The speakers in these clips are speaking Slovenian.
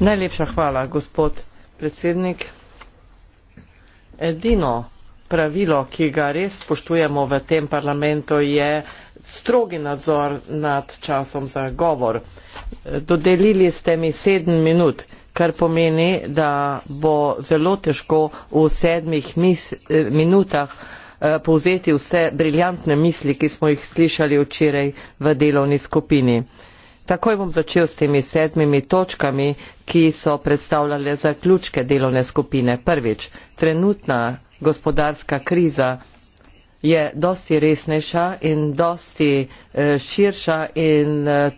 Najlepša hvala, gospod predsednik. Edino pravilo, ki ga res spoštujemo v tem parlamentu, je strogi nadzor nad časom za govor. Dodelili ste mi sedem minut, kar pomeni, da bo zelo težko v sedmih mis, minutah eh, povzeti vse briljantne misli, ki smo jih slišali včeraj v delovni skupini. Takoj bom začel s temi sedmimi točkami, ki so predstavljale zaključke delovne skupine. Prvič, trenutna gospodarska kriza je dosti resnejša in dosti eh, širša in eh,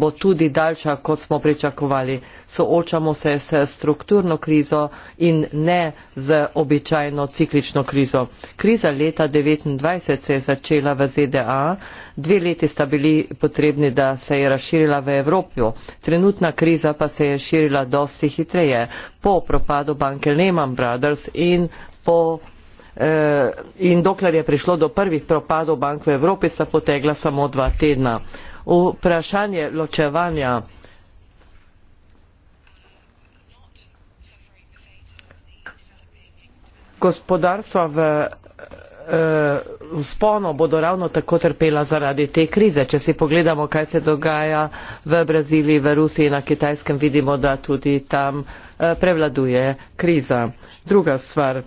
bo tudi daljša, kot smo pričakovali. Soočamo se s strukturno krizo in ne z običajno ciklično krizo. Kriza leta 1929 se je začela v ZDA. Dve leti sta bili potrebni, da se je razširila v Evropi. Trenutna kriza pa se je širila dosti hitreje po propadu banke Lehman Brothers in po. Eh, in dokler je prišlo do prvih propadov bank v Evropi, sta potegla samo dva tedna. Vprašanje ločevanja gospodarstva v Eh, vzpono bodo ravno tako trpela zaradi te krize. Če si pogledamo, kaj se dogaja v Braziliji, v Rusiji, na Kitajskem, vidimo, da tudi tam eh, prevladuje kriza. Druga stvar.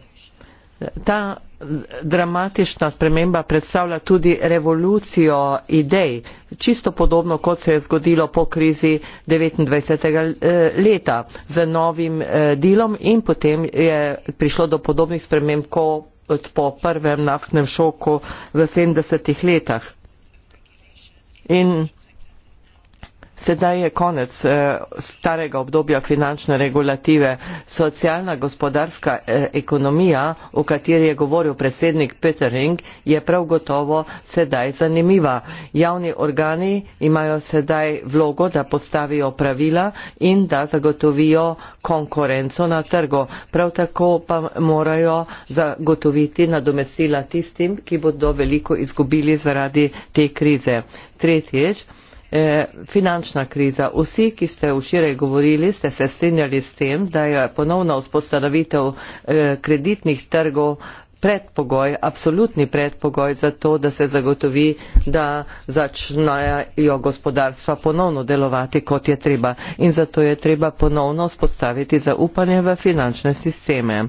Ta dramatična sprememba predstavlja tudi revolucijo idej, čisto podobno kot se je zgodilo po krizi 29. Eh, leta z novim delom in potem je prišlo do podobnih sprememb, ko po prvem naftnem šoku v 70-ih letah. In Sedaj je konec eh, starega obdobja finančne regulative. Socialna gospodarska eh, ekonomija, o kateri je govoril predsednik Petering, je prav gotovo sedaj zanimiva. Javni organi imajo sedaj vlogo, da postavijo pravila in da zagotovijo konkurenco na trgu. Prav tako pa morajo zagotoviti nadomestila tistim, ki bodo veliko izgubili zaradi te krize. Tretjič. Eh, finančna kriza. Vsi, ki ste včeraj govorili, ste se strinjali s tem, da je ponovna vzpostavitev eh, kreditnih trgov predpogoj, absolutni predpogoj za to, da se zagotovi, da začnejo gospodarstva ponovno delovati, kot je treba. In zato je treba ponovno vzpostaviti zaupanje v finančne sisteme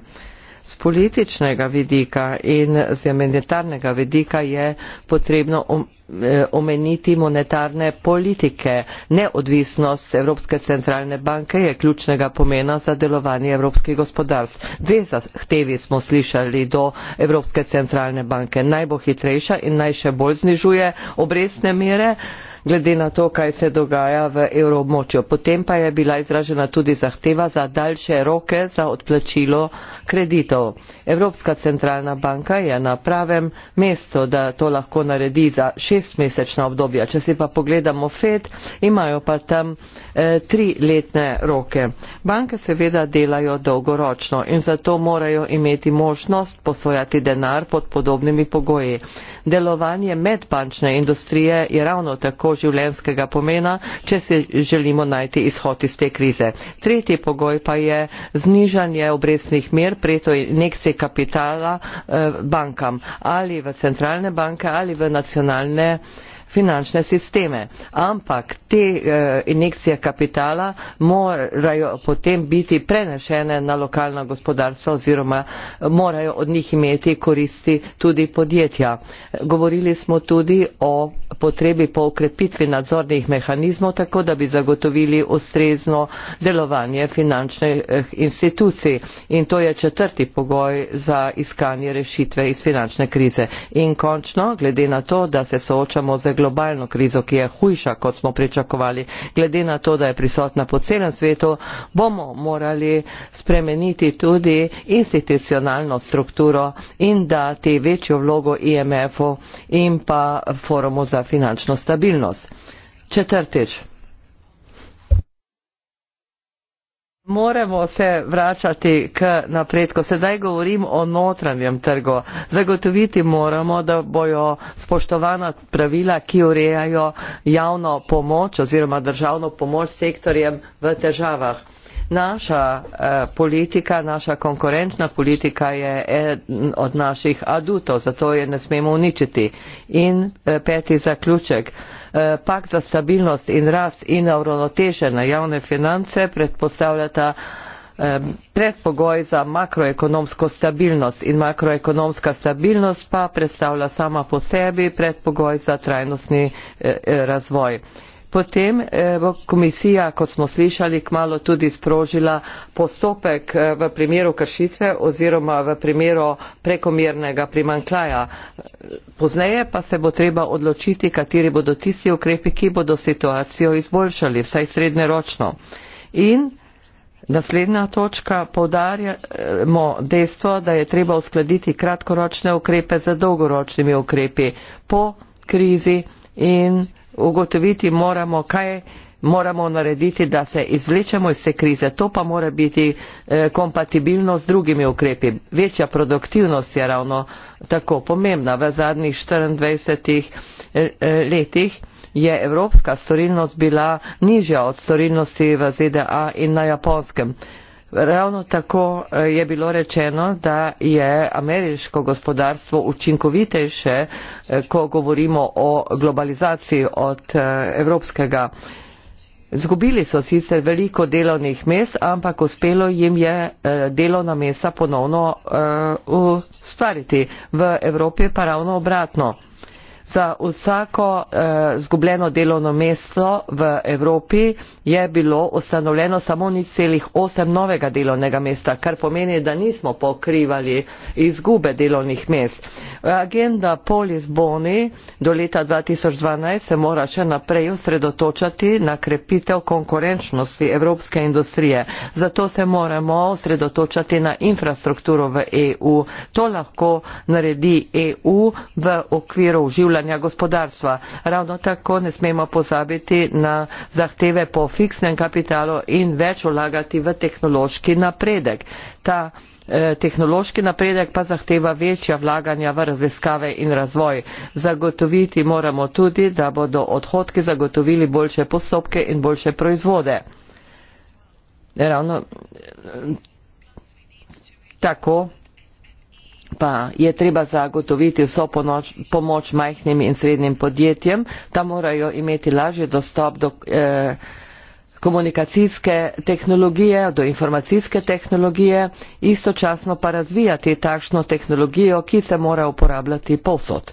z političnega vidika in z monetarnega vidika je potrebno eh, omeniti monetarne politike. Neodvisnost Evropske centralne banke je ključnega pomena za delovanje evropskih gospodarstv. Dve zahtevi smo slišali do Evropske centralne banke. Naj bo hitrejša in naj še bolj znižuje obrestne mere glede na to, kaj se dogaja v evroobmočju. Potem pa je bila izražena tudi zahteva za daljše roke za odplačilo kreditov. Evropska centralna banka je na pravem mestu, da to lahko naredi za šestmesečna obdobja. Če si pa pogledamo FED, imajo pa tam eh, tri letne roke. Banke seveda delajo dolgoročno in zato morajo imeti možnost posojati denar pod podobnimi pogoji. Delovanje medbančne industrije je ravno tako življenskega pomena, če si želimo najti izhod iz te krize. Tretji pogoj pa je znižanje obresnih mer, preto je nek sekretar kapitala eh, bankam ali v centralne banke ali v nacionalne finančne sisteme. Ampak te eh, injekcije kapitala morajo potem biti prenešene na lokalna gospodarstva oziroma eh, morajo od njih imeti koristi tudi podjetja. Govorili smo tudi o potrebi po ukrepitvi nadzornih mehanizmov, tako da bi zagotovili ustrezno delovanje finančnih institucij. In to je četrti pogoj za iskanje rešitve iz finančne krize. In končno, glede na to, da se soočamo z globalno krizo, ki je hujša, kot smo pričakovali, glede na to, da je prisotna po celem svetu, bomo morali spremeniti tudi institucionalno strukturo in dati večjo vlogo IMF-u in pa forumu za za finančno stabilnost. Četrtič. Moramo se vračati k napredku. Sedaj govorim o notranjem trgu. Zagotoviti moramo, da bojo spoštovana pravila, ki urejajo javno pomoč oziroma državno pomoč sektorjem v težavah naša eh, politika, naša konkurenčna politika je eden od naših adutov, zato je ne smemo uničiti. In eh, peti zaključek. Eh, pak za stabilnost in rast in uravnotežene javne finance predpostavljata eh, predpogoj za makroekonomsko stabilnost in makroekonomska stabilnost pa predstavlja sama po sebi predpogoj za trajnostni eh, eh, razvoj. Potem bo komisija, kot smo slišali, kmalo tudi sprožila postopek eh, v primeru kršitve oziroma v primeru prekomernega primankljaja. Pozneje pa se bo treba odločiti, kateri bodo tisti ukrepi, ki bodo situacijo izboljšali, vsaj srednjeročno. In naslednja točka povdarjamo dejstvo, da je treba uskladiti kratkoročne ukrepe z dolgoročnimi ukrepi po krizi in ugotoviti moramo, kaj moramo narediti, da se izvlečemo iz te krize. To pa mora biti eh, kompatibilno z drugimi ukrepi. Večja produktivnost je ravno tako pomembna. V zadnjih 24 eh, eh, letih je evropska storilnost bila nižja od storilnosti v ZDA in na japonskem. Ravno tako eh, je bilo rečeno, da je ameriško gospodarstvo učinkovitejše, eh, ko govorimo o globalizaciji od eh, evropskega. Zgubili so sicer veliko delovnih mest, ampak uspelo jim je delovna mesta ponovno ustvariti. V Evropi pa ravno obratno. Za vsako eh, zgubljeno delovno mesto v Evropi je bilo ustanovljeno samo nič celih osem novega delovnega mesta, kar pomeni, da nismo pokrivali izgube delovnih mest. Agenda Polis Boni do leta 2012 se mora še naprej osredotočati na krepitev konkurenčnosti evropske industrije. Zato se moramo osredotočati na infrastrukturo v EU. To lahko naredi EU v okviru življenja obnavljanja gospodarstva. Ravno tako ne smemo pozabiti na zahteve po fiksnem kapitalu in več ulagati v tehnološki napredek. Ta eh, Tehnološki napredek pa zahteva večja vlaganja v raziskave in razvoj. Zagotoviti moramo tudi, da bodo odhodki zagotovili boljše postopke in boljše proizvode. Ravno eh, tako pa je treba zagotoviti vso pomoč, pomoč majhnim in srednjim podjetjem, da morajo imeti lažji dostop do eh, komunikacijske tehnologije, do informacijske tehnologije, istočasno pa razvijati takšno tehnologijo, ki se mora uporabljati povsod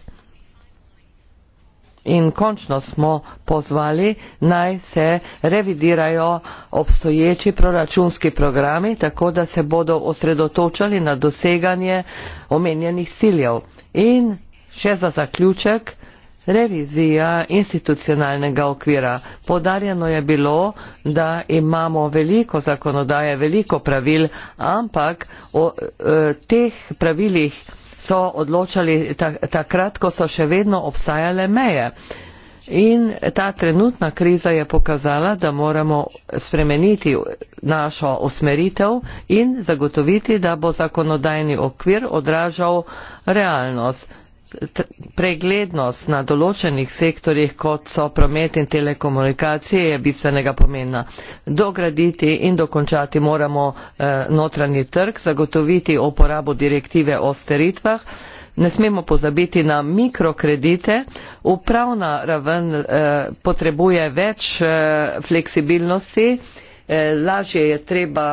in končno smo pozvali naj se revidirajo obstoječi proračunski programi, tako da se bodo osredotočali na doseganje omenjenih ciljev. In še za zaključek, revizija institucionalnega okvira. Podarjeno je bilo, da imamo veliko zakonodaje, veliko pravil, ampak o, o, eh, o teh pravilih so odločali takrat, ko so še vedno obstajale meje. In ta trenutna kriza je pokazala, da moramo spremeniti našo usmeritev in zagotoviti, da bo zakonodajni okvir odražal realnost preglednost na določenih sektorjih, kot so promet in telekomunikacije, je bistvenega pomena. Dograditi in dokončati moramo eh, notranji trg, zagotoviti uporabo direktive o steritvah. Ne smemo pozabiti na mikrokredite. Upravna raven eh, potrebuje več eh, fleksibilnosti. Lažje je treba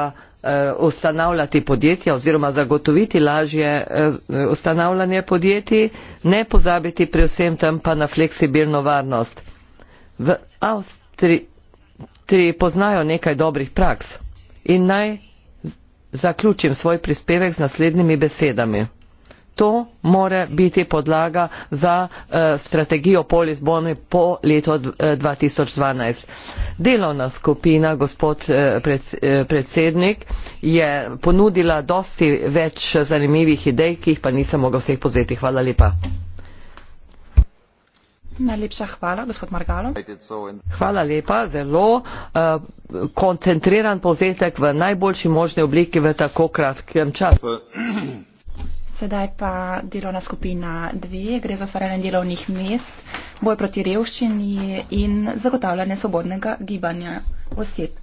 Eh, ustanavljati podjetja oziroma zagotoviti lažje eh, ustanavljanje podjetij, ne pozabiti pri vsem tem pa na fleksibilno varnost. V Avstriji poznajo nekaj dobrih praks in naj zaključim svoj prispevek z naslednjimi besedami to mora biti podlaga za uh, strategijo polisbone po letu uh, eh, 2012. Delovna skupina, gospod uh, eh, pred, uh, predsednik, je ponudila dosti več zanimivih idej, ki jih pa nisem mogel vseh pozeti. Hvala lepa. Najlepša hvala, gospod Margalo. Hvala lepa, zelo uh, koncentriran povzetek v najboljši možni obliki v tako kratkem času. sedaj pa delovna skupina dve, gre za ustvarjanje delovnih mest, boj proti revščini in zagotavljanje svobodnega gibanja oseb.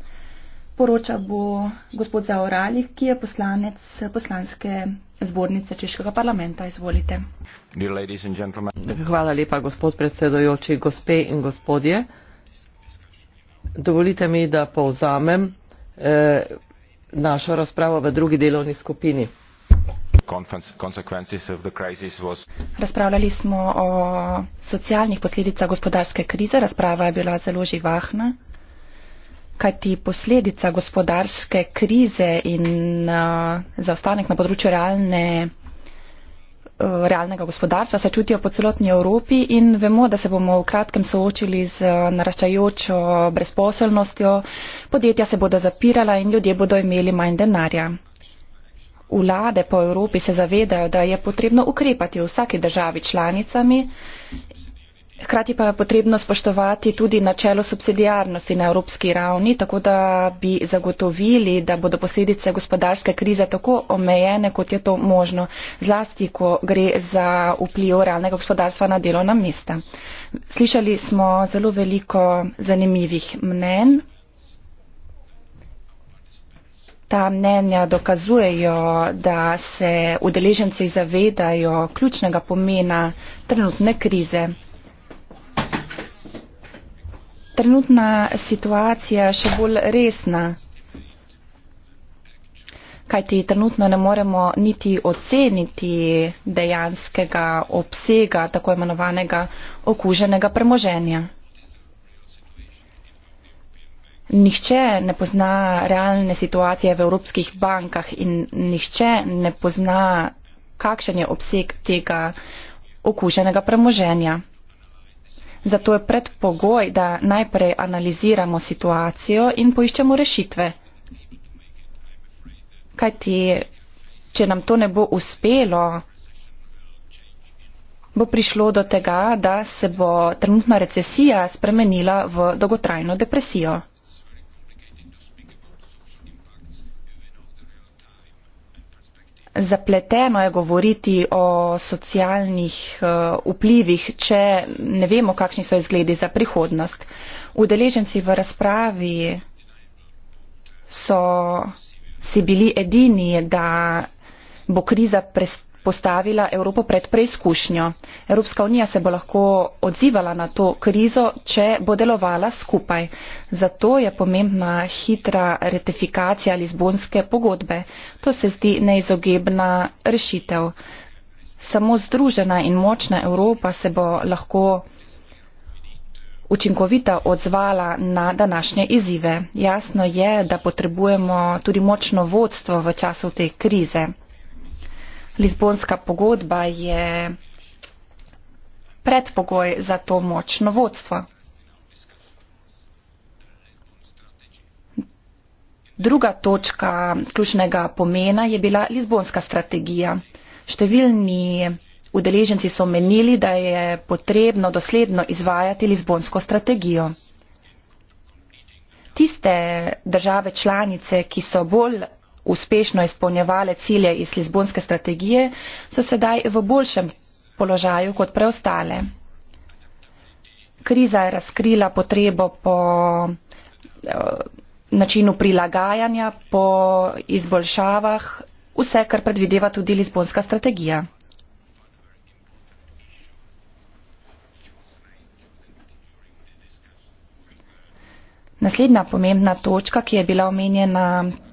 Poroča bo gospod Zaoralik, ki je poslanec poslanske zbornice Češkega parlamenta. Izvolite. Hvala lepa, gospod predsedojoči, gospe in gospodje. Dovolite mi, da povzamem eh, našo razpravo v drugi delovni skupini. Razpravljali smo o socialnih posledicah gospodarske krize. Razprava je bila zelo živahna, kajti posledica gospodarske krize in uh, zaostanek na področju realne, uh, realnega gospodarstva se čutijo po celotni Evropi in vemo, da se bomo v kratkem soočili z uh, naraščajočo brezposelnostjo. Podjetja se bodo zapirala in ljudje bodo imeli manj denarja vlade po Evropi se zavedajo, da je potrebno ukrepati v vsaki državi članicami, hkrati pa je potrebno spoštovati tudi načelo subsidijarnosti na evropski ravni, tako da bi zagotovili, da bodo posledice gospodarske krize tako omejene, kot je to možno, zlasti, ko gre za vpliv realnega gospodarstva na delovna mesta. Slišali smo zelo veliko zanimivih mnen ta mnenja dokazujejo, da se udeleženci zavedajo ključnega pomena trenutne krize. Trenutna situacija je še bolj resna, kajti trenutno ne moremo niti oceniti dejanskega obsega tako imenovanega okuženega premoženja. Nihče ne pozna realne situacije v evropskih bankah in nihče ne pozna, kakšen je obseg tega okuženega premoženja. Zato je predpogoj, da najprej analiziramo situacijo in poiščemo rešitve. Kajti, če nam to ne bo uspelo, bo prišlo do tega, da se bo trenutna recesija spremenila v dolgotrajno depresijo. Zapleteno je govoriti o socialnih eh, vplivih, če ne vemo, kakšni so izgledi za prihodnost. Udeleženci v razpravi so si bili edini, da bo kriza prestala postavila Evropo pred preizkušnjo. Evropska unija se bo lahko odzivala na to krizo, če bo delovala skupaj. Zato je pomembna hitra retifikacija Lizbonske pogodbe. To se zdi neizogibna rešitev. Samo združena in močna Evropa se bo lahko učinkovita odzvala na današnje izzive. Jasno je, da potrebujemo tudi močno vodstvo v času te krize. Lizbonska pogodba je predpogoj za to močno vodstvo. Druga točka ključnega pomena je bila Lizbonska strategija. Številni udeleženci so menili, da je potrebno dosledno izvajati Lizbonsko strategijo. Tiste države članice, ki so bolj uspešno izpolnjevale cilje iz Lizbonske strategije, so sedaj v boljšem položaju kot preostale. Kriza je razkrila potrebo po eh, načinu prilagajanja, po izboljšavah, vse, kar predvideva tudi Lizbonska strategija. Naslednja pomembna točka, ki je bila omenjena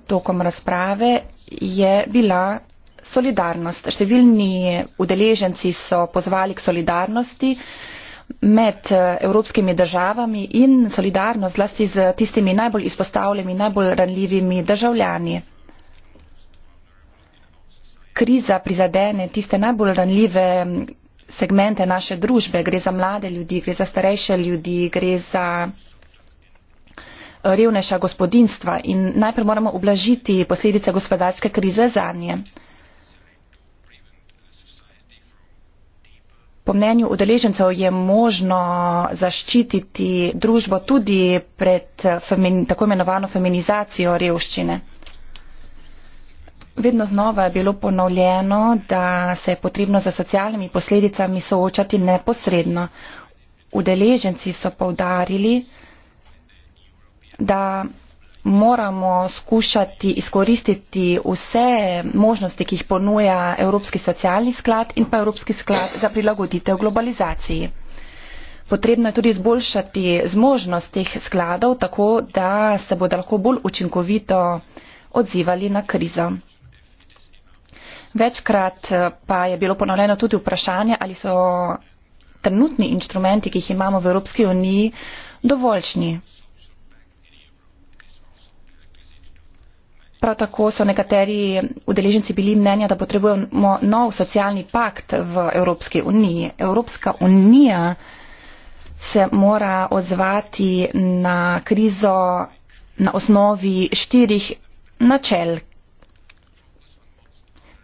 tokom razprave je bila solidarnost. Številni udeleženci so pozvali k solidarnosti med eh, evropskimi državami in solidarnost zlasti z tistimi najbolj izpostavljenimi, najbolj ranljivimi državljani. Kriza prizadene tiste najbolj ranljive mm, segmente naše družbe, gre za mlade ljudi, gre za starejše ljudi, gre za revnejša gospodinstva in najprej moramo oblažiti posledice gospodarske krize za nje. Po mnenju udeležencev je možno zaščititi družbo tudi pred femin, tako imenovano feminizacijo revščine. Vedno znova je bilo ponovljeno, da se je potrebno za socialnimi posledicami soočati neposredno. Udeleženci so povdarili, da moramo skušati izkoristiti vse možnosti, ki jih ponuja Evropski socialni sklad in pa Evropski sklad za prilagoditev globalizaciji. Potrebno je tudi izboljšati zmožnost teh skladov, tako da se bodo lahko bolj učinkovito odzivali na krizo. Večkrat eh, pa je bilo ponovljeno tudi vprašanje, ali so trenutni inštrumenti, ki jih imamo v Evropski uniji, dovoljšni. prav tako so nekateri udeleženci bili mnenja, da potrebujemo nov socialni pakt v Evropski uniji. Evropska unija se mora ozvati na krizo na osnovi štirih načel.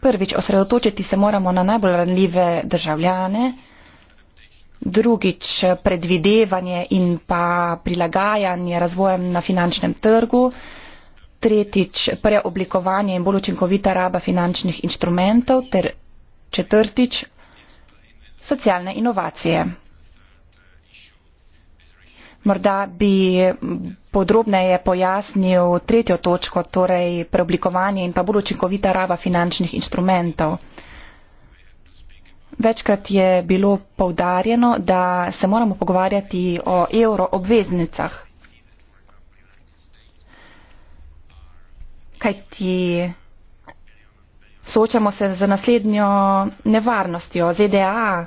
Prvič, osredotočiti se moramo na najbolj ranljive državljane. Drugič, predvidevanje in pa prilagajanje razvojem na finančnem trgu tretjič preoblikovanje in bolj učinkovita raba finančnih inštrumentov ter četrtič socialne inovacije. Morda bi podrobneje pojasnil tretjo točko, torej preoblikovanje in pa bolj učinkovita raba finančnih inštrumentov. Večkrat je bilo poudarjeno, da se moramo pogovarjati o evro obveznicah. kajti soočamo se z naslednjo nevarnostjo. ZDA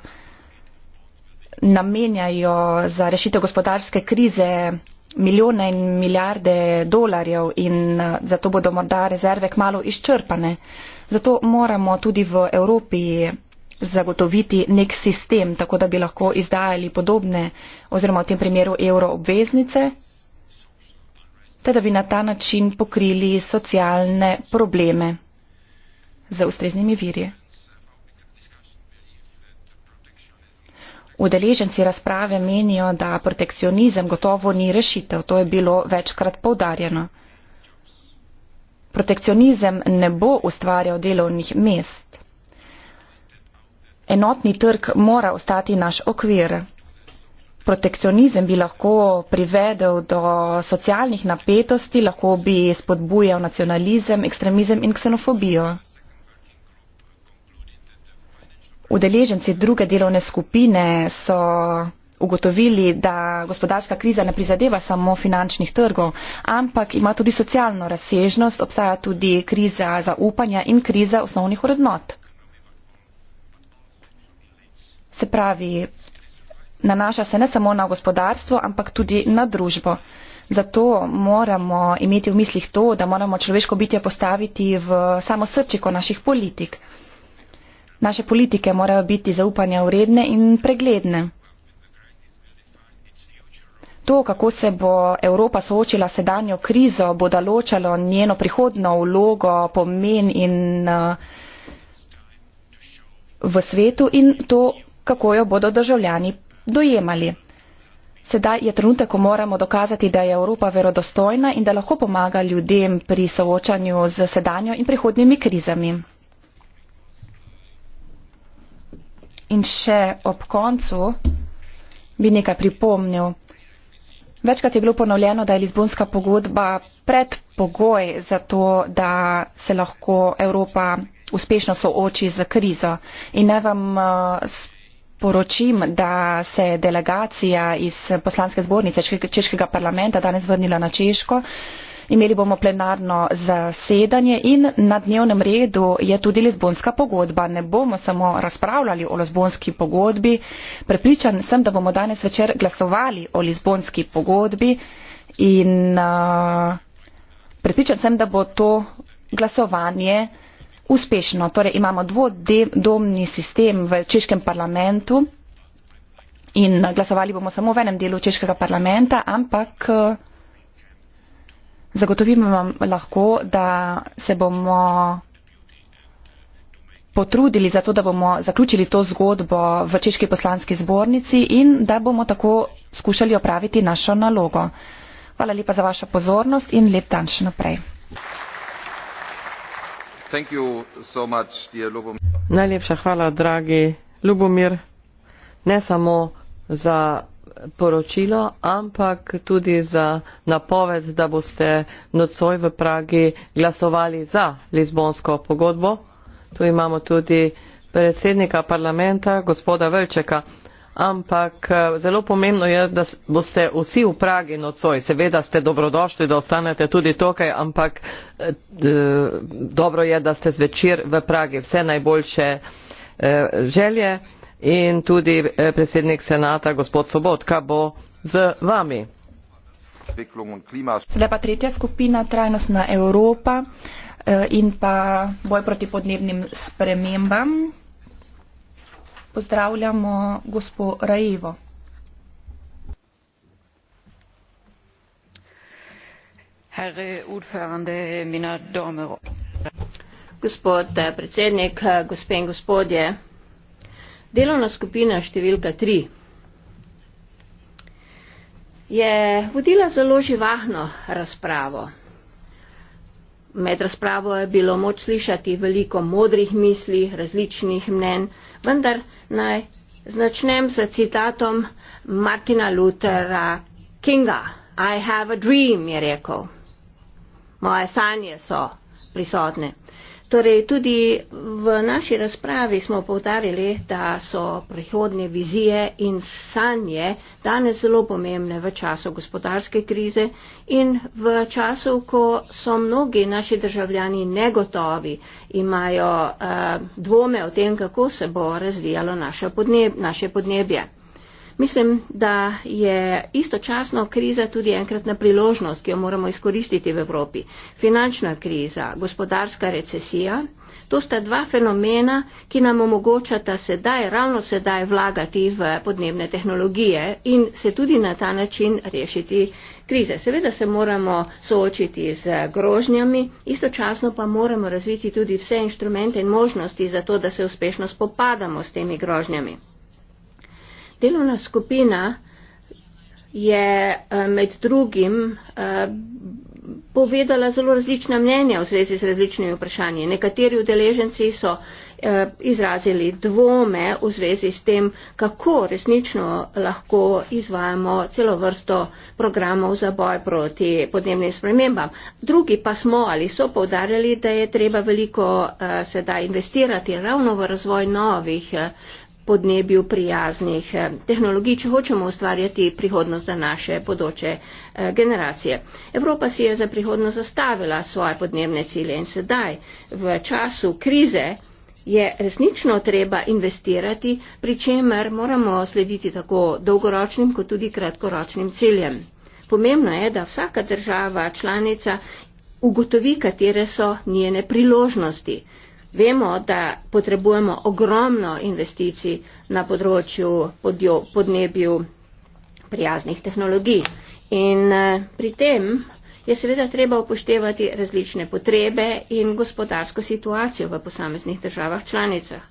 namenjajo za rešitev gospodarske krize milijone in milijarde dolarjev in eh, zato bodo morda rezerve kmalo izčrpane. Zato moramo tudi v Evropi zagotoviti nek sistem, tako da bi lahko izdajali podobne oziroma v tem primeru evroobveznice te da bi na ta način pokrili socialne probleme z ustreznimi virje. Udeleženci razprave menijo, da protekcionizem gotovo ni rešitev, to je bilo večkrat povdarjeno. Protekcionizem ne bo ustvarjal delovnih mest. Enotni trg mora ostati naš okvir protekcionizem bi lahko privedel do socialnih napetosti, lahko bi spodbujal nacionalizem, ekstremizem in ksenofobijo. Udeleženci druge delovne skupine so ugotovili, da gospodarska kriza ne prizadeva samo finančnih trgov, ampak ima tudi socialno razsežnost, obstaja tudi kriza zaupanja in kriza osnovnih vrednot. Se pravi, nanaša se ne samo na gospodarstvo, ampak tudi na družbo. Zato moramo imeti v mislih to, da moramo človeško bitje postaviti v samo srčiko naših politik. Naše politike morajo biti zaupanja vredne in pregledne. To, kako se bo Evropa soočila sedanjo krizo, bo določalo njeno prihodno vlogo, pomen in uh, v svetu in to, kako jo bodo državljani dojemali. Sedaj je trenutek, ko moramo dokazati, da je Evropa verodostojna in da lahko pomaga ljudem pri soočanju z sedanjo in prihodnjimi krizami. In še ob koncu bi nekaj pripomnil. Večkrat je bilo ponovljeno, da je Lizbonska pogodba predpogoj za to, da se lahko Evropa uspešno sooči z krizo. In naj vam uh, Poročim, da se je delegacija iz poslanske zbornice Češkega parlamenta danes vrnila na Češko. Imeli bomo plenarno zasedanje in na dnevnem redu je tudi Lizbonska pogodba. Ne bomo samo razpravljali o Lizbonski pogodbi. Prepričan sem, da bomo danes večer glasovali o Lizbonski pogodbi in uh, prepričan sem, da bo to glasovanje uh, uspešno. Torej imamo dvodomni sistem v češkem parlamentu in glasovali bomo samo v enem delu češkega parlamenta, ampak eh, zagotovimo vam lahko, da se bomo potrudili za to, da bomo zaključili to zgodbo v Češki poslanski zbornici in da bomo tako skušali opraviti našo nalogo. Hvala lepa za vašo pozornost in lep dan še naprej. Najlepša hvala, dragi Lubomir, ne samo za poročilo, ampak tudi za napoved, da boste nocoj v Pragi glasovali za Lizbonsko pogodbo. Tu imamo tudi predsednika parlamenta, gospoda Velčeka ampak eh, zelo pomembno je, da boste vsi v Pragi nocoj. Seveda ste dobrodošli, da ostanete tudi tukaj, ampak eh, dobro je, da ste zvečer v Pragi. Vse najboljše eh, želje in tudi predsednik senata, gospod Sobotka, bo z vami. Sedaj pa tretja skupina, trajnostna Evropa in pa boj proti podnebnim spremembam pozdravljamo gospo Rajevo. Gospod eh, predsednik, eh, gospe in gospodje, delovna skupina številka 3 je vodila zelo živahno razpravo. Med razpravo je bilo moč slišati veliko modrih misli, različnih mnen, vendar naj začnem s citatom Martina Luthera Kinga. I have a dream, je rekel. Moje sanje so prisotne. Torej, tudi v naši razpravi smo povdarjali, da so prihodne vizije in sanje danes zelo pomembne v času gospodarske krize in v času, ko so mnogi naši državljani negotovi, imajo uh, dvome o tem, kako se bo razvijalo podneb naše podnebje. Mislim, da je istočasno kriza tudi enkratna priložnost, ki jo moramo izkoristiti v Evropi. Finančna kriza, gospodarska recesija, to sta dva fenomena, ki nam omogočata sedaj, ravno sedaj, vlagati v podnebne tehnologije in se tudi na ta način rešiti krize. Seveda se moramo soočiti z grožnjami, istočasno pa moramo razviti tudi vse inštrumente in možnosti za to, da se uspešno spopadamo s temi grožnjami. Delovna skupina je eh, med drugim eh, povedala zelo različna mnenja v zvezi z različnimi vprašanji. Nekateri udeleženci so eh, izrazili dvome v zvezi s tem, kako resnično lahko izvajamo celo vrsto programov za boj proti podnebnim spremembam. Drugi pa smo ali so povdarjali, da je treba veliko sedaj investirati ravno v razvoj novih podnebju prijaznih eh, tehnologij, če hočemo ustvarjati prihodnost za naše bodoče eh, generacije. Evropa si je za prihodnost zastavila svoje podnebne cilje in sedaj v času krize je resnično treba investirati, pri čemer moramo slediti tako dolgoročnim kot tudi kratkoročnim ciljem. Pomembno je, da vsaka država članica ugotovi, katere so njene priložnosti. Vemo, da potrebujemo ogromno investicij na področju podjo, podnebju prijaznih tehnologij. In eh, pri tem je seveda treba upoštevati različne potrebe in gospodarsko situacijo v posameznih državah članicah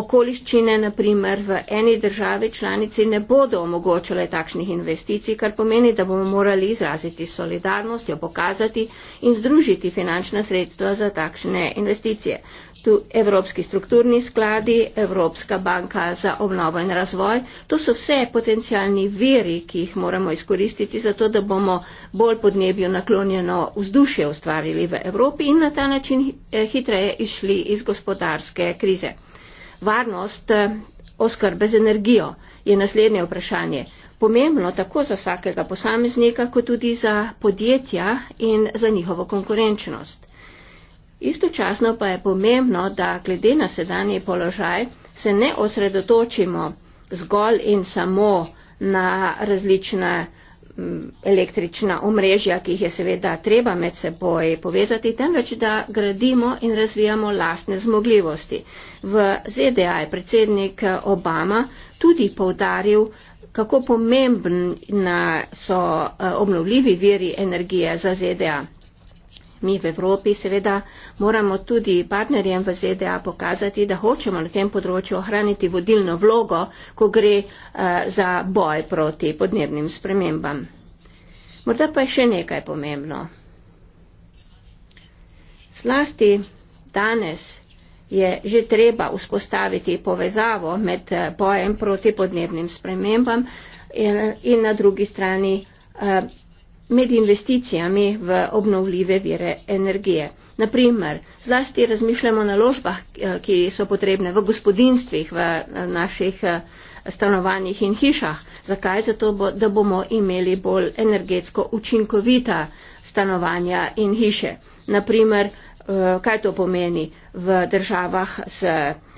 okoliščine, naprimer v eni državi članici, ne bodo omogočale takšnih investicij, kar pomeni, da bomo morali izraziti solidarnost, jo pokazati in združiti finančna sredstva za takšne investicije. Tu Evropski strukturni skladi, Evropska banka za obnovo in razvoj, to so vse potencijalni veri, ki jih moramo izkoristiti za to, da bomo bolj podnebju naklonjeno vzdušje ustvarili v Evropi in na ta način eh, hitreje išli iz gospodarske krize. Varnost eh, oskrbe z energijo je naslednje vprašanje. Pomembno tako za vsakega posameznika, kot tudi za podjetja in za njihovo konkurenčnost. Istočasno pa je pomembno, da glede na sedanji položaj se ne osredotočimo zgolj in samo na različne Mm, električna omrežja, ki jih je seveda treba med seboj povezati, temveč da gradimo in razvijamo lastne zmogljivosti. V ZDA je predsednik Obama tudi povdaril, kako pomembna so eh, obnovljivi viri energije za ZDA mi v Evropi seveda moramo tudi partnerjem v ZDA pokazati, da hočemo na tem področju ohraniti vodilno vlogo, ko gre eh, za boj proti podnebnim spremembam. Morda pa je še nekaj pomembno. Slasti danes je že treba vzpostaviti povezavo med eh, bojem proti podnebnim spremembam in, eh, in na drugi strani med investicijami v obnovljive vire energije. Naprimer, zlasti razmišljamo o naložbah, eh, ki so potrebne v gospodinstvih, v eh, naših eh, stanovanjih in hišah. Zakaj? Zato, bo, da bomo imeli bolj energetsko učinkovita stanovanja in hiše. Naprimer, kaj to pomeni v državah s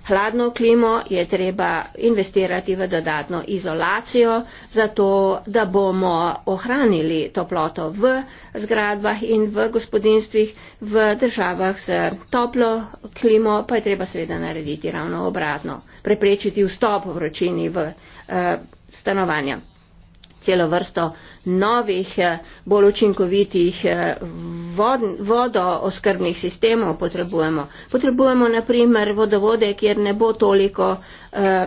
hladno klimo, je treba investirati v dodatno izolacijo, zato da bomo ohranili toploto v zgradbah in v gospodinstvih, v državah z toplo klimo pa je treba seveda narediti ravno obratno, preprečiti vstop vročini v eh, stanovanja celo vrsto novih, eh, bolj učinkovitih vod, eh, vodooskrbnih sistemov potrebujemo. Potrebujemo naprimer vodovode, kjer ne bo toliko eh,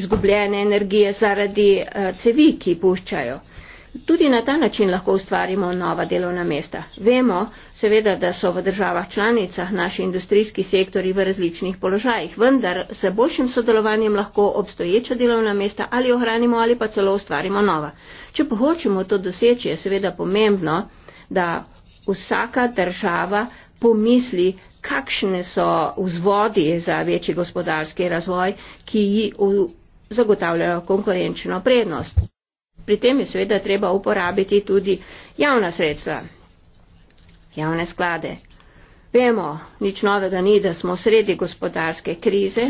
izgubljene energije zaradi eh, cevi, ki puščajo. Eh, Tudi na ta način lahko ustvarimo nova delovna mesta. Vemo, seveda, da so v državah članicah naši industrijski sektori v različnih položajih, vendar s boljšim sodelovanjem lahko obstoječa delovna mesta ali ohranimo ali pa celo ustvarimo nova. Če pa hočemo to doseči, je seveda pomembno, da vsaka država pomisli, kakšne so vzvodi za večji gospodarski razvoj, ki ji zagotavljajo konkurenčno prednost. Pri tem je seveda treba uporabiti tudi javna sredstva, javne sklade. Vemo, nič novega ni, da smo sredi gospodarske krize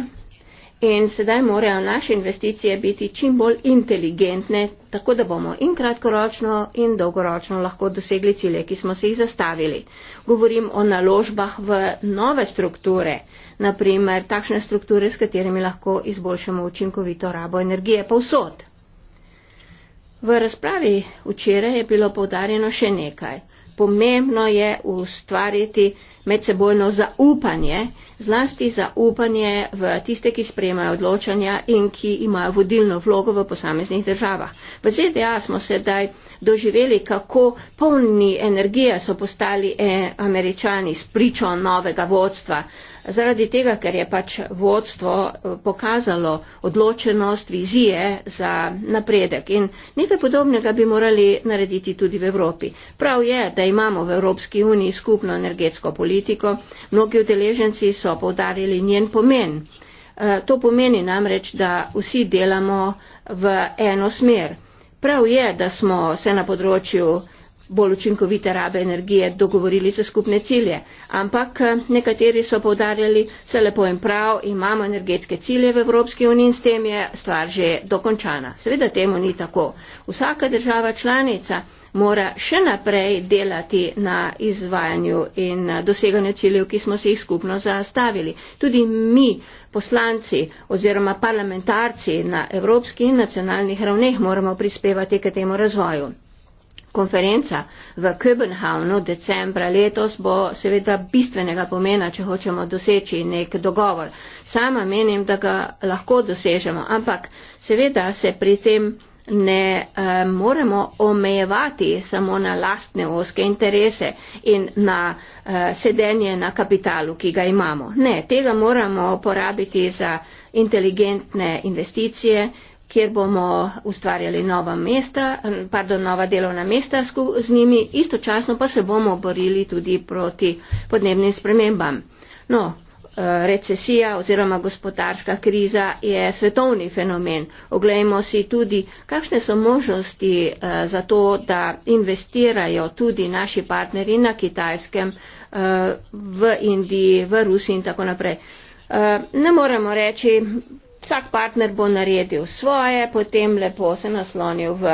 in sedaj morajo naše investicije biti čim bolj inteligentne, tako da bomo in kratkoročno in dolgoročno lahko dosegli cilje, ki smo si jih zastavili. Govorim o naložbah v nove strukture, naprimer takšne strukture, s katerimi lahko izboljšamo učinkovito rabo energije povsod. V razpravi včeraj je bilo povdarjeno še nekaj. Pomembno je ustvariti medsebojno zaupanje, zlasti zaupanje v tiste, ki sprejemajo odločanja in ki imajo vodilno vlogo v posameznih državah. V ZDA smo sedaj doživeli, kako polni energije so postali američani s pričo novega vodstva. Uh, zaradi tega, ker je pač vodstvo eh, pokazalo odločenost, vizije za napredek. In nekaj podobnega bi morali narediti tudi v Evropi. Prav je, da imamo v Evropski uniji skupno energetsko politiko. Mnogi udeleženci so povdarjali njen pomen. Eh, to pomeni namreč, da vsi delamo v eno smer. Prav je, da smo se na področju bolj učinkovite rabe energije dogovorili za skupne cilje. Ampak eh, nekateri so povdarjali, vse lepo in prav, imamo energetske cilje v Evropski uniji in s tem je stvar že dokončana. Seveda temu ni tako. Vsaka država članica mora še naprej delati na izvajanju in eh, doseganju ciljev, ki smo si jih skupno zastavili. Tudi mi, poslanci oziroma parlamentarci na evropski in nacionalnih ravneh, moramo prispevati k temu razvoju. Konferenca v Köbenhavnu decembra letos bo seveda bistvenega pomena, če hočemo doseči nek dogovor. Sama menim, da ga lahko dosežemo, ampak seveda se pri tem ne eh, moremo omejevati samo na lastne oske interese in na eh, sedenje na kapitalu, ki ga imamo. Ne, tega moramo porabiti za inteligentne investicije, kjer bomo ustvarjali nova, mesta, pardon, nova delovna mesta z njimi, istočasno pa se bomo borili tudi proti podnebnim spremembam. No, eh, recesija oziroma gospodarska kriza je svetovni fenomen. Oglejmo si tudi, kakšne so možnosti eh, za to, da investirajo tudi naši partneri na kitajskem, eh, v Indiji, v Rusiji in tako naprej. Ne moremo reči, vsak partner bo naredil svoje, potem lepo se naslonil v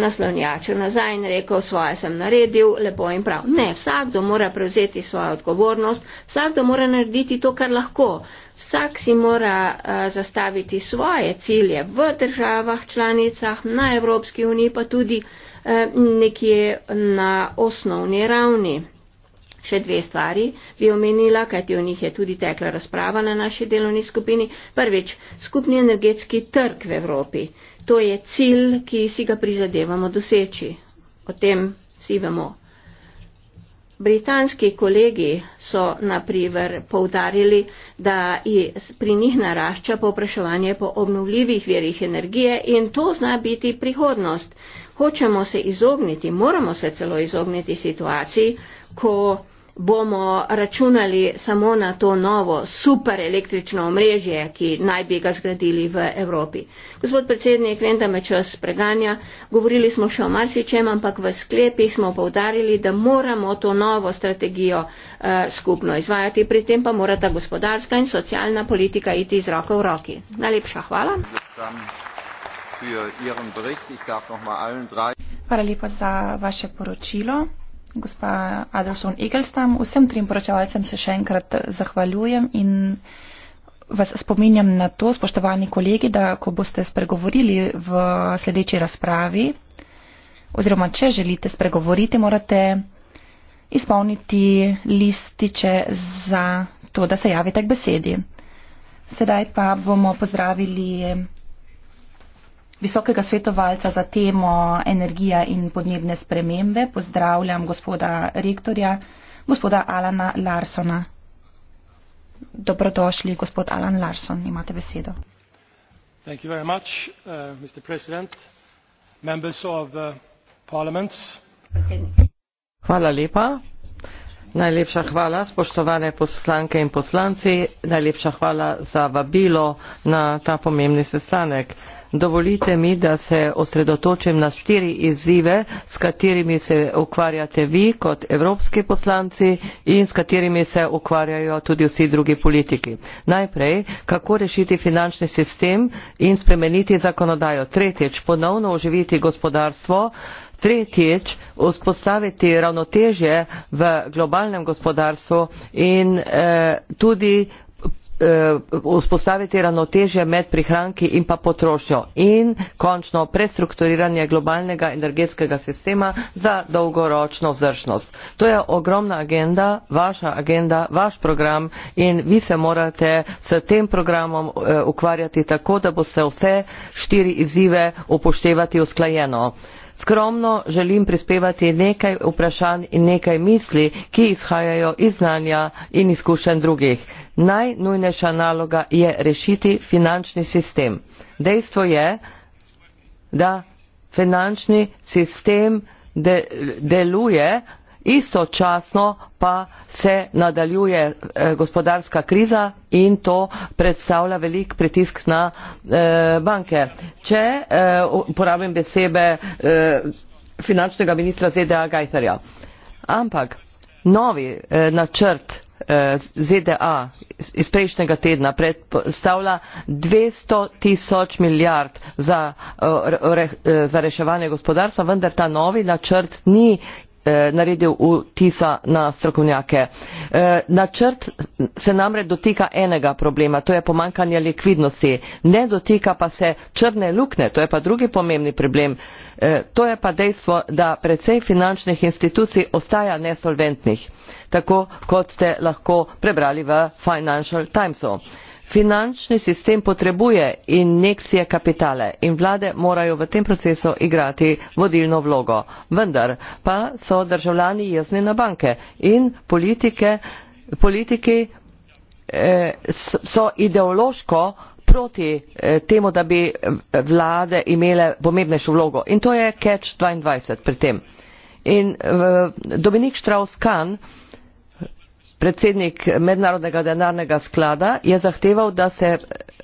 naslonjaču nazaj in rekel, svoje sem naredil, lepo in prav. Ne, vsakdo mora prevzeti svojo odgovornost, vsakdo mora narediti to, kar lahko. Vsak si mora uh, zastaviti svoje cilje v državah, članicah, na Evropski uniji, pa tudi uh, nekje na osnovni ravni. Še dve stvari bi omenila, kajti o njih je tudi tekla razprava na naši delovni skupini. Prvič, skupni energetski trg v Evropi. To je cilj, ki si ga prizadevamo doseči. O tem vsi vemo. Britanski kolegi so naprimer poudarili, da pri njih narašča povpraševanje po obnovljivih verjih energije in to zna biti prihodnost. Hočemo se izogniti, moramo se celo izogniti situaciji, ko bomo računali samo na to novo super električno omrežje, ki naj bi ga zgradili v Evropi. Gospod predsednik, vem, da me čas preganja, govorili smo še o marsičem, ampak v sklepih smo povdarili, da moramo to novo strategijo eh, skupno izvajati, pri tem pa mora ta gospodarska in socialna politika iti z roko v roki. Najlepša hvala. Hvala lepa za vaše poročilo gospa Adelson Egelstam. Vsem trim poročevalcem se še enkrat zahvaljujem in vas spominjam na to, spoštovani kolegi, da ko boste spregovorili v sledeči razpravi, oziroma če želite spregovoriti, morate izpolniti lističe za to, da se javite k besedi. Sedaj pa bomo pozdravili visokega svetovalca za temo energija in podnebne spremembe. Pozdravljam gospoda rektorja, gospoda Alana Larsona. Dobrodošli, gospod Alan Larson, imate besedo. Thank you very much, uh, Mr. President, members of uh, parliaments. Hvala lepa. Najlepša hvala, spoštovane poslanke in poslanci. Najlepša hvala za vabilo na ta pomembni sestanek. Uh, Dovolite mi, da se osredotočim na štiri izzive, s katerimi se ukvarjate vi kot evropski poslanci in s katerimi se ukvarjajo tudi vsi drugi politiki. Najprej, kako rešiti finančni sistem in spremeniti zakonodajo. Tretjič, ponovno oživiti gospodarstvo. Tretjič, vzpostaviti ravnotežje v globalnem gospodarstvu in eh, tudi Eh, vzpostaviti ravnotežje med prihranki in pa potrošnjo in končno prestrukturiranje globalnega energetskega sistema za dolgoročno vzdržnost. To je ogromna agenda, vaša agenda, vaš program in vi se morate s tem programom eh, ukvarjati tako, da boste vse štiri izzive upoštevati usklajeno. Skromno želim prispevati nekaj vprašanj in nekaj misli, ki izhajajo iz znanja in izkušenj drugih najnujnejša naloga je rešiti finančni sistem. Dejstvo je, da finančni sistem de, deluje, istočasno pa se nadaljuje eh, gospodarska kriza in to predstavlja velik pritisk na eh, banke. Če eh, uporabim besede eh, finančnega ministra ZDA Gajterja. Ampak novi eh, načrt eh, Eh, zda iz prejšnjega tedna predstavlja dvesto tisoč milijard eh, eh, za reševanje gospodarstva vendar ta novi načrt ni Eh, naredil vtisa na strokovnjake. Eh, načrt se namreč dotika enega problema, to je pomankanje likvidnosti, ne dotika pa se črne lukne, to je pa drugi pomembni problem. Eh, to je pa dejstvo, da predvsej finančnih institucij ostaja nesolventnih, tako kot ste lahko prebrali v Financial Timesu finančni sistem potrebuje injekcije kapitale in vlade morajo v tem procesu igrati vodilno vlogo. Vendar pa so državljani jezni na banke in politike, politiki eh, so ideološko proti eh, temu, da bi eh, vlade imele pomembnejšo vlogo. In to je catch 22 pri tem. In Dominik Strauss-Kahn predsednik mednarodnega denarnega sklada je zahteval da se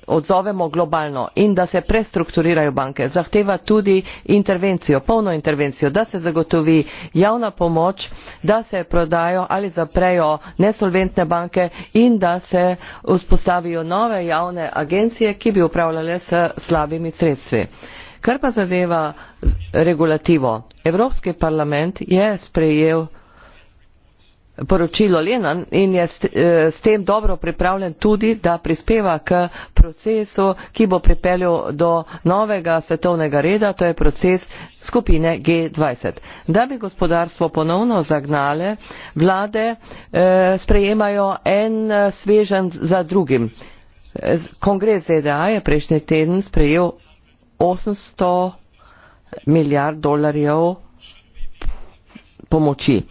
odzovemo globalno in da se prestrukturirajo banke zahteva tudi intervencijo polno intervencijo da se zagotovi javna pomoč da se prodajo ali zaprejo nesolventne banke in da se vzpostavijo nove javne agencije ki bi upravljale s slabimi sredstvi kar pa zadeva regulativo evropski parlament je sprejel poročilo Lenan in je eh, s tem dobro pripravljen tudi, da prispeva k procesu, ki bo pripeljal do novega svetovnega reda, to je proces skupine G20. Da bi gospodarstvo ponovno zagnale, vlade eh, sprejemajo en eh, svežen za drugim. Kongres ZDA je prejšnji teden sprejel 800 milijard dolarjev pomoči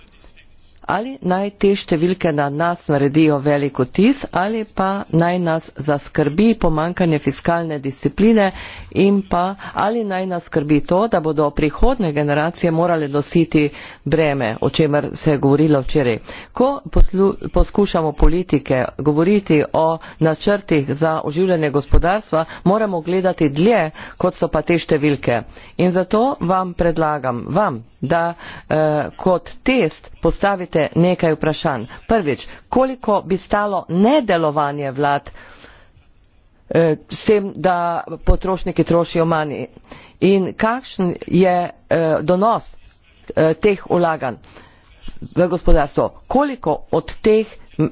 ali naj te številke na nas naredijo veliko tis ali pa naj nas zaskrbi pomankanje fiskalne discipline in pa ali naj nas skrbi to, da bodo prihodne generacije morale nositi breme, o čemer se je govorilo včeraj. Ko poslu, poskušamo politike govoriti o načrtih za oživljanje gospodarstva, moramo gledati dlje, kot so pa te številke. In zato vam predlagam, vam, da eh, kot test postavite poslušajte nekaj vprašanj. Prvič, koliko bi stalo nedelovanje vlad eh, s tem, da potrošniki trošijo manj in kakšen je eh, donos eh, teh ulaganj v gospodarstvo, koliko od teh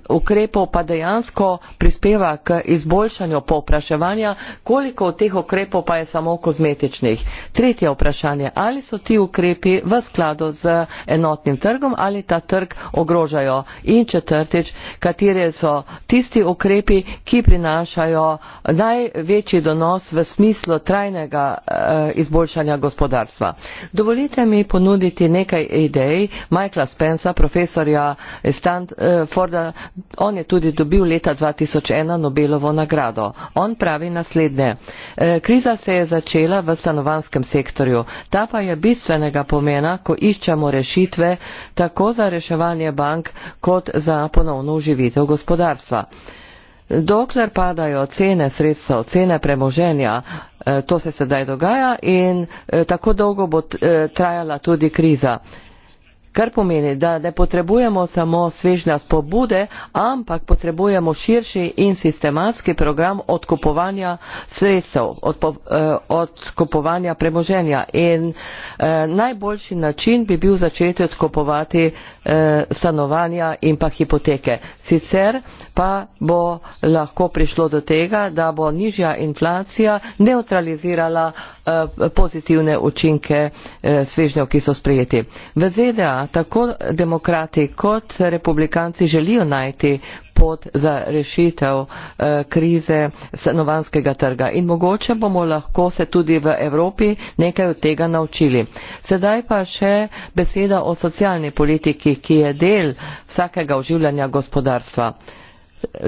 ukrepov pa dejansko prispeva k izboljšanju povpraševanja, koliko od teh ukrepov pa je samo kozmetičnih. Tretje vprašanje, ali so ti ukrepi v skladu z enotnim trgom ali ta trg ogrožajo. In četrtič, katere so tisti ukrepi, ki prinašajo največji donos v smislu trajnega eh, izboljšanja gospodarstva. Dovolite mi ponuditi nekaj idej Michaela Spensa, profesorja Stanforda, eh, on je tudi dobil leta 2001 Nobelovo nagrado. On pravi naslednje. E, kriza se je začela v stanovanskem sektorju. Ta pa je bistvenega pomena, ko iščemo rešitve tako za reševanje bank, kot za ponovno uživitev gospodarstva. Dokler padajo cene sredstev, cene premoženja, e, to se sedaj dogaja in e, tako dolgo bo trajala tudi kriza kar pomeni da ne potrebujemo samo svežnja spobude ampak potrebujemo širši in sistematski program odkupovanja sredstev eh, odkupovanja premoženja in eh, najboljši način bi bil začeti odkupovati eh, stanovanja in pa hipoteke sicer pa bo lahko prišlo do tega da bo nižja inflacija neutralizirala pozitivne učinke svežnjev ki so sprejeti v ZDA tako demokrati kot republikanci želijo najti pot za rešitev eh, krize stanovanskega trga. In mogoče bomo lahko se tudi v Evropi nekaj od tega naučili. Sedaj pa še beseda o socialni politiki, ki je del vsakega oživljanja gospodarstva.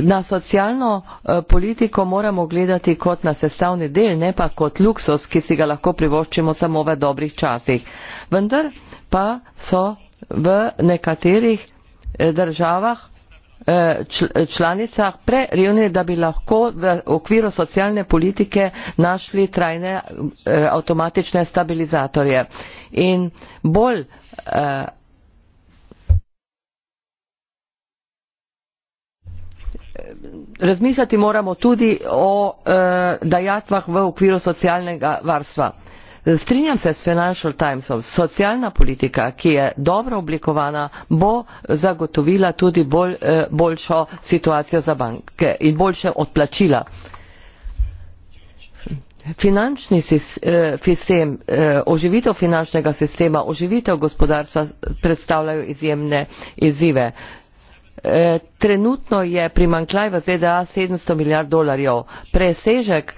Na socialno eh, politiko moramo gledati kot na sestavni del, ne pa kot luksus, ki si ga lahko privoščimo samo v dobrih časih. Vendar pa so v nekaterih eh, državah eh, članicah prerivni, da bi lahko v okviru socialne politike našli trajne eh, avtomatične stabilizatorje. In bolj Razmisliti moramo tudi o e, dajatvah v okviru socialnega varstva. E, strinjam se s financial timesom socialna politika ki je dobro oblikovana bo zagotovila tudi bolj, eh, boljšo situacijo za banke in boljše odplačila finančni eh, sistem, eh, oživitev finančnega sistema, oživitev gospodarstva predstavljajo izjemne izzive. Trenutno je primankljaj v ZDA 700 milijard dolarjev. Presežek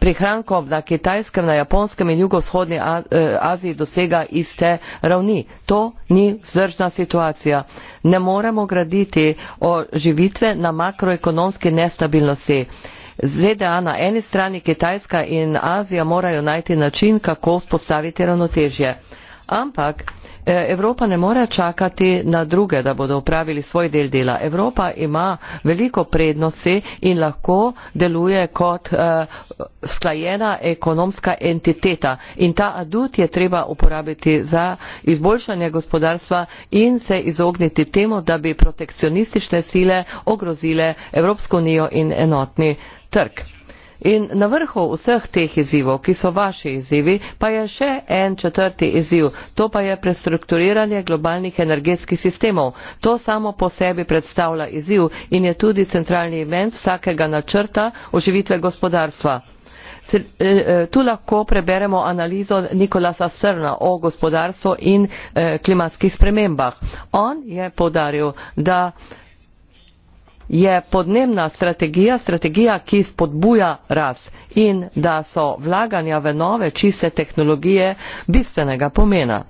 prihrankov na kitajskem na japonskem in jugovzhodni e, aziji dosega iste ravni to ni vzdržna situacija ne moremo graditi oživitve na makroekonomski nestabilnosti ZDA e na eni strani Kitajska in Azija morajo najti način, kako vzpostaviti ravnotežje. Ampak E, Evropa ne more čakati na druge, da bodo upravili svoj del dela. Evropa ima veliko prednosti in lahko deluje kot uh, sklajena ekonomska entiteta. In ta adut je treba uporabiti za izboljšanje gospodarstva in se izogniti temu, da bi protekcionistične sile ogrozile Evropsko unijo in enotni trg. In na vrhu vseh teh izzivov, ki so vaši izzivi, pa je še en četrti izziv, to pa je prestrukturiranje globalnih energetskih sistemov. To samo po sebi predstavlja izziv in je tudi centralni event vsakega načrta oživitve gospodarstva. Eh, eh, tu lahko preberemo analizo Nikolasa Srna o gospodarstvu in eh, klimatskih spremembah. On je podaril, da je podnebna strategija strategija, ki spodbuja rast in da so vlaganja v nove čiste tehnologije bistvenega pomena.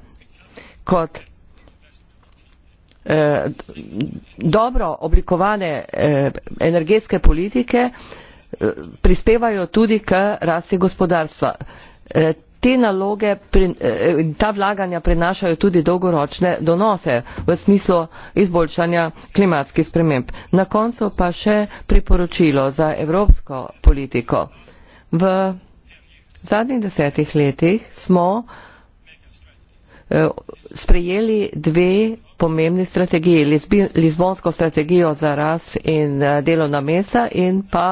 Kot eh, dobro oblikovane eh, energetske politike eh, prispevajo tudi k rasti gospodarstva te naloge in eh, ta vlaganja prinašajo tudi dolgoročne donose v smislu izboljšanja klimatskih sprememb. Na koncu pa še priporočilo za evropsko politiko. V zadnjih desetih letih smo eh, sprejeli dve pomembni strategiji, Lizbonsko strategijo za rast in eh, delovna mesta in pa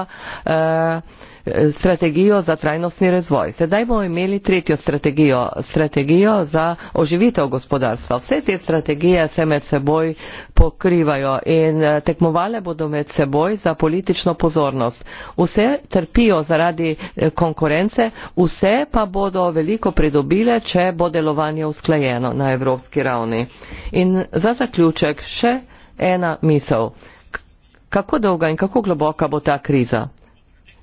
uh, strategijo za trajnostni razvoj. Sedaj bomo imeli tretjo strategijo, strategijo za oživitev gospodarstva. Vse te strategije se med seboj pokrivajo in eh, tekmovale bodo med seboj za politično pozornost. Vse trpijo zaradi eh, konkurence, vse pa bodo veliko pridobile, če bo delovanje usklajeno na evropski ravni. In za zaključek še ena misel. Kako dolga in kako globoka bo ta kriza?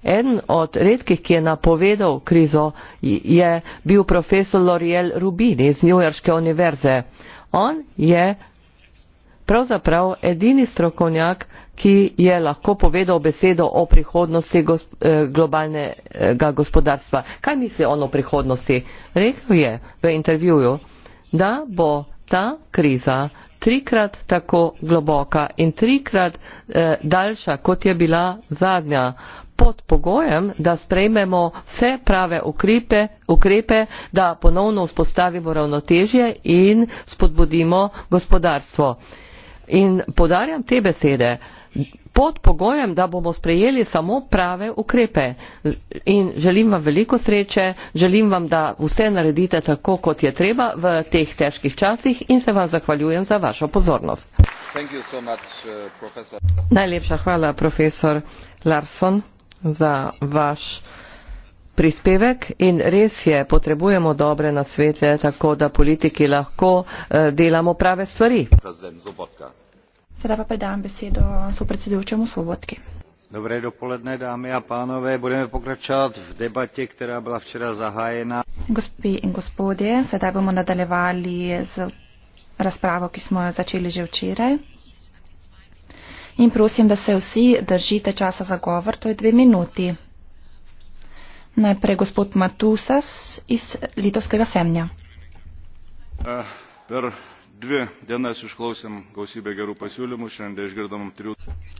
Eden od redkih, ki je napovedal krizo, je bil profesor Loriel Rubin iz New Yorkske univerze. On je pravzaprav edini strokovnjak, ki je lahko povedal besedo o prihodnosti gos eh, globalnega gospodarstva. Kaj misli on o prihodnosti? Rekl je v intervjuju, da bo ta kriza trikrat tako globoka in trikrat eh, daljša, kot je bila zadnja pod pogojem, da sprejmemo vse prave ukrepe, ukrepe da ponovno vzpostavimo ravnotežje in spodbudimo gospodarstvo. In podarjam te besede pod pogojem, da bomo sprejeli samo prave ukrepe. In želim vam veliko sreče, želim vam, da vse naredite tako, kot je treba v teh težkih časih in se vam zahvaljujem za vašo pozornost. So much, uh, Najlepša hvala, profesor Larson za vaš prispevek in res je, potrebujemo dobre nasvete, tako da politiki lahko eh, delamo prave stvari. Sedaj pa predam besedo sopredsedujočemu Svobodki. Dobré dopoledne, dámy a pánové. Budeme pokračovat v debatě, která byla včera zahájena. Gospi in gospodje, sedaj bomo nadaljevali z razpravo, ki smo jo začeli že včeraj. In prosim, da se vsi držite časa za govor, to je dve minuti. Najprej gospod Matusas iz Litovskega semnja. Eh,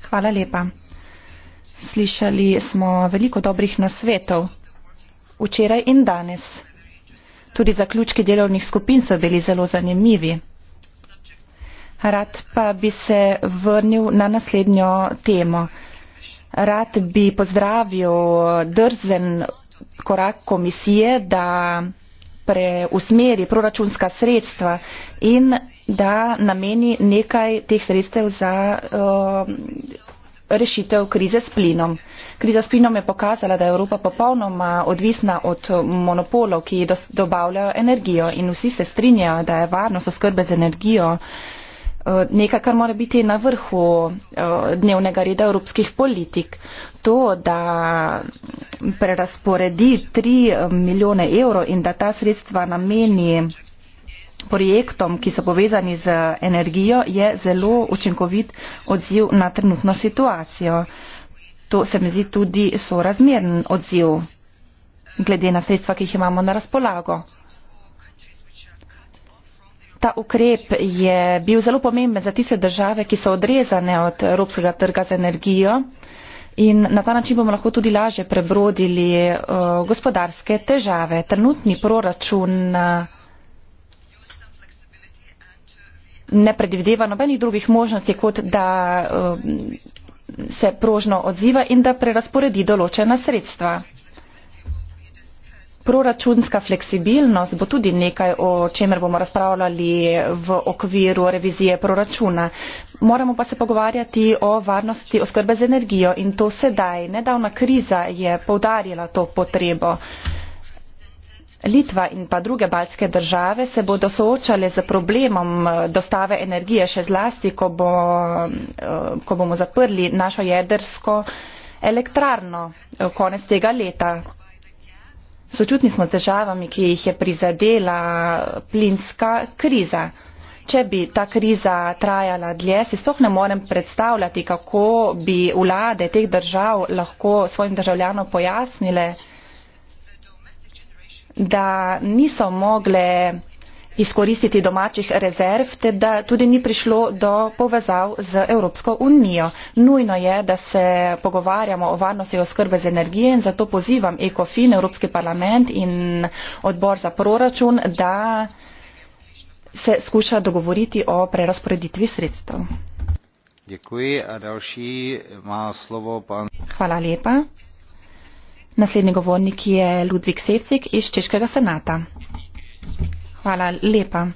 Hvala lepa. Slišali smo veliko dobrih nasvetov včeraj in danes. Tudi zaključki delovnih skupin so bili zelo zanimivi. Rad pa bi se vrnil na naslednjo temo. Rad bi pozdravil drzen korak komisije, da preusmeri proračunska sredstva in da nameni nekaj teh sredstev za uh, rešitev krize s plinom. Kriza s plinom je pokazala, da je Evropa popolnoma odvisna od monopolov, ki dobavljajo energijo in vsi se strinjajo, da je varnost oskrbe z energijo uh, Eh, nekaj, kar mora biti na vrhu eh, dnevnega reda evropskih politik. To, da prerasporedi 3 eh, milijone evrov in da ta sredstva nameni projektom, ki so povezani z energijo, je zelo učinkovit odziv na trenutno situacijo. To se mi zdi tudi sorazmeren odziv glede na sredstva, ki jih imamo na razpolago. Ta ukrep je bil zelo pomemben za tiste države, ki so odrezane od evropskega trga z energijo in na ta način bomo lahko tudi laže prebrodili uh, gospodarske težave. Trenutni proračun uh, ne predvideva nobenih drugih možnosti, kot da uh, se prožno odziva in da prerasporedi določena sredstva proračunska fleksibilnost bo tudi nekaj, o čemer bomo razpravljali v okviru revizije proračuna. Moramo pa se pogovarjati o varnosti oskrbe z energijo in to sedaj. Nedavna kriza je poudarjala to potrebo. Litva in pa druge baltske države se bodo soočale z problemom eh, dostave energije, še zlasti, ko, bo, eh, ko bomo zaprli našo jedrsko elektrarno eh, konec tega leta. Sočutni smo težavami, ki jih je prizadela plinska kriza. Če bi ta kriza trajala dlje, si sploh ne morem predstavljati, kako bi vlade teh držav lahko svojim državljanom pojasnile, da niso mogle izkoristiti domačih rezerv, te da tudi ni prišlo do povezav z Evropsko unijo. Nujno je, da se pogovarjamo o varnosti oskrbe z energije in zato pozivam ECOFIN, Evropski parlament in odbor za proračun, da se skuša dogovoriti o prerasporeditvi sredstev. Hvala lepa. Naslednji govornik je Ludvik Sevcik iz Češkega senata. Hvala lepa.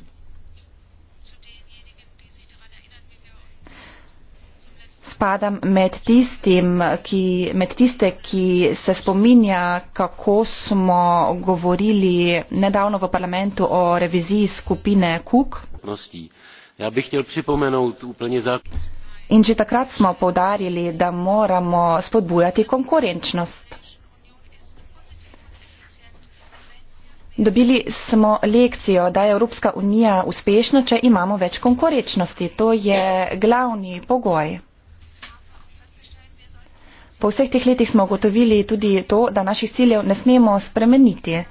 Spadam med, tistim, ki, med tiste, ki se spominja, kako smo govorili nedavno v parlamentu o reviziji skupine KUK. Ja bih htjel pripomenuti úplne za... In že takrat smo poudarili, da moramo spodbujati konkurenčnost. Dobili smo lekcijo, da je Evropska unija uspešna, če imamo več konkurečnosti. To je glavni pogoj. Po vseh teh letih smo ugotovili tudi to, da naših ciljev ne smemo spremeniti.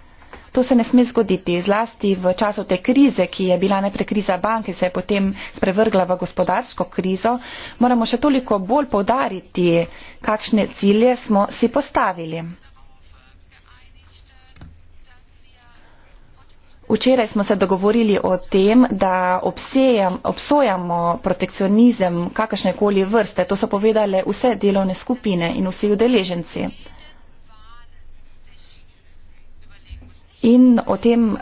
To se ne sme zgoditi, zlasti v času te krize, ki je bila najprej kriza banke, se je potem sprevrgla v gospodarsko krizo, moramo še toliko bolj povdariti, kakšne cilje smo si postavili. Včeraj smo se dogovorili o tem, da obsejam, obsojamo protekcionizem kakršnekoli vrste. To so povedale vse delovne skupine in vsi udeleženci. In o tem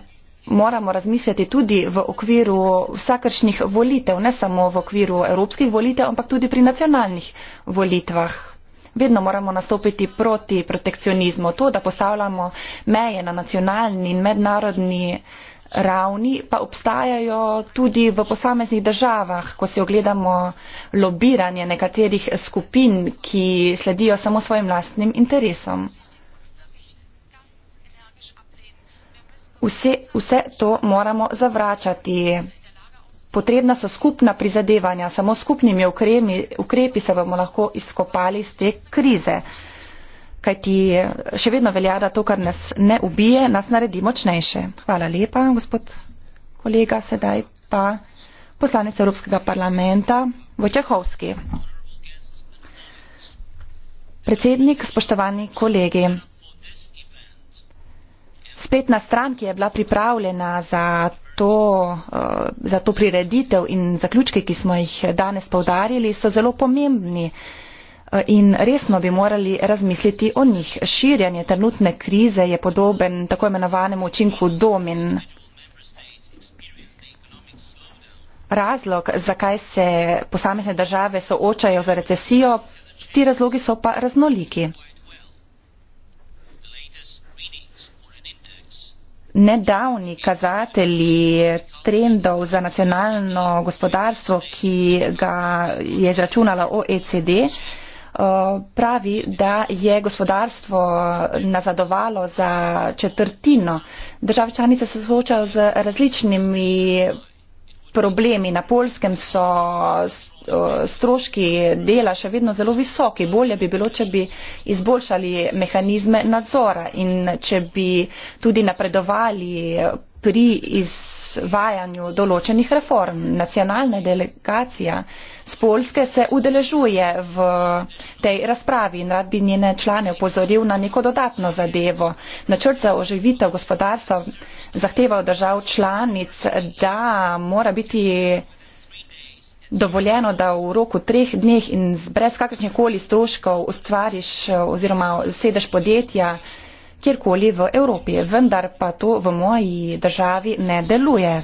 moramo razmisliti tudi v okviru vsakršnih volitev, ne samo v okviru evropskih volitev, ampak tudi pri nacionalnih volitvah vedno moramo nastopiti proti protekcionizmu. To, da postavljamo meje na nacionalni in mednarodni ravni, pa obstajajo tudi v posameznih državah, ko si ogledamo lobiranje nekaterih skupin, ki sledijo samo svojim lastnim interesom. Vse, vse to moramo zavračati. Potrebna so skupna prizadevanja, samo skupnimi ukrepi, ukrepi se bomo lahko izkopali iz te krize. Kaj ti še vedno velja, da to, kar nas ne ubije, nas naredi močnejše. Hvala lepa, gospod kolega, sedaj pa poslanec Evropskega parlamenta Vojčehovski. Predsednik, spoštovani kolegi. Spet na stran, ki je bila pripravljena za to, eh, za to prireditev in zaključke, ki smo jih danes povdarjali, so zelo pomembni eh, in resno bi morali razmisliti o njih. Širjanje trenutne krize je podoben tako imenovanemu učinku domin. Razlog, zakaj se posamezne države soočajo za recesijo, ti razlogi so pa raznoliki. nedavni kazatelji trendov za nacionalno gospodarstvo, ki ga je izračunala OECD, eh, pravi, da je gospodarstvo nazadovalo za četrtino. Države članice se soočajo z različnimi problemi. Na Polskem so stroški dela še vedno zelo visoki. Bolje bi bilo, če bi izboljšali mehanizme nadzora in če bi tudi napredovali pri izvajanju določenih reform. Nacionalna delegacija z Polske se udeležuje v tej razpravi in rad bi njene člane upozoril na neko dodatno zadevo. Načrt za oživitev gospodarstva zahteva od držav članic, da mora biti dovoljeno, da v roku treh dneh in brez kakršnih koli stroškov ustvariš eh, oziroma sedeš podjetja kjerkoli v Evropi. Vendar pa to v moji državi ne deluje.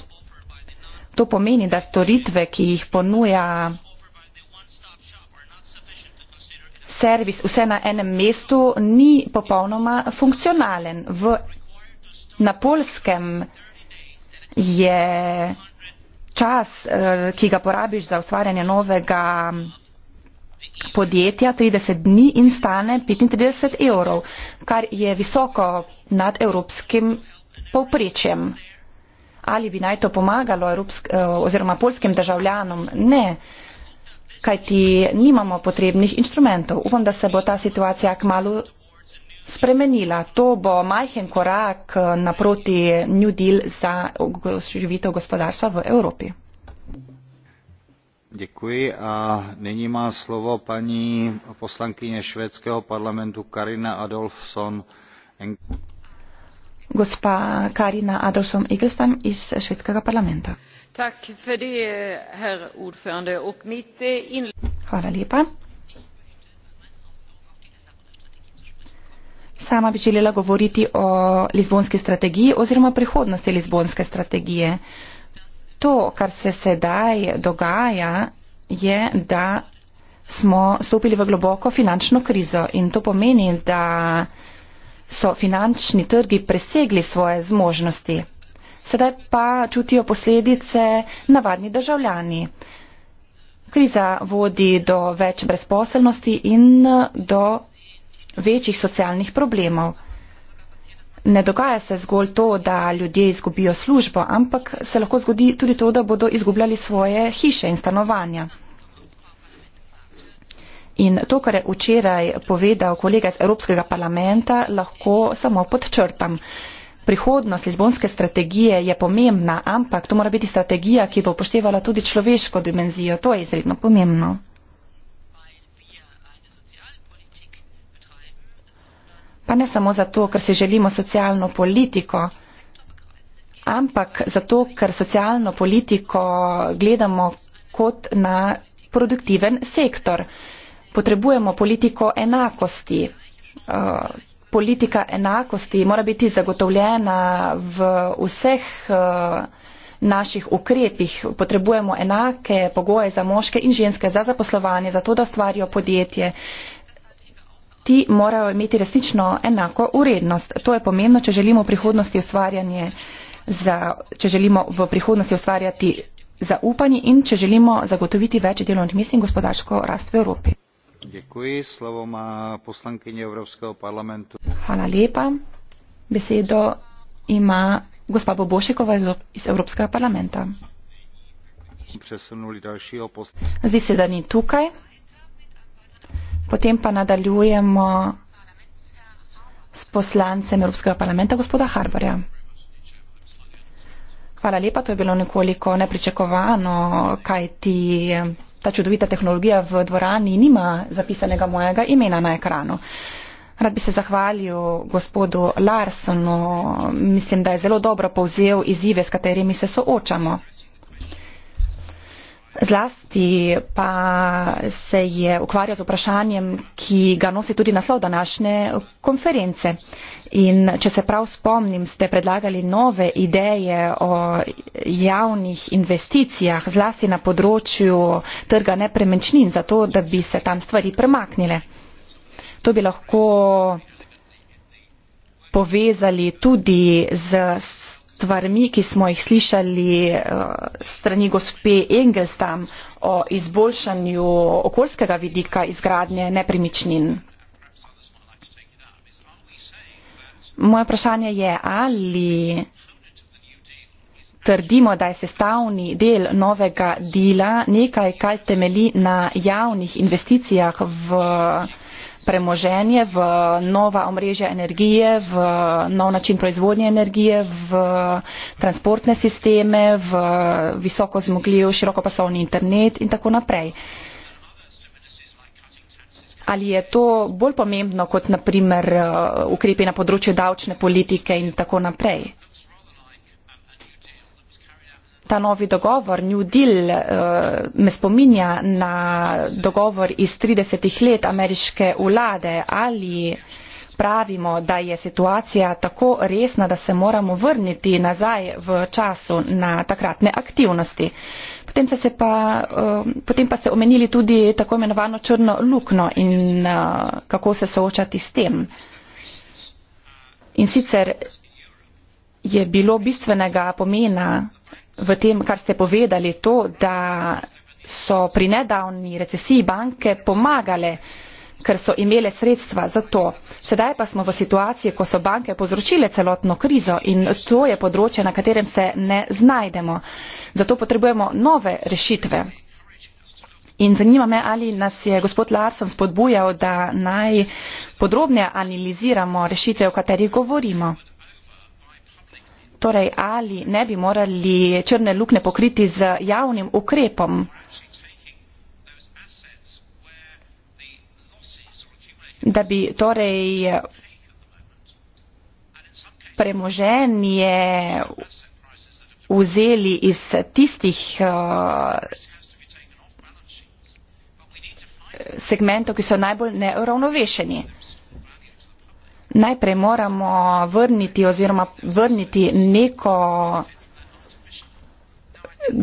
To pomeni, da storitve, ki jih ponuja servis vse na enem mestu, ni popolnoma funkcionalen. V, na polskem je čas, eh, ki ga porabiš za ustvarjanje novega podjetja, 30 dni in stane 35 evrov, kar je visoko nad evropskim povprečjem. Ali bi naj to pomagalo evropsk, eh, oziroma polskim državljanom? Ne, kajti nimamo potrebnih inštrumentov. Upam, da se bo ta situacija k malu spremenila. To bo majhen korak eh, naproti New Deal za živitev gospodarstva v Evropi. Děkuji a nyní má slovo paní poslankyně švédského parlamentu Karina Adolfsson. Gospa Karina Adolfsson Igelstam iz švédského parlamenta. Tak, för eh, det, herr ordförande, och mitt eh, inlägg... Hvala lepa. sama bi želela govoriti o Lizbonski strategiji oziroma prihodnosti Lizbonske strategije. To, kar se sedaj dogaja, je, da smo stopili v globoko finančno krizo in to pomeni, da so finančni trgi presegli svoje zmožnosti. Sedaj pa čutijo posledice navadni državljani. Kriza vodi do več brezposelnosti in do večjih socialnih problemov. Ne dogaja se zgolj to, da ljudje izgubijo službo, ampak se lahko zgodi tudi to, da bodo izgubljali svoje hiše in stanovanja. In to, kar je včeraj povedal kolega iz Evropskega parlamenta, lahko samo podčrtam. Prihodnost Lizbonske strategije je pomembna, ampak to mora biti strategija, ki bo upoštevala tudi človeško dimenzijo. To je izredno pomembno. pa ne samo zato, ker si želimo socialno politiko, ampak zato, ker socialno politiko gledamo kot na produktiven sektor. Potrebujemo politiko enakosti. Eh, politika enakosti mora biti zagotovljena v vseh eh, naših ukrepih. Potrebujemo enake pogoje za moške in ženske, za zaposlovanje, za to, da ustvarijo podjetje, ti morajo imeti resnično enako urednost. To je pomembno, če želimo, za, če želimo v prihodnosti ustvarjati zaupanje in če želimo zagotoviti več delovnih mest in gospodarsko rast v Evropi. Děkuji, slovo má poslankyně Evropského parlamentu. Hvala lepa. Besedo ima gospa Bobošekova iz Evropskega parlamenta. Zdi se, da ni tukaj. Potem pa nadaljujemo s poslancem Evropskega parlamenta, gospoda Harbarja. Hvala lepa, to je bilo nekoliko nepričakovano, kaj ti eh, ta čudovita tehnologija v dvorani nima zapisanega mojega imena na ekranu. Rad bi se zahvalil gospodu Larsonu, mislim, da je zelo dobro povzel izzive, s katerimi se soočamo. Zlasti pa se je ukvarjal z vprašanjem, ki ga nosi tudi naslov današnje konference. In če se prav spomnim, ste predlagali nove ideje o javnih investicijah, zlasti na področju trga nepremečnin, zato da bi se tam stvari premaknile. To bi lahko povezali tudi z stvarmi, ki smo jih slišali eh, strani gospe Engels tam o izboljšanju okoljskega vidika izgradnje nepremičnin. Moje vprašanje je, ali trdimo, da je sestavni del novega dela nekaj, kaj temeli na javnih investicijah v premoženje v nova omrežja energije, v nov način proizvodnje energije, v transportne sisteme, v visoko zmogljiv širokopasovni internet in tako naprej. Ali je to bolj pomembno kot naprimer eh, ukrepi na področju davčne politike in tako naprej? ta novi dogovor, New Deal, eh, me spominja na dogovor iz 30 let ameriške vlade ali pravimo, da je situacija tako resna, da se moramo vrniti nazaj v času na takratne aktivnosti. Potem, se pa, eh, potem pa ste omenili tudi tako imenovano črno lukno in eh, kako se soočati s tem. In sicer je bilo bistvenega pomena v tem, kar ste povedali, to, da so pri nedavni recesiji banke pomagale, ker so imele sredstva za to. Sedaj pa smo v situaciji, ko so banke povzročile celotno krizo in to je področje, na katerem se ne znajdemo. Zato potrebujemo nove rešitve. In zanima me, ali nas je gospod Larson spodbujal, da naj podrobne analiziramo rešitve, o katerih govorimo. Torej, ali ne bi morali črne lukne pokriti z javnim ukrepom? Da bi torej premoženje vzeli iz tistih eh, segmentov, ki so najbolj neuravnovešeni najprej moramo vrniti oziroma vrniti neko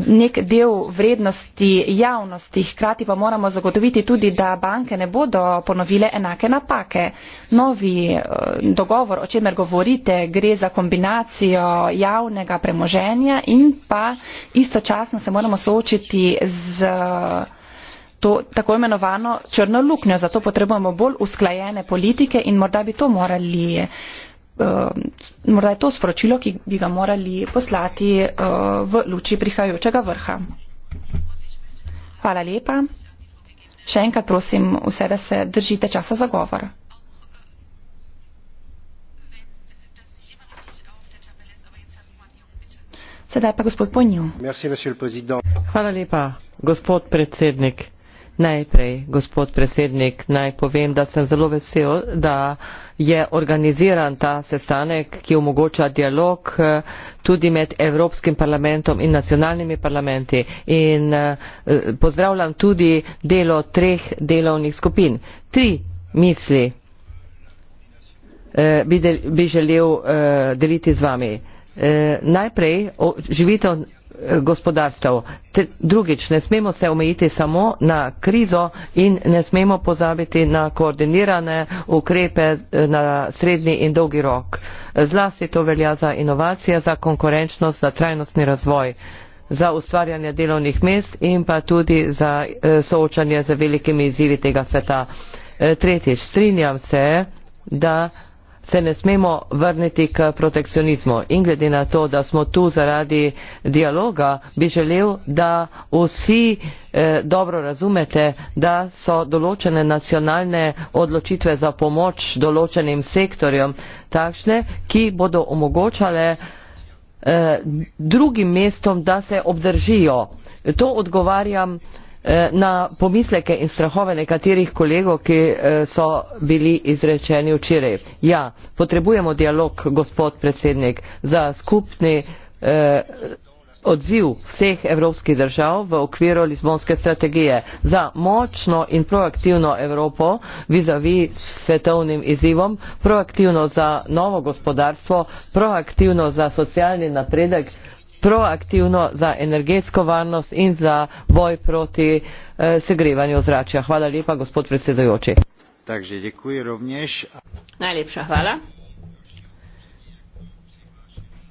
nek del vrednosti javnosti, hkrati pa moramo zagotoviti tudi, da banke ne bodo ponovile enake napake. Novi eh, dogovor, o čemer govorite, gre za kombinacijo javnega premoženja in pa istočasno se moramo soočiti z to tako imenovano črno luknjo. Zato potrebujemo bolj usklajene politike in morda bi to morali, eh, morda je to sporočilo, ki bi ga morali poslati eh, v luči prihajajočega vrha. Hvala lepa. Še enkrat prosim vse, da se držite časa za govor. Sedaj pa gospod Ponjo. Hvala lepa, gospod predsednik. Najprej, gospod predsednik, naj povem, da sem zelo vesel, da je organiziran ta sestanek, ki omogoča dialog eh, tudi med Evropskim parlamentom in nacionalnimi parlamenti. In eh, pozdravljam tudi delo treh delovnih skupin. Tri misli eh, bi, del, bi želel deliti z vami. Najprej živite gospodarstv. Drugič, ne smemo se omejiti samo na krizo in ne smemo pozabiti na koordinirane ukrepe eh, na srednji in dolgi rok. Zlasti to velja za inovacije, za konkurenčnost, za trajnostni razvoj, za ustvarjanje delovnih mest in pa tudi za eh, soočanje z velikimi izzivi tega sveta. Eh, tretjič, strinjam se, da se ne smemo vrniti k protekcionizmu. In glede na to, da smo tu zaradi dialoga, bi želel, da vsi eh, dobro razumete, da so določene nacionalne odločitve za pomoč določenim sektorjem takšne, ki bodo omogočale eh, drugim mestom, da se obdržijo. To odgovarjam. Eh, na pomisleke in strahove nekaterih kolegov, ki eh, so bili izrečeni včeraj. Ja, potrebujemo dialog, gospod predsednik, za skupni eh, odziv vseh evropskih držav v okviru Lizbonske strategije za močno in proaktivno Evropo vizavi svetovnim izzivom, proaktivno za novo gospodarstvo, proaktivno za socialni napredek proaktivno za energetsko varnost in za boj proti eh, segrevanju ozračja. Hvala lepa, gospod predsedojoči. Takže, dekuji rovnež. Najlepša hvala.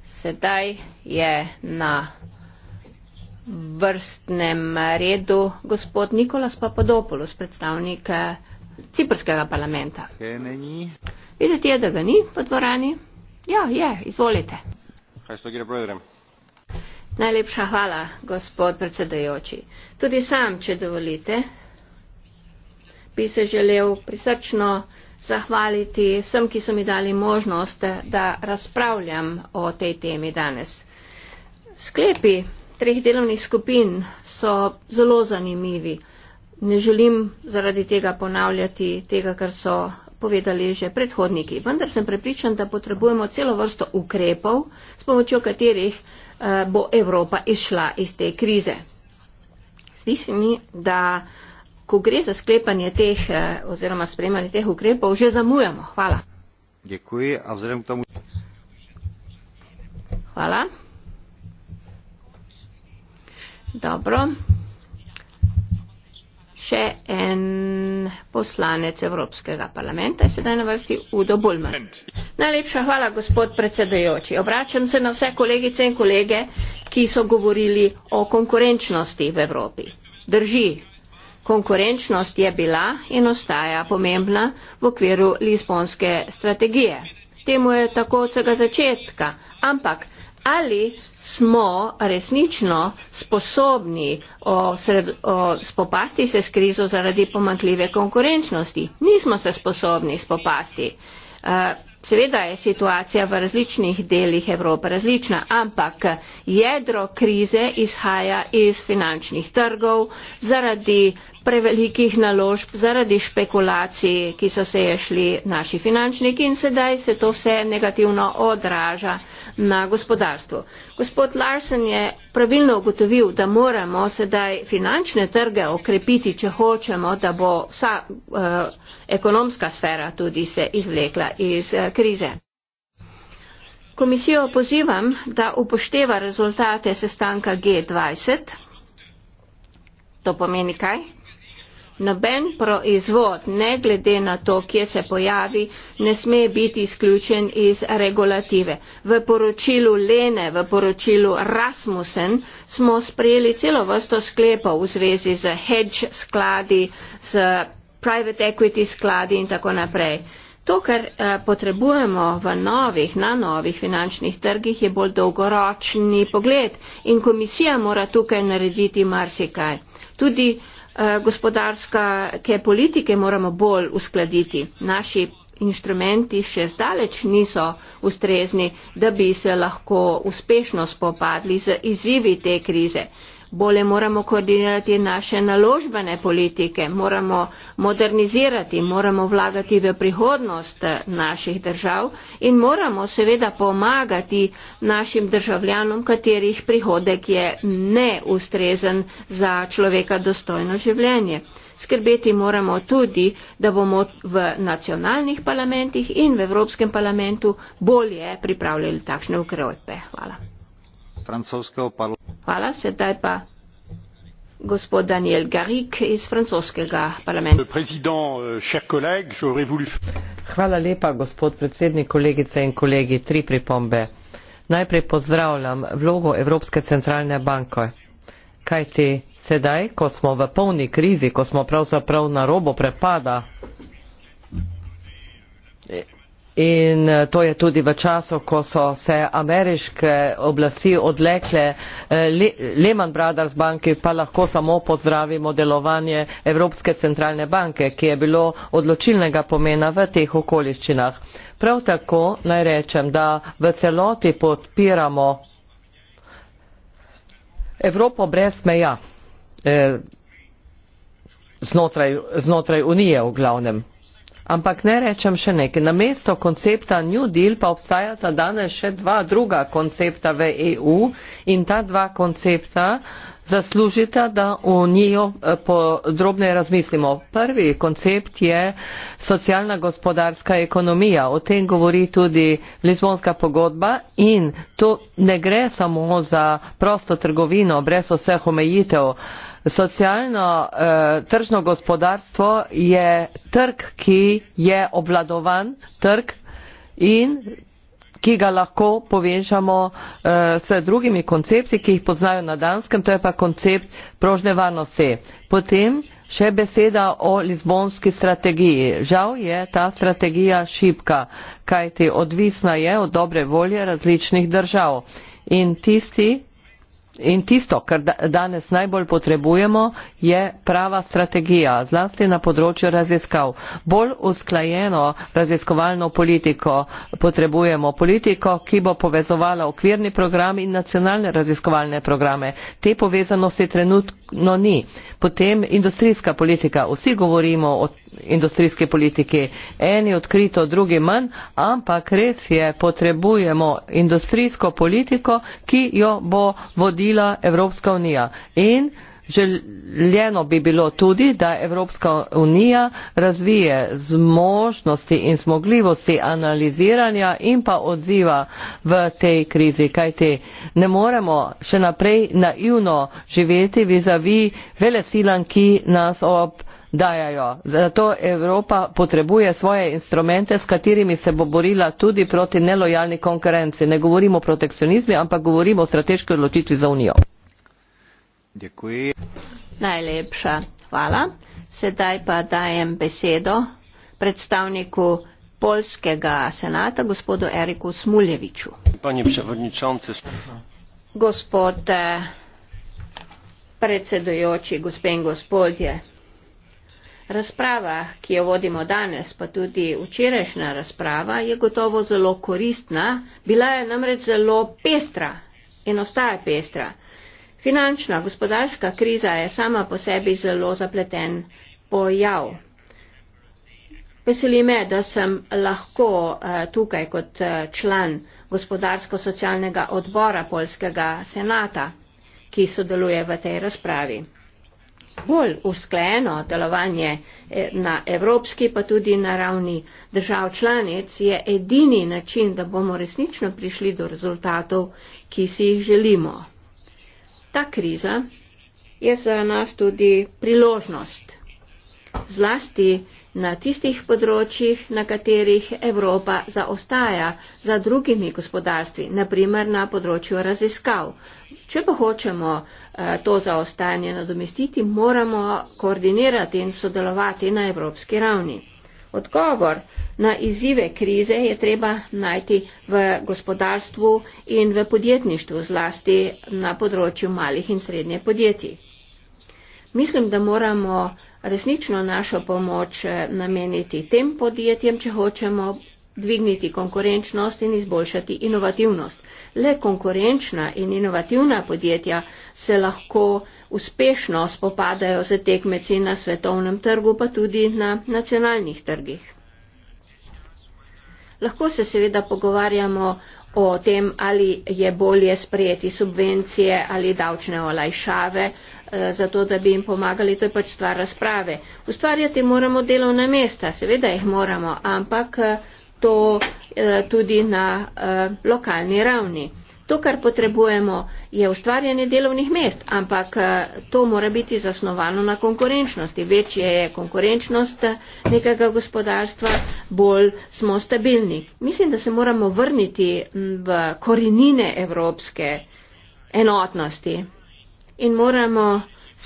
Sedaj je na vrstnem redu gospod Nikolas Papadopoulos, predstavnik eh, Ciprskega parlamenta. Videti je, da ga ni v dvorani. Ja, je, izvolite. Kaj se to gre, brojdrem? Najlepša hvala, gospod predsedajoči. Tudi sam, če dovolite, bi se želel prisrčno zahvaliti vsem, ki so mi dali možnost, da razpravljam o tej temi danes. Sklepi treh delovnih skupin so zelo zanimivi. Ne želim zaradi tega ponavljati tega, kar so povedali že predhodniki. Vendar sem prepričan, da potrebujemo celo vrsto ukrepov, s pomočjo katerih Eh, bo Evropa izšla iz te krize. Zdi se mi, da ko gre za sklepanje teh eh, oziroma sprejemanje teh ukrepov, že zamujamo. Hvala. Děkuji a vzhledem k tomu. Hvala. Dobro. Še en poslanec Evropskega parlamenta je sedaj na vrsti Udo Bulman. Najlepša hvala, gospod predsedujoči. Obračam se na vse kolegice in kolege, ki so govorili o konkurenčnosti v Evropi. Drži, konkurenčnost je bila in ostaja pomembna v okviru lisbonske strategije. Temu je tako od vsega začetka, ampak ali smo resnično sposobni spopasti se s krizo zaradi pomankljive konkurenčnosti. Nismo se sposobni spopasti. Eh, seveda je situacija v različnih delih Evrope različna, ampak jedro krize izhaja iz finančnih trgov zaradi prevelikih naložb, zaradi špekulacij, ki so se ješli naši finančniki in sedaj se to vse negativno odraža na gospodarstvo. Gospod Larsen je pravilno ugotovil, da moramo sedaj finančne trge okrepiti, če hočemo, da bo vsa eh, ekonomska sfera tudi se izvlekla iz eh, krize. Komisijo pozivam, da upošteva rezultate sestanka G20. To pomeni kaj? Noben proizvod, ne glede na to, kje se pojavi, ne sme biti izključen iz regulative. V poročilu Lene, v poročilu Rasmussen smo sprejeli celo vrsto sklepov v zvezi z hedge skladi, z private equity skladi in tako naprej. To, kar eh, potrebujemo v novih, na novih finančnih trgih, je bolj dolgoročni pogled in komisija mora tukaj narediti marsikaj. Tudi Eh, gospodarske politike moramo bolj uskladiti. Naši inštrumenti še zdaleč niso ustrezni, da bi se lahko uspešno spopadli z izzivi te krize bolje moramo koordinirati naše naložbene politike, moramo modernizirati, moramo vlagati v prihodnost eh, naših držav in moramo seveda pomagati našim državljanom, katerih prihodek je neustrezen za človeka dostojno življenje. Skrbeti moramo tudi, da bomo v nacionalnih parlamentih in v Evropskem parlamentu bolje pripravljali takšne ukrepe. Hvala francoskega parlamenta. Hvala, sedaj pa gospod Daniel Garik iz francoskega parlamenta. Euh, Hvala lepa, gospod predsednik, kolegice in kolegi. Tri pripombe. Najprej pozdravljam vlogo Evropske centralne banke. Kajti sedaj, ko smo v polni krizi, ko smo pravzaprav na robo prepada, e, In eh, to je tudi v času, ko so se ameriške oblasti odlekle eh, Lehman Brothers banki, pa lahko samo pozdravimo delovanje Evropske centralne banke, ki je bilo odločilnega pomena v teh okoliščinah. Prav tako naj rečem, da v celoti podpiramo Evropo brez meja eh, znotraj, znotraj Unije v glavnem. Ampak ne rečem še nekaj. Na mesto koncepta New Deal pa obstajata danes še dva druga koncepta v EU in ta dva koncepta zaslužita, da o njih eh, podrobne razmislimo. Prvi koncept je socialna gospodarska ekonomija. O tem govori tudi Lizbonska pogodba in to ne gre samo za prosto trgovino brez vseh omejitev socialno eh, tržno gospodarstvo je trg, ki je obvladovan trg in ki ga lahko povežamo eh, s drugimi koncepti, ki jih poznajo na danskem, to je pa koncept prožne varnosti. Potem še beseda o lizbonski strategiji. Žal je ta strategija šipka, kajti odvisna je od dobre volje različnih držav. In tisti, In tisto, kar danes najbolj potrebujemo, je prava strategija, zlasti na področju raziskav. Bolj usklajeno raziskovalno politiko potrebujemo, politiko, ki bo povezovala okvirni program in nacionalne raziskovalne programe. Te povezanosti trenutno ni. Potem industrijska politika. Vsi govorimo o industrijski politiki. Eni odkrito, drugi manj, ampak res je, potrebujemo industrijsko politiko, ki jo bo vodila Evropska unija. In Želeno bi bilo tudi, da Evropska unija razvije zmožnosti in zmogljivosti analiziranja in pa odziva v tej krizi, kajti ne moremo še naprej naivno živeti vizavi velesilan, ki nas obrežijo dajajo. Zato Evropa potrebuje svoje instrumente, s katerimi se bo borila tudi proti nelojalni konkurenci. Ne govorimo o protekcionizmu, ampak govorimo o strateški odločitvi za Unijo. Dekuji. Najlepša hvala. Sedaj pa dajem besedo predstavniku Polskega senata, gospodu Eriku Smuljeviču. Gospod eh, predsedujoči, gospe in gospodje, Razprava, ki jo vodimo danes, pa tudi včerajšnja razprava, je gotovo zelo koristna, bila je namreč zelo pestra in ostaja pestra. Finančna, gospodarska kriza je sama po sebi zelo zapleten pojav. Veseli me, da sem lahko eh, tukaj kot eh, član gospodarsko-socialnega odbora Polskega senata, ki sodeluje v tej razpravi bolj usklajeno delovanje eh, na evropski, pa tudi na ravni držav članic, je edini način, da bomo resnično prišli do rezultatov, ki si jih želimo. Ta kriza je za nas tudi priložnost, zlasti na tistih področjih, na katerih Evropa zaostaja za drugimi gospodarstvi, naprimer na področju raziskav, Če pa hočemo eh, to zaostajanje nadomestiti, moramo koordinirati in sodelovati na evropski ravni. Odgovor na izzive krize je treba najti v gospodarstvu in v podjetništvu, zlasti na področju malih in srednje podjetij. Mislim, da moramo resnično našo pomoč eh, nameniti tem podjetjem, če hočemo dvigniti konkurenčnost in izboljšati inovativnost. Le konkurenčna in inovativna podjetja se lahko uspešno spopadajo z tekmeci na svetovnem trgu, pa tudi na nacionalnih trgih. Lahko se seveda pogovarjamo o tem, ali je bolje sprejeti subvencije ali davčne olajšave, eh, zato da bi jim pomagali, to je pač stvar razprave. Ustvarjati moramo delovna mesta, seveda jih moramo, ampak eh, to eh, tudi na eh, lokalni ravni. To, kar potrebujemo, je ustvarjanje delovnih mest, ampak eh, to mora biti zasnovano na konkurenčnosti. Večje je konkurenčnost nekega gospodarstva, bolj smo stabilni. Mislim, da se moramo vrniti v korenine evropske enotnosti in moramo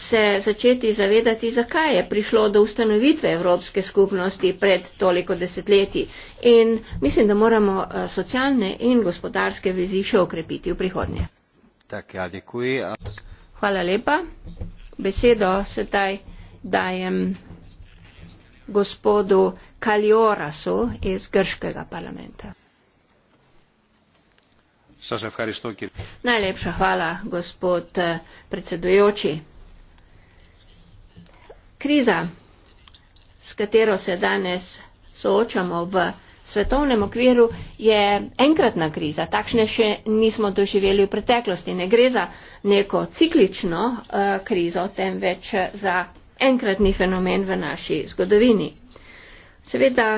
se začeti zavedati, zakaj je prišlo do ustanovitve Evropske skupnosti pred toliko desetletji. In mislim, da moramo eh, socialne in gospodarske vezi še okrepiti v prihodnje. Tak, ja, Hvala lepa. Besedo sedaj dajem gospodu Kaliorasu iz Grškega parlamenta. Najlepša hvala, gospod eh, predsedujoči. Kriza, s katero se danes soočamo v svetovnem okviru, je enkratna kriza. Takšne še nismo doživeli v preteklosti. Ne gre za neko ciklično uh, krizo, temveč za enkratni fenomen v naši zgodovini. Seveda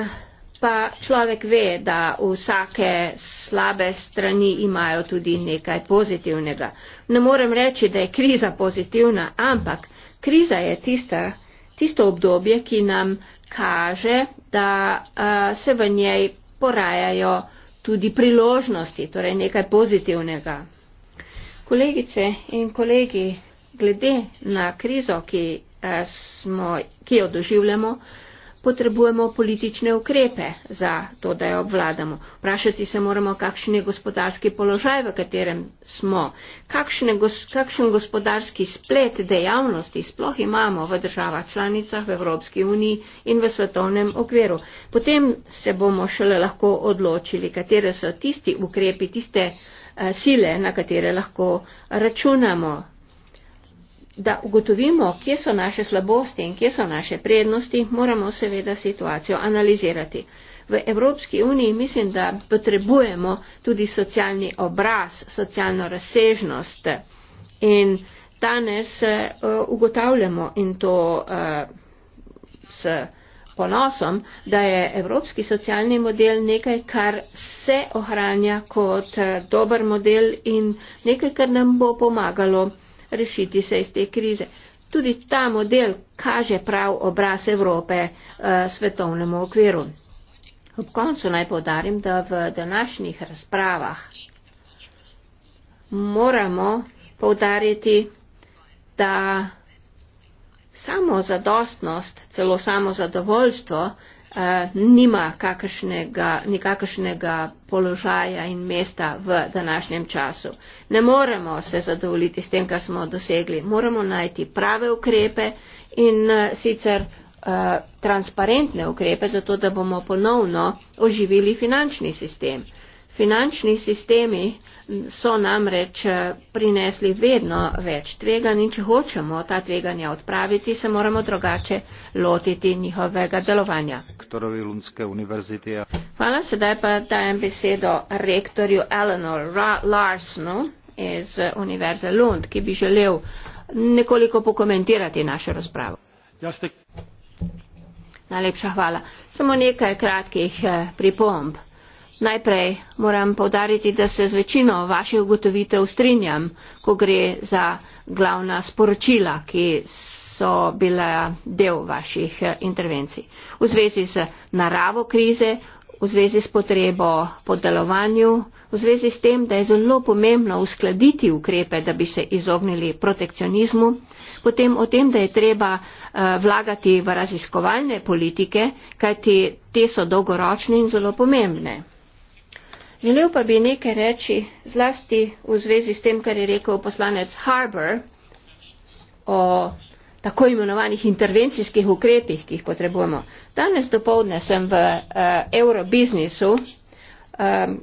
pa človek ve, da vsake slabe strani imajo tudi nekaj pozitivnega. Ne morem reči, da je kriza pozitivna, ampak kriza je tista, tisto obdobje, ki nam kaže, da uh, se v njej porajajo tudi priložnosti, torej nekaj pozitivnega. Kolegice in kolegi, glede na krizo, ki, uh, smo, ki jo doživljamo, uh, potrebujemo politične ukrepe za to, da jo obvladamo. Vprašati se moramo, kakšen je gospodarski položaj, v katerem smo, kakšen, gos, kakšen gospodarski splet dejavnosti sploh imamo v državah članicah, v Evropski uniji in v svetovnem okviru. Potem se bomo šele lahko odločili, katere so tisti ukrepi, tiste eh, sile, na katere lahko računamo da ugotovimo, kje so naše slabosti in kje so naše prednosti, moramo seveda situacijo analizirati. V Evropski uniji mislim, da potrebujemo tudi socialni obraz, socialno razsežnost in danes eh, ugotavljamo in to eh, s ponosom, da je evropski socialni model nekaj, kar se ohranja kot eh, dober model in nekaj, kar nam bo pomagalo rešiti se iz te krize. Tudi ta model kaže prav obraz Evrope eh, svetovnemu okviru. Ob koncu naj povdarim, da v današnjih razpravah moramo povdariti, da samo zadostnost, celo samo zadovoljstvo, eh, Eh, nima kakršnega, nikakršnega položaja in mesta v današnjem času. Ne moremo se zadovoljiti s tem, kar smo dosegli. Moramo najti prave ukrepe in eh, sicer eh, transparentne ukrepe, zato da bomo ponovno oživili finančni sistem. Finančni sistemi so namreč eh, prinesli vedno več tveganj in če hočemo ta tveganja odpraviti, se moramo drugače lotiti njihovega delovanja. Hvala, sedaj pa dajem besedo rektorju Eleanor Ra Larsonu iz Univerze Lund, ki bi želel nekoliko pokomentirati našo razpravo. Ja, Najlepša hvala. Samo nekaj kratkih eh, pripomb. Najprej moram povdariti, da se z večino vaših ugotovitev strinjam, ko gre za glavna sporočila, ki so bila del vaših eh, intervencij. V zvezi z naravo krize, v zvezi s potrebo po delovanju, v zvezi s tem, da je zelo pomembno uskladiti ukrepe, da bi se izognili protekcionizmu, potem o tem, da je treba eh, vlagati v raziskovalne politike, kajti te so dolgoročne in zelo pomembne. Želel pa bi nekaj reči zlasti v zvezi s tem, kar je rekel poslanec Harbour o tako imenovanih intervencijskih ukrepih, ki jih potrebujemo. Danes dopoledne sem v uh, eurobiznisu, um,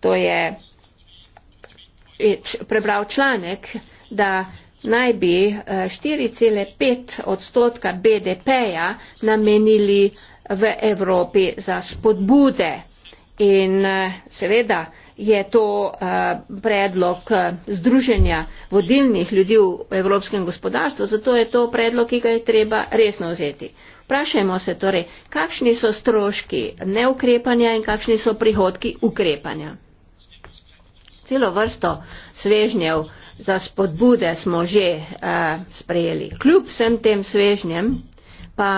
to je č, prebral članek, da naj bi uh, eh, 4,5 odstotka BDP-ja namenili v Evropi za spodbude in eh, seveda je to eh, predlog eh, združenja vodilnih ljudi v evropskem gospodarstvu, zato je to predlog, ki ga je treba resno vzeti. Vprašajmo se torej, kakšni so stroški neukrepanja in kakšni so prihodki ukrepanja. Celo vrsto svežnjev za spodbude smo že uh, sprejeli. Kljub vsem tem svežnjem pa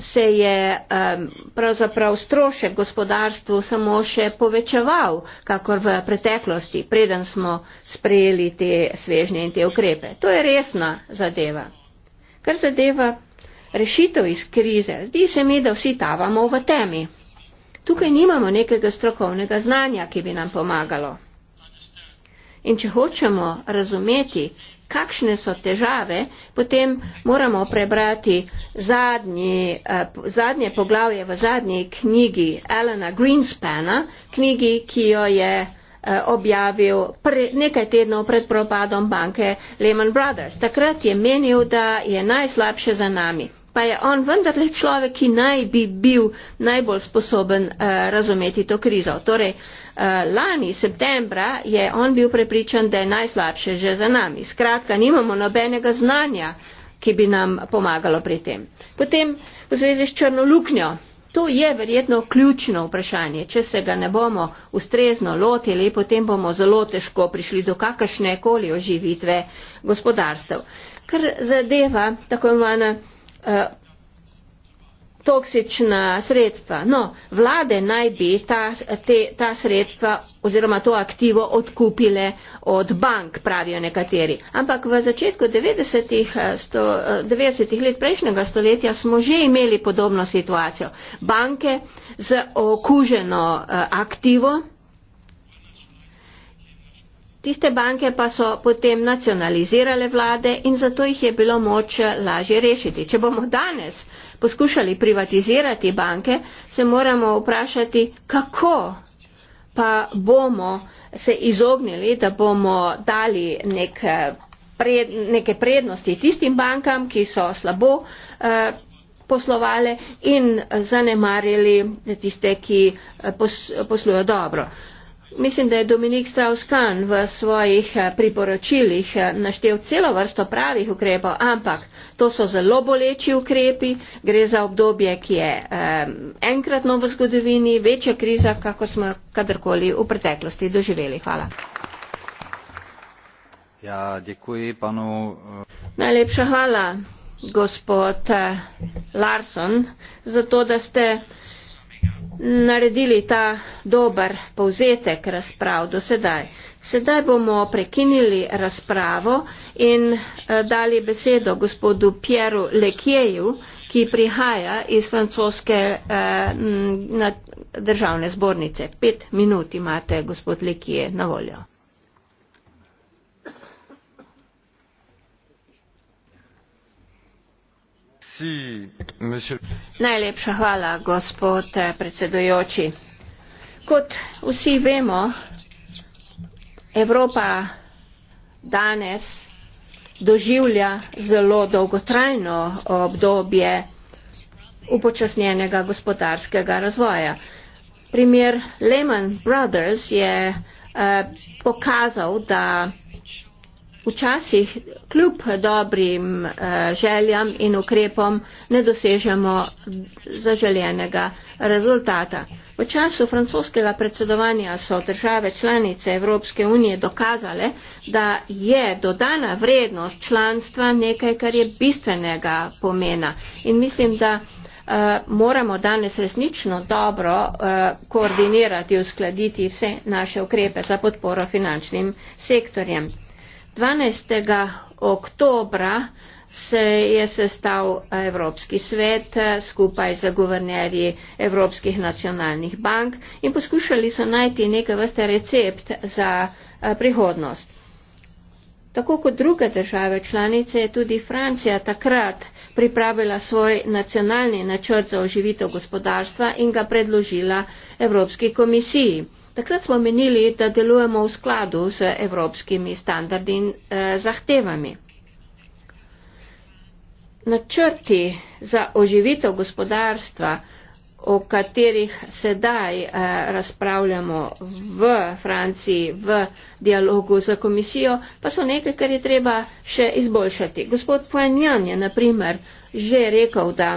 se je um, pravzaprav strošek gospodarstvu samo še povečeval, kakor v preteklosti, preden smo sprejeli te svežnje in te ukrepe. To je resna zadeva. Kar zadeva rešitev iz krize, zdi se mi, da vsi tavamo v temi. Tukaj nimamo nekega strokovnega znanja, ki bi nam pomagalo. In če hočemo razumeti, kakšne so težave, potem moramo prebrati zadnji, uh, zadnje poglavje v zadnji knjigi Elena Greenspana, knjigi, ki jo je eh, objavil pre, nekaj tednov pred propadom banke Lehman Brothers. Takrat je menil, da je najslabše za nami pa je on vendarle človek, ki naj bi bil najbolj sposoben uh, razumeti to krizo. Torej, uh, lani septembra je on bil prepričan, da je najslabše že za nami. Skratka, nimamo nobenega znanja, ki bi nam pomagalo pri tem. Potem v zvezi s črno luknjo. To je verjetno ključno vprašanje. Če se ga ne bomo ustrezno lotili, potem bomo zelo težko prišli do kakršne koli oživitve gospodarstev. Ker zadeva tako imenovana Eh, toksična sredstva. No, vlade naj bi ta, te, ta sredstva oziroma to aktivo odkupile od bank, pravijo nekateri. Ampak v začetku 90-ih 90 eh, eh, let prejšnjega stoletja smo že imeli podobno situacijo. Banke z okuženo aktivo Tiste banke pa so potem nacionalizirale vlade in zato jih je bilo moč eh, lažje rešiti. Če bomo danes poskušali privatizirati banke, se moramo vprašati, kako pa bomo se izognili, da bomo dali nek pred, neke prednosti tistim bankam, ki so slabo eh, poslovale in zanemarili tiste, ki eh, pos, poslujejo dobro. Eh, Mislim, da je Dominik Strauss-Kahn v svojih eh, priporočilih eh, naštel celo vrsto pravih ukrepov, ampak to so zelo boleči ukrepi, gre za obdobje, ki je eh, enkratno v zgodovini, večja kriza, kako smo kadarkoli v preteklosti doživeli. Hvala. Ja, děkuji panu. Najlepša hvala, gospod Larson, za to, da ste naredili ta dober povzetek razprav do sedaj. Sedaj bomo prekinili razpravo in eh, dali besedo gospodu Pieru Lekjeju, ki prihaja iz francoske eh, državne zbornice. Pet minut imate, gospod Lekije, na voljo. Najlepša hvala, gospod eh, predsedujoči. Kot vsi vemo, Evropa danes doživlja zelo dolgotrajno obdobje upočasnjenega gospodarskega razvoja. Primer Lehman Brothers je eh, pokazal, da včasih kljub dobrim eh, željam in ukrepom ne dosežemo zaželjenega rezultata. V času francoskega predsedovanja so države članice Evropske unije dokazale, da je dodana vrednost članstva nekaj, kar je bistvenega pomena. In mislim, da eh, moramo danes resnično dobro eh, koordinirati, uskladiti vse naše ukrepe za podporo finančnim sektorjem. 12. oktobra se je sestal Evropski svet eh, skupaj z guvernerji Evropskih nacionalnih bank in poskušali so najti neke vrste recept za eh, prihodnost. Tako kot druge države članice je tudi Francija takrat pripravila svoj nacionalni načrt za oživitev gospodarstva in ga predložila Evropski komisiji. Takrat smo menili, da delujemo v skladu z evropskimi standardi in eh, zahtevami. Načrti za oživitev gospodarstva, o katerih sedaj eh, razpravljamo v Franciji v dialogu z komisijo, pa so nekaj, kar je treba še izboljšati. Gospod Poenjan je naprimer že rekel, da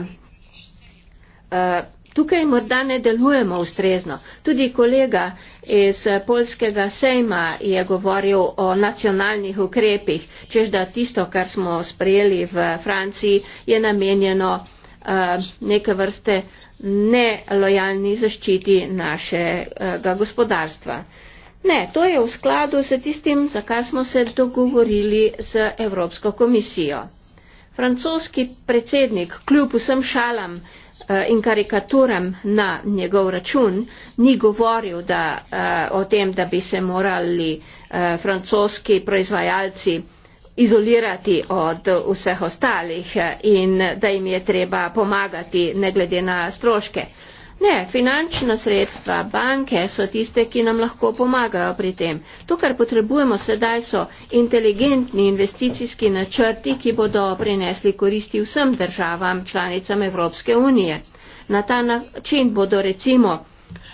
eh, Tukaj morda ne delujemo ustrezno. Tudi kolega iz polskega sejma je govoril o nacionalnih ukrepih, čež da tisto, kar smo sprejeli v Franciji, je namenjeno eh, neke vrste nelojalni zaščiti našega gospodarstva. Ne, to je v skladu s tistim, za kar smo se dogovorili z Evropsko komisijo. Francoski predsednik, kljub vsem šalam, Eh, in karikaturam na njegov račun, ni govoril da, eh, o tem, da bi se morali eh, francoski proizvajalci izolirati od vseh ostalih in da jim je treba pomagati ne glede na stroške. Uh, Ne, finančna sredstva, banke so tiste, ki nam lahko pomagajo pri tem. To, kar potrebujemo sedaj, so inteligentni investicijski načrti, ki bodo prinesli koristi vsem državam, članicam Evropske unije. Na ta način bodo recimo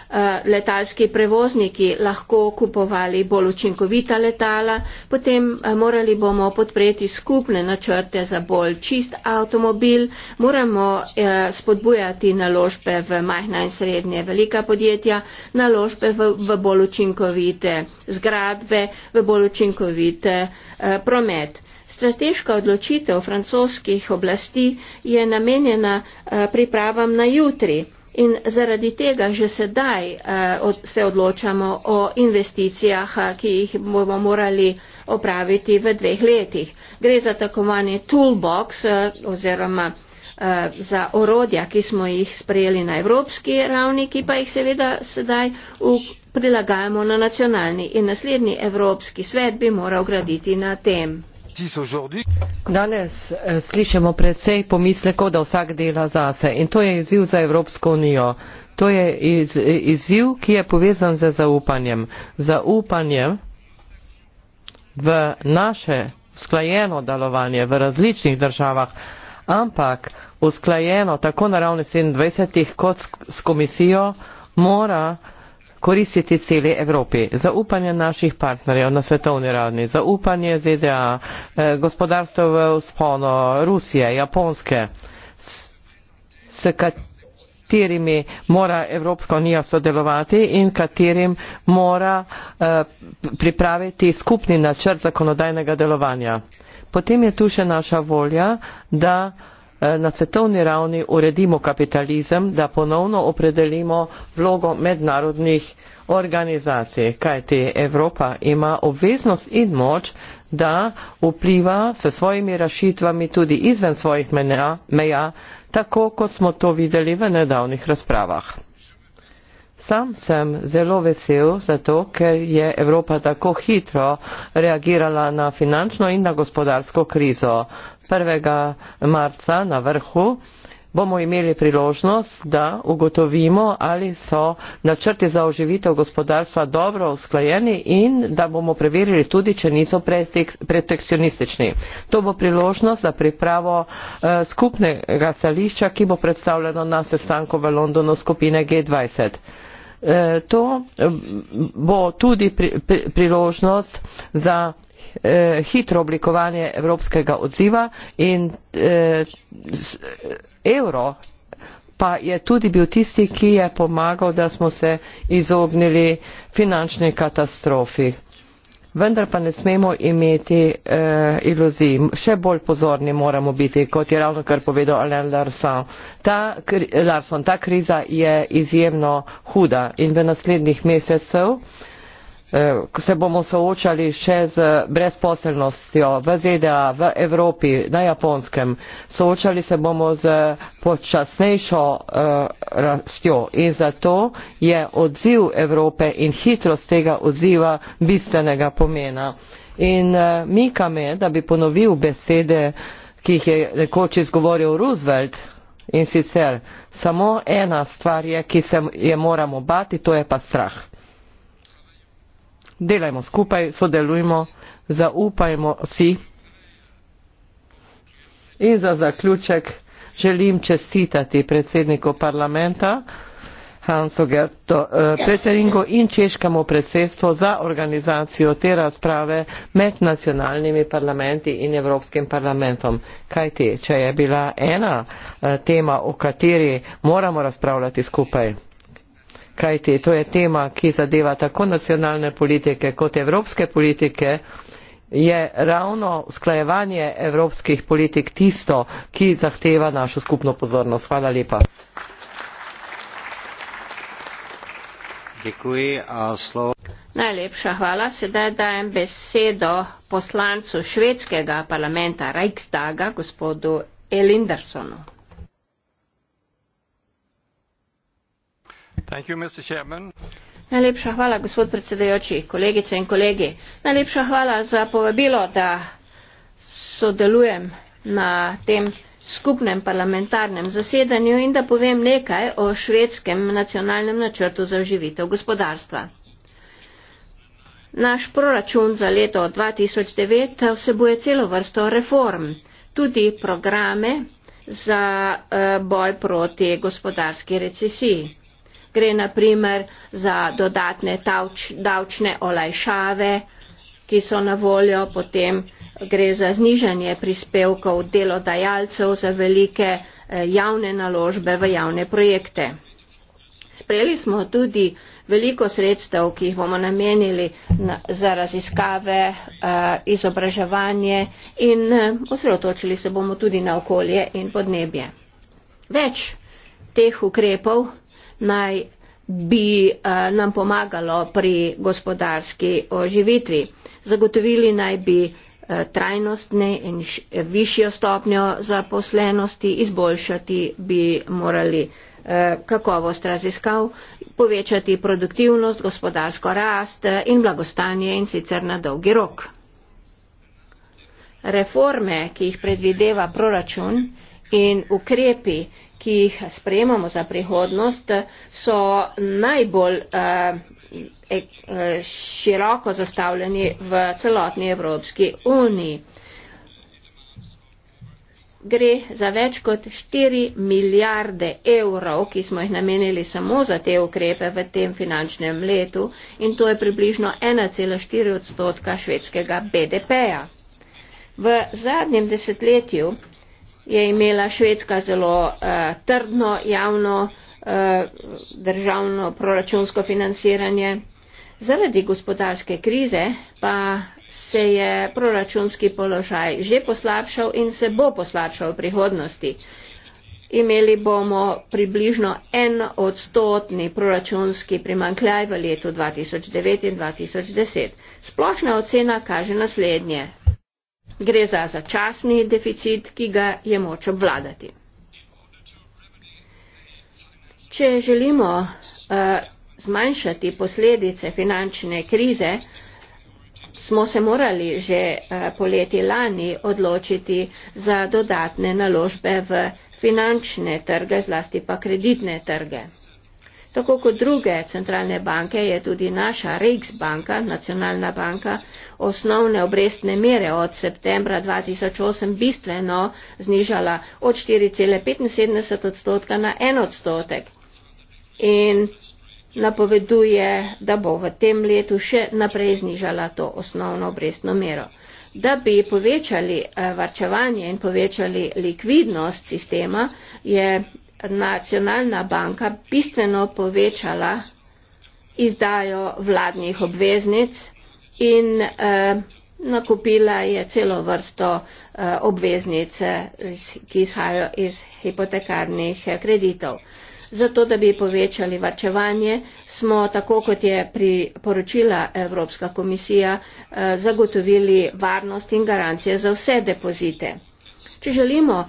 Eh, letalski prevozniki lahko kupovali bolj učinkovita letala, potem eh, morali bomo podpreti skupne načrte za bolj čist avtomobil, moramo eh, spodbujati naložbe v majhna in srednje velika podjetja, naložbe v, v bolj učinkovite zgradbe, v bolj učinkovite promet. Strateška odločitev francoskih oblasti je namenjena pripravam na jutri in zaradi tega že sedaj eh, se odločamo o investicijah, eh, ki jih bomo morali opraviti v dveh letih. Gre za takovani toolbox eh, oziroma za orodja, ki smo jih sprejeli na evropski ravni, ki pa jih seveda sedaj prilagajamo na nacionalni in naslednji evropski svet bi moral graditi na tem danes eh, slišimo predvsej pomislekov da vsak dela zase in to je izziv za evropsko unijo to je iz, izziv ki je povezan z zaupanjem zaupanjem v naše usklajeno delovanje v različnih državah ampak usklajeno tako na ravni 27 kot s komisijo mora koristiti celi Evropi. Zaupanje naših partnerjev na svetovni ravni, zaupanje ZDA, eh, gospodarstvo v spono, Rusije, Japonske, s katerimi mora Evropska unija sodelovati in katerim mora eh, pripraviti skupni načrt zakonodajnega delovanja. Potem je tu še naša volja, da Eh, na svetovni ravni uredimo kapitalizem, da ponovno opredelimo vlogo mednarodnih organizacij, kajti Evropa ima obveznost in moč, da vpliva se svojimi rašitvami tudi izven svojih meja, meja tako kot smo to videli v nedavnih razpravah sam sem zelo vesel zato, ker je Evropa tako hitro reagirala na finančno in na gospodarsko krizo. 1. marca na vrhu bomo imeli priložnost, da ugotovimo, ali so načrti za oživitev gospodarstva dobro usklajeni in da bomo preverili tudi, če niso protekcionistični. To bo priložnost za pripravo eh, skupnega stališča, ki bo predstavljeno na sestanku v Londonu skupine G20. Eh, to eh, bo tudi pri, pri, priložnost za eh, hitro oblikovanje evropskega odziva in eh, eh, evro pa je tudi bil tisti, ki je pomagal, da smo se izognili finančni katastrofi vendar pa ne smemo imeti eh, iluzij. Še bolj pozorni moramo biti, kot je ravno kar povedal Alain Larson. Ta, Larson, ta kriza je izjemno huda in v naslednjih mesecev ko eh, se bomo soočali še z brezposelnostjo v ZDA, v Evropi, na Japonskem, soočali se bomo z počasnejšo uh, rastjo in zato je odziv Evrope in hitrost tega odziva bistvenega pomena. In uh, mika me, da bi ponovil besede, ki jih je nekoč izgovoril Roosevelt in sicer samo ena stvar je, ki se je moramo bati, to je pa strah delajmo skupaj, sodelujmo, zaupajmo si. In za zaključek želim čestitati predsedniku parlamenta Hansu Gerto eh, Peteringu in češkemu predsedstvu za organizacijo te razprave med nacionalnimi parlamenti in Evropskim parlamentom. Kaj ti, če je bila ena eh, tema, o kateri moramo razpravljati skupaj? kajti to je tema, ki zadeva tako nacionalne politike kot evropske politike, je ravno sklajevanje evropskih politik tisto, ki zahteva našo skupno pozornost. Hvala lepa. Děkuji, Najlepša hvala. Sedaj dajem besedo poslancu švedskega parlamenta Reichstaga, gospodu Elindersonu. Najlepša hvala, gospod predsedajoči, kolegice in kolegi. Najlepša hvala za povabilo, da sodelujem na tem skupnem parlamentarnem zasedanju in da povem nekaj o švedskem nacionalnem načrtu za oživitev gospodarstva. Naš proračun za leto 2009 vsebuje celo vrsto reform, tudi programe za eh, boj proti gospodarski recesiji gre naprimer za dodatne tavč, davčne olajšave, ki so na voljo, potem gre za znižanje prispevkov delodajalcev za velike eh, javne naložbe v javne projekte. Sprejeli smo tudi veliko sredstev, ki jih bomo namenili na, za raziskave, eh, izobraževanje in eh, osredotočili se bomo tudi na okolje in podnebje. Več teh ukrepov naj bi eh, nam pomagalo pri gospodarski oživitvi. Zagotovili naj bi eh, trajnostne in višjo stopnjo zaposlenosti, izboljšati bi morali eh, kakovost raziskav, povečati produktivnost, gospodarsko rast in blagostanje in sicer na dolgi rok. Reforme, ki jih predvideva proračun in ukrepi, ki jih sprejemamo za prihodnost, so najbolj uh, ek, eh, široko zastavljeni v celotni Evropski uniji. Gre za več kot 4 milijarde evrov, ki smo jih namenili samo za te ukrepe v tem finančnem letu in to je približno 1,4 odstotka švedskega BDP-ja. V zadnjem desetletju je imela Švedska zelo uh, trdno javno uh, državno proračunsko financiranje. Zaradi gospodarske krize pa se je proračunski položaj že poslabšal in se bo poslabšal v prihodnosti. Imeli bomo približno en odstotni proračunski primankljaj v letu 2009 in 2010. Splošna ocena kaže naslednje gre za začasni deficit, ki ga je moč obvladati. Če želimo uh, zmanjšati posledice finančne krize, smo se morali že uh, poleti lani odločiti za dodatne naložbe v finančne trge, zlasti pa kreditne trge. Tako kot druge centralne banke je tudi naša Riksbanka, nacionalna banka, osnovne obrestne mere od septembra 2008 bistveno znižala od 4,75 odstotka na 1 odstotek in napoveduje, da bo v tem letu še naprej znižala to osnovno obrestno mero. Da bi povečali eh, varčevanje in povečali likvidnost sistema, je nacionalna banka bistveno povečala izdajo vladnih obveznic in eh, nakupila je celo vrsto eh, obveznic, ki izhajajo iz hipotekarnih eh, kreditov. Zato, da bi povečali varčevanje, smo, tako kot je priporočila Evropska komisija, eh, zagotovili varnost in garancije za vse depozite. Če želimo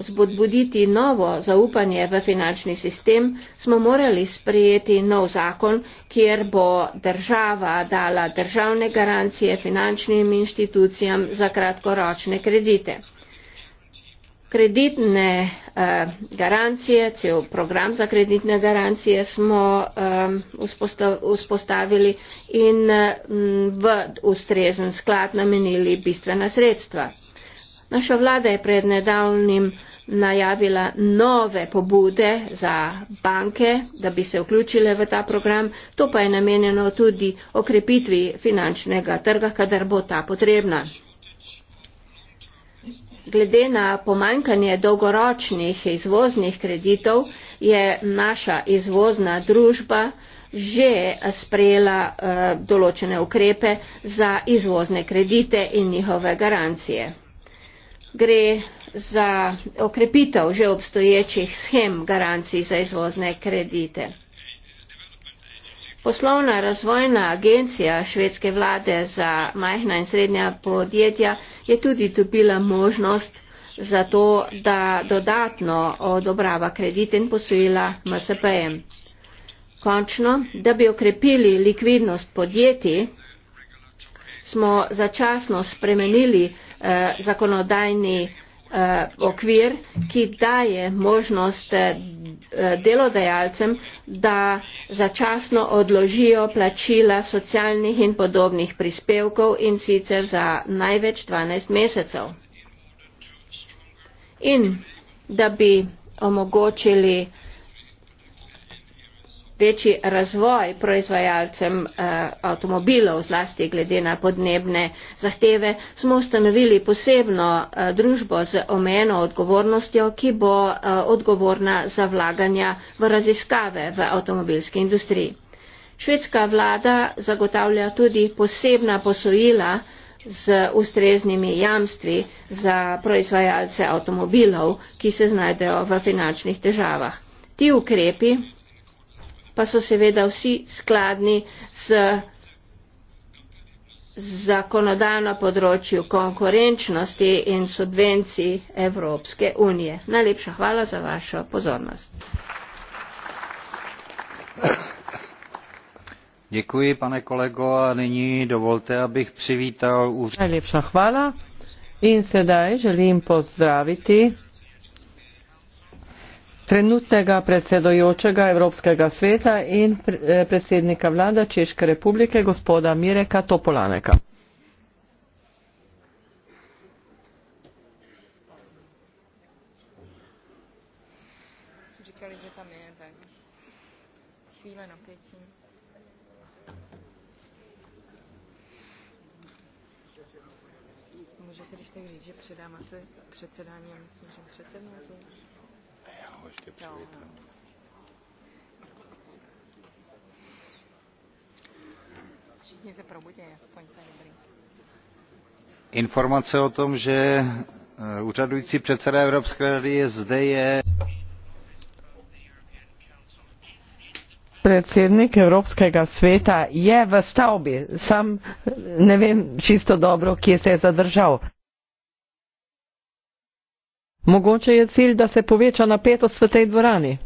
spodbuditi novo zaupanje v finančni sistem, smo morali sprejeti nov zakon, kjer bo država dala državne garancije finančnim inštitucijam za kratkoročne kredite. Kreditne eh, garancije, cel program za kreditne garancije smo eh, vzpostavili in eh, v ustrezen sklad namenili bistvena sredstva. Naša vlada je pred nedavnim najavila nove pobude za banke, da bi se vključile v ta program. To pa je namenjeno tudi okrepitvi finančnega trga, kadar bo ta potrebna. Glede na pomanjkanje dolgoročnih izvoznih kreditov je naša izvozna družba že sprejela eh, določene ukrepe za izvozne kredite in njihove garancije gre za okrepitev že obstoječih schem garancij za izvozne kredite. Poslovna razvojna agencija švedske vlade za majhna in srednja podjetja je tudi dobila možnost za to, da dodatno odobrava kredite in posojila MSP-jem. Končno, da bi okrepili likvidnost podjetij, smo začasno spremenili eh, zakonodajni eh, okvir, ki daje možnost eh, delodajalcem, da začasno odložijo plačila socialnih in podobnih prispevkov in sicer za največ 12 mesecev. In da bi omogočili eh, večji razvoj proizvajalcem eh, avtomobilov, zlasti glede na podnebne zahteve, smo ustanovili posebno eh, družbo z omejeno odgovornostjo, ki bo eh, odgovorna za vlaganja v raziskave v avtomobilski industriji. Švedska vlada zagotavlja tudi posebna posojila z ustreznimi jamstvi za proizvajalce avtomobilov, ki se znajdejo v finančnih težavah. Ti ukrepi pa so seveda vsi skladni z zakonodajno področju konkurenčnosti in subvencij Evropske unije. Najlepša hvala za vašo pozornost. Děkuji, pane kolego, a nyní dovolte, abych přivítal úřad. Najlepša hvala in sedaj želim pozdraviti trenutnega predsedojočega Evropskega sveta in eh, predsednika vlade Češke republike gospoda Mireka Topolaneka. Můžete, když tak říct, že předám a to je předsedání, já myslím, že předsedání to už heute beten. Informace o tom, že eh, úřadující předseda Evropské rady je zde, je... Predsednik Evropskega sveta je v stavbi. Sam eh, ne vem čisto dobro, kje se je zadržal. Mogoče je cilj, da se poveča napetost v tej dvorani.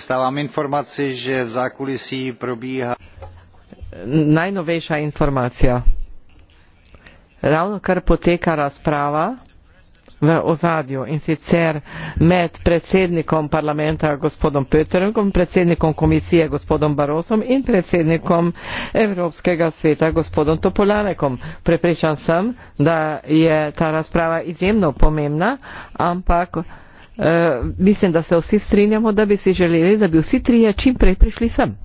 dostávám informaci že v zákulisí probíhá najnovejšia informácia ravnokar poteka razprava v ozadju in sicer med predsednikom parlamenta gospodom Pötrnkom, predsednikom komisije gospodom Barosom in predsednikom Evropskega sveta gospodom Topolanekom. Prepričan sem, da je ta razprava izjemno pomembna, ampak Eh, mislim, da se vsi strinjamo, da bi si želeli, da bi vsi trije čimprej prišli sem.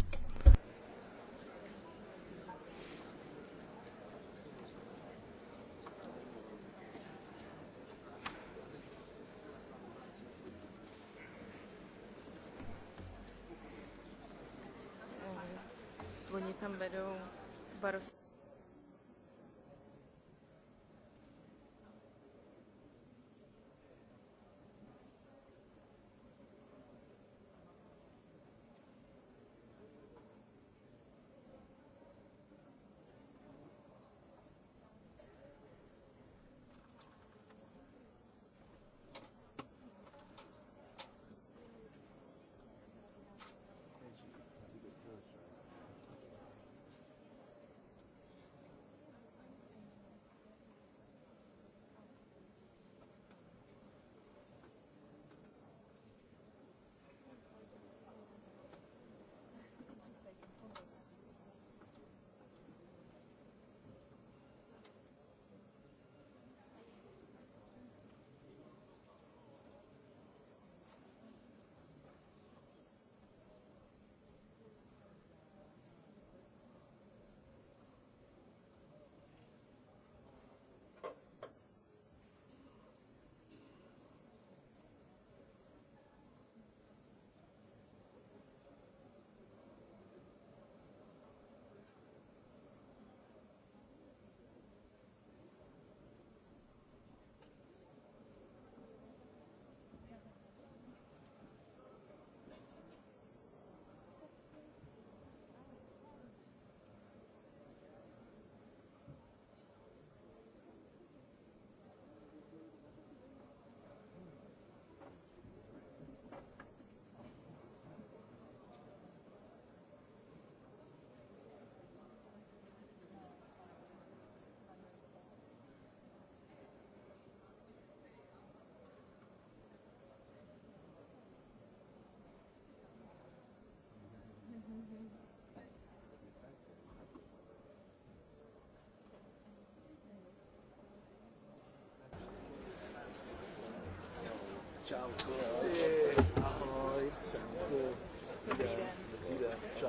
Ciao, ciao.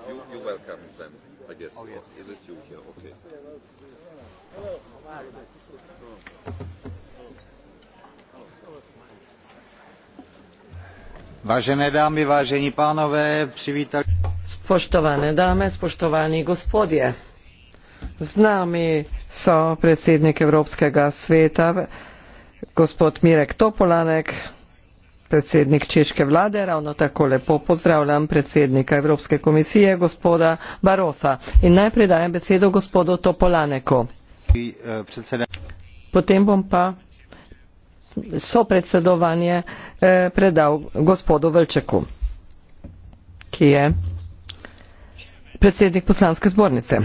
You, you welcome them, I guess. Oh, yes. Is it you here? Okay. Hello. Vážené dámy, vážení pánové, přivítal... Spoštovane dame, spoštovani gospodje. Z nami so predsednik Evropskega sveta, gospod Mirek Topolanek, Predsednik češke vlade ravno tako lepo pozdravljam predsednika Evropske komisije gospoda Barosa in najprej dajem besedo gospodu Topolaneku. Potem bom pa so predsedovanje eh, predal gospodu Vlčeku, ki je predsednik poslanske zbornice.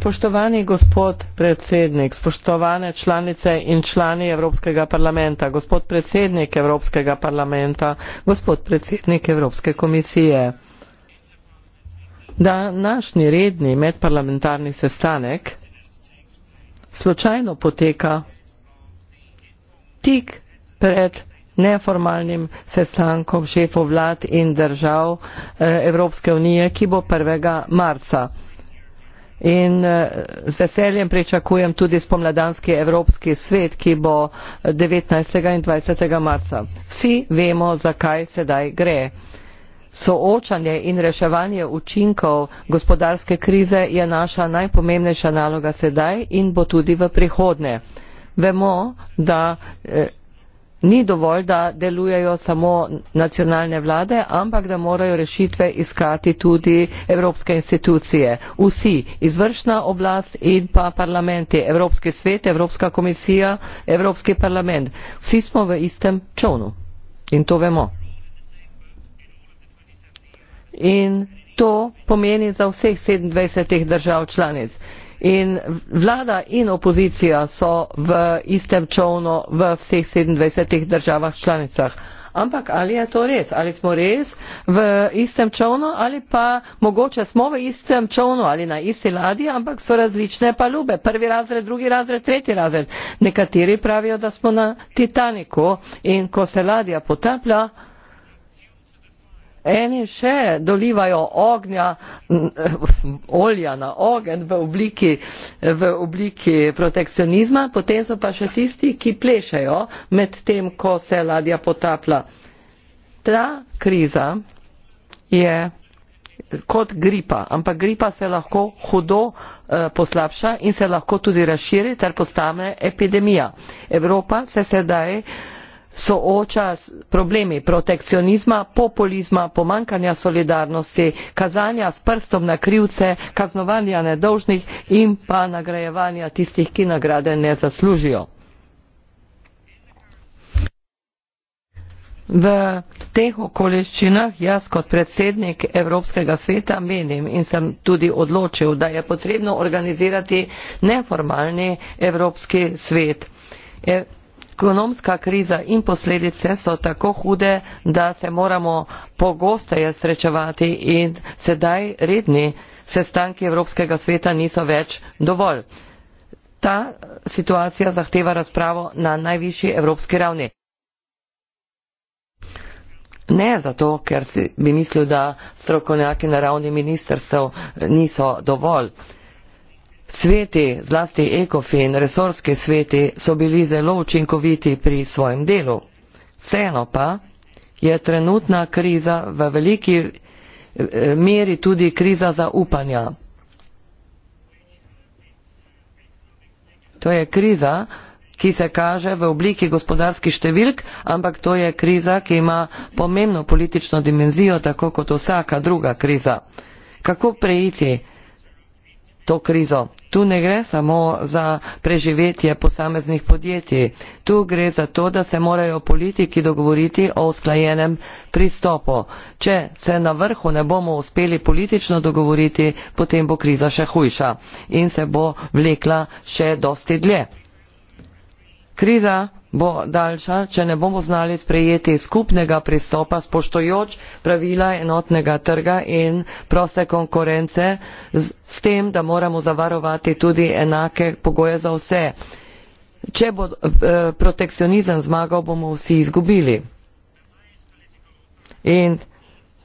Spoštovani gospod predsednik, spoštovane članice in člani Evropskega parlamenta, gospod predsednik Evropskega parlamenta, gospod predsednik Evropske komisije. Današnji redni medparlamentarni sestanek slučajno poteka tik pred neformalnim sestankom šefov vlad in držav eh, Evropske unije, ki bo 1. marca. In eh, z veseljem pričakujem tudi spomladanski Evropski svet, ki bo 19. Eh, in 20. marca. Vsi vemo, zakaj sedaj gre. Soočanje in reševanje učinkov gospodarske krize je naša najpomembnejša naloga sedaj in bo tudi v prihodnje. Vemo, da eh, ni dovolj, da delujejo samo nacionalne vlade, ampak da morajo rešitve iskati tudi evropske institucije. Vsi, izvršna oblast in pa parlamenti, Evropski svet, Evropska komisija, Evropski parlament, vsi smo v istem čovnu in to vemo. In to pomeni za vseh 27 držav članic. In vlada in opozicija so v istem čovnu v vseh 27 državah članicah. Ampak ali je to res? Ali smo res v istem čovnu ali pa mogoče smo v istem čovnu ali na isti ladji, ampak so različne palube. Prvi razred, drugi razred, tretji razred. Nekateri pravijo, da smo na Titaniku in ko se ladja potaplja, eni še dolivajo ognja, eh, olja na ogen v obliki, v obliki protekcionizma, potem so pa še tisti, ki plešajo med tem, ko se ladja potapla. Ta kriza je kot gripa, ampak gripa se lahko hudo eh, poslabša in se lahko tudi razširi ter postane epidemija. Evropa se sedaj sooča s problemi protekcionizma, populizma, pomankanja solidarnosti, kazanja s prstom na krivce, kaznovanja nedolžnih in pa nagrajevanja tistih, ki nagrade ne zaslužijo. V teh okoliščinah jaz kot predsednik Evropskega sveta menim in sem tudi odločil, da je potrebno organizirati neformalni Evropski svet. E, ekonomska kriza in posledice so tako hude, da se moramo pogosteje srečevati in sedaj redni sestanki Evropskega sveta niso več dovolj. Ta situacija zahteva razpravo na najvišji evropski ravni. Ne zato, ker si bi mislil, da strokovnjaki na ravni ministrstv niso dovolj. Sveti, zlasti ekofin, resorski sveti so bili zelo učinkoviti pri svojem delu. Vseeno pa je trenutna kriza v veliki eh, meri tudi kriza zaupanja. To je kriza, ki se kaže v obliki gospodarskih številk, ampak to je kriza, ki ima pomembno politično dimenzijo, tako kot vsaka druga kriza. Kako prejiti? to krizo. Tu ne gre samo za preživetje posameznih podjetij, tu gre za to, da se morajo politiki dogovoriti o usklajenem pristopu. Če se na vrhu ne bomo uspeli politično dogovoriti, potem bo kriza še hujša in se bo vlekla še dosti dlje. Kriza bo daljša, če ne bomo znali sprejeti skupnega pristopa spoštojoč pravila enotnega trga in proste konkurence s tem, da moramo zavarovati tudi enake pogoje za vse. Če bo eh, protekcionizem zmagal, bomo vsi izgubili. In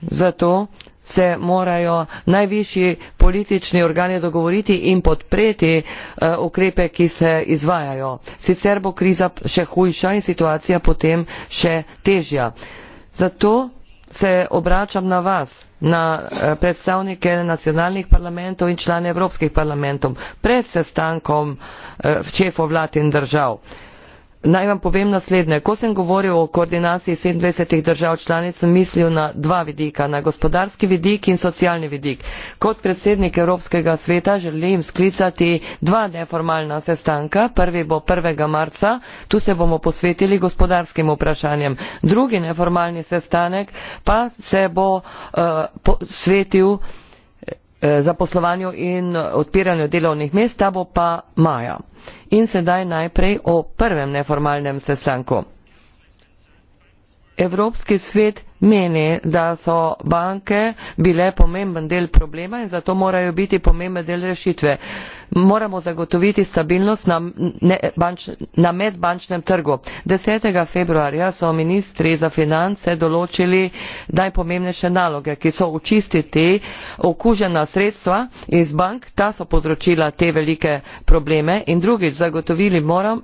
zato se morajo najvišji politični organi dogovoriti in podpreti eh, ukrepe, ki se izvajajo. Sicer bo kriza še hujša in situacija potem še težja. Zato se obračam na vas, na eh, predstavnike nacionalnih parlamentov in člane Evropskih parlamentov pred sestankom eh, šefov vlad in držav. Naj vam povem naslednje. Ko sem govoril o koordinaciji 27 držav članic, sem mislil na dva vidika, na gospodarski vidik in socialni vidik. Kot predsednik Evropskega sveta želim sklicati dva neformalna sestanka. Prvi bo 1. marca, tu se bomo posvetili gospodarskim vprašanjem. Drugi neformalni sestanek pa se bo uh, eh, posvetil. Eh, zaposlovanju in odpiranju delovnih mest, ta bo pa maja. In sedaj najprej o prvem neformalnem sestanku. Evropski svet meni, da so banke bile pomemben del problema in zato morajo biti pomemben del rešitve moramo zagotoviti stabilnost na, ne, banč, na medbančnem trgu. 10. februarja so ministri za finance določili najpomembnejše naloge, ki so očistiti okužena sredstva iz bank, ta so povzročila te velike probleme in drugič zagotovili moram,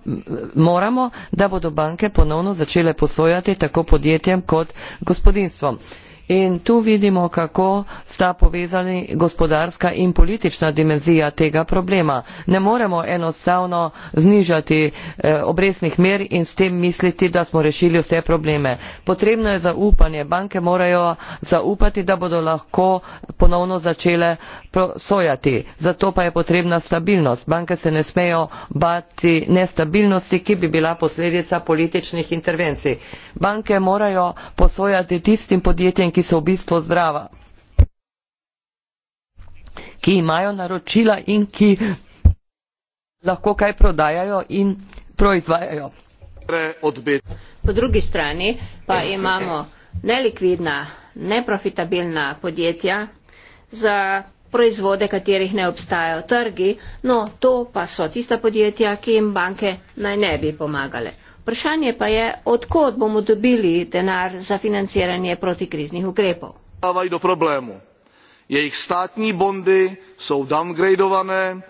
moramo, da bodo banke ponovno začele posojati tako podjetjem kot gospodinstvom. In tu vidimo, kako sta povezani gospodarska in politična dimenzija tega problema. Ne moremo enostavno znižati eh, obresnih mer in s tem misliti, da smo rešili vse probleme. Potrebno je zaupanje. Banke morajo zaupati, da bodo lahko ponovno začele sojati. Zato pa je potrebna stabilnost. Banke se ne smejo bati nestabilnosti, ki bi bila posledica političnih intervencij. Banke morajo posojati tistim podjetjem, ki so v bistvu zdrava, ki imajo naročila in ki lahko kaj prodajajo in proizvajajo. Po drugi strani pa imamo nelikvidna, neprofitabilna podjetja za proizvode, katerih ne obstajajo trgi, no to pa so tista podjetja, ki jim banke naj ne bi pomagale vprašanje pa je od kod bomo dobili denar za financiranje protikriznih ukrepov. dodávají do problému. Jejich státní bondy jsou downgradované.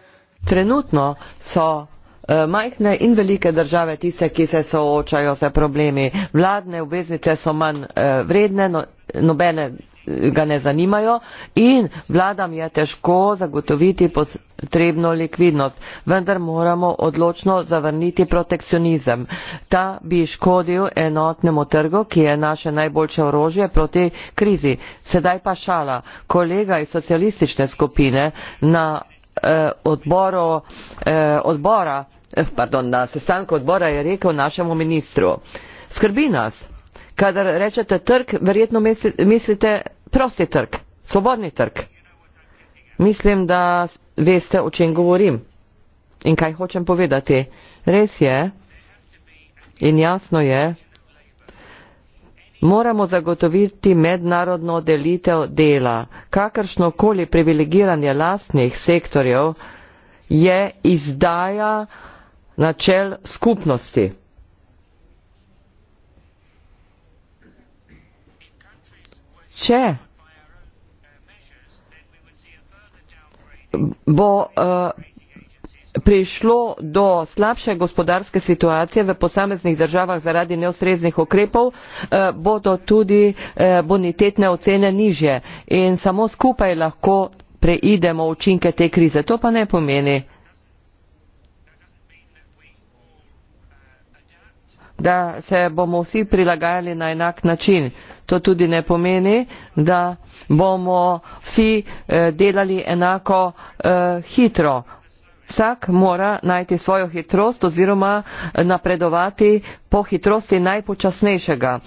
Trenutno so e, majhne in velike države tiste, ki se soočajo z problemi. Vladne obveznice so manj e, vredne, no, nobene ga ne zanimajo in vladam je težko zagotoviti potrebno likvidnost. Vendar moramo odločno zavrniti protekcionizem. Ta bi škodil enotnemu trgu, ki je naše najboljše orožje proti krizi. Sedaj pa šala. Kolega iz socialistične skupine na eh, odboru, eh, odbora, eh, pardon, na sestanku odbora je rekel našemu ministru. Skrbi nas, kada rečete trg, verjetno mislite prosti trg, svobodni trg. Mislim, da veste, o čem govorim in kaj hočem povedati. Res je in jasno je, moramo zagotoviti mednarodno delitev dela. Kakršnokoli privilegiranje lastnih sektorjev je izdaja načel skupnosti. če bo uh, prišlo do slabše gospodarske situacije v posameznih državah zaradi neustreznih ukrepov, uh, bodo tudi uh, bonitetne ocene nižje in samo skupaj lahko preidemo učinke te krize. To pa ne pomeni, da se bomo vsi prilagajali na enak način. To tudi ne pomeni, da bomo vsi eh, delali enako eh, hitro. Vsak mora najti svojo hitrost oziroma eh, napredovati po hitrosti najpočasnejšega.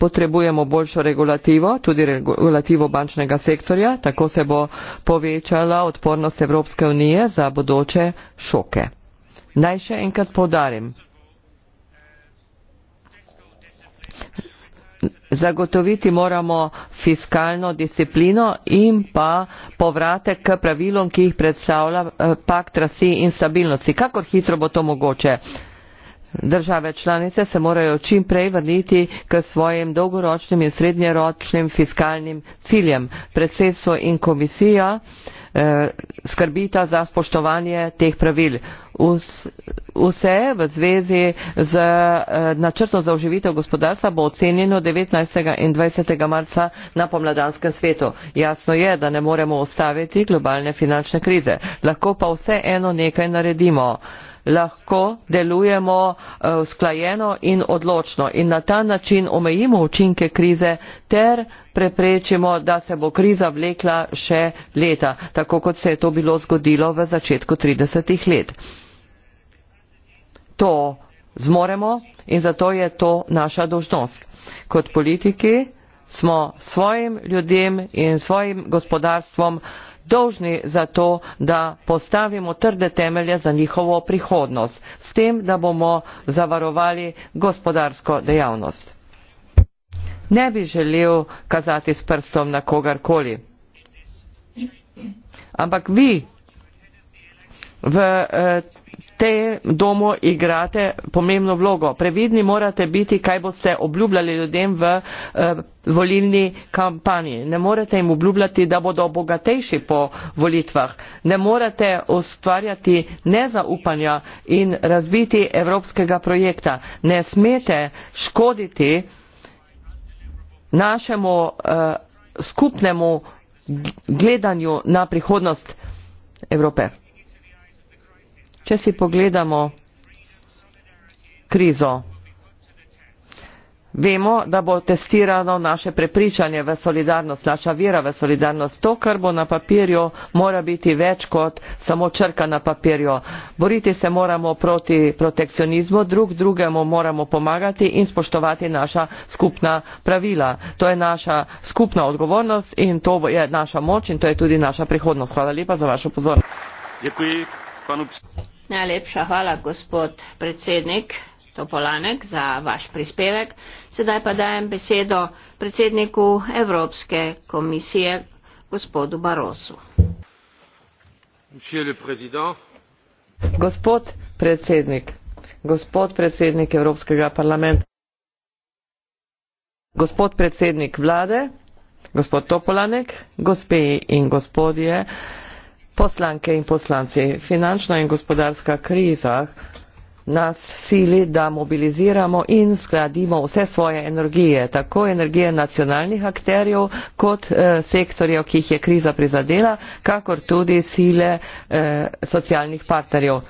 Potrebujemo boljšo regulativo, tudi regulativo bančnega sektorja, tako se bo povečala odpornost Evropske unije za bodoče šoke. Naj še enkrat podarim. zagotoviti moramo fiskalno disciplino in pa povratek k pravilom, ki jih predstavlja eh, pakt rasti in stabilnosti. Kakor hitro bo to mogoče? Države članice se morajo čim prej vrniti k svojim dolgoročnim in srednjeročnim fiskalnim ciljem. Predsedstvo in komisija eh, skrbita za spoštovanje teh pravil. Vse v zvezi z eh, načrtom za oživitev gospodarstva bo ocenjeno 19. in 20. marca na pomladanskem svetu. Jasno je, da ne moremo ostaviti globalne finančne krize. Lahko pa vseeno nekaj naredimo. Eh, lahko delujemo eh, usklajeno in odločno in na ta način omejimo učinke krize ter preprečimo, da se bo kriza vlekla še leta, tako kot se je to bilo zgodilo v začetku 30-ih let. To zmoremo in zato je to naša dožnost. Kot politiki smo svojim ljudem in svojim gospodarstvom uh, dolžni za to, da postavimo trde temelje za njihovo prihodnost, s tem, da bomo zavarovali gospodarsko dejavnost. Ne bi želel kazati s prstom na kogarkoli. Ampak vi v eh, tem domu igrate pomembno vlogo. Previdni morate biti, kaj boste obljubljali ljudem v eh, volilni kampanji. Ne morete jim obljubljati, da bodo bogatejši po volitvah. Ne morete ustvarjati nezaupanja in razbiti evropskega projekta. Ne smete škoditi našemu eh, skupnemu gledanju na prihodnost Evrope. Če si pogledamo krizo, vemo, da bo testirano naše prepričanje v solidarnost, naša vera v solidarnost. To, kar bo na papirju, mora biti več kot samo črka na papirju. Boriti se moramo proti protekcionizmu, drug drugemu moramo pomagati in spoštovati naša skupna pravila. To je naša skupna odgovornost in to je naša moč in to je tudi naša prihodnost. Hvala lepa za vašo pozornost. Děkuji panu Najlepša hvala, gospod predsednik Topolanek, za vaš prispevek. Sedaj pa dajem besedo predsedniku Evropske komisije, gospodu Barosu. Gospod predsednik, gospod predsednik Evropskega parlamenta, gospod predsednik vlade, gospod Topolanek, gospe in gospodje, Poslanke in poslanci, finančna in gospodarska kriza nas sili, da mobiliziramo in skladimo vse svoje energije, tako energije nacionalnih akterjev kot eh, sektorjev, ki jih je kriza prizadela, kakor tudi sile eh, socialnih partnerjev.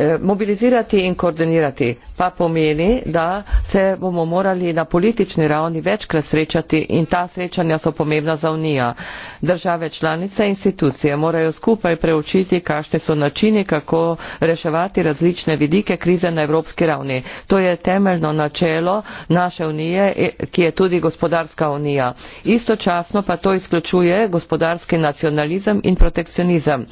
Eh, mobilizirati in koordinirati, pa pomeni, da se bomo morali na politični ravni večkrat srečati in ta srečanja so pomembna za Unijo. Države članice in institucije morajo skupaj preučiti, kakšne so načini, kako reševati različne vidike krize na evropski ravni. To je temeljno načelo naše Unije, eh, ki je tudi gospodarska Unija. Istočasno pa to izključuje gospodarski nacionalizem in protekcionizem.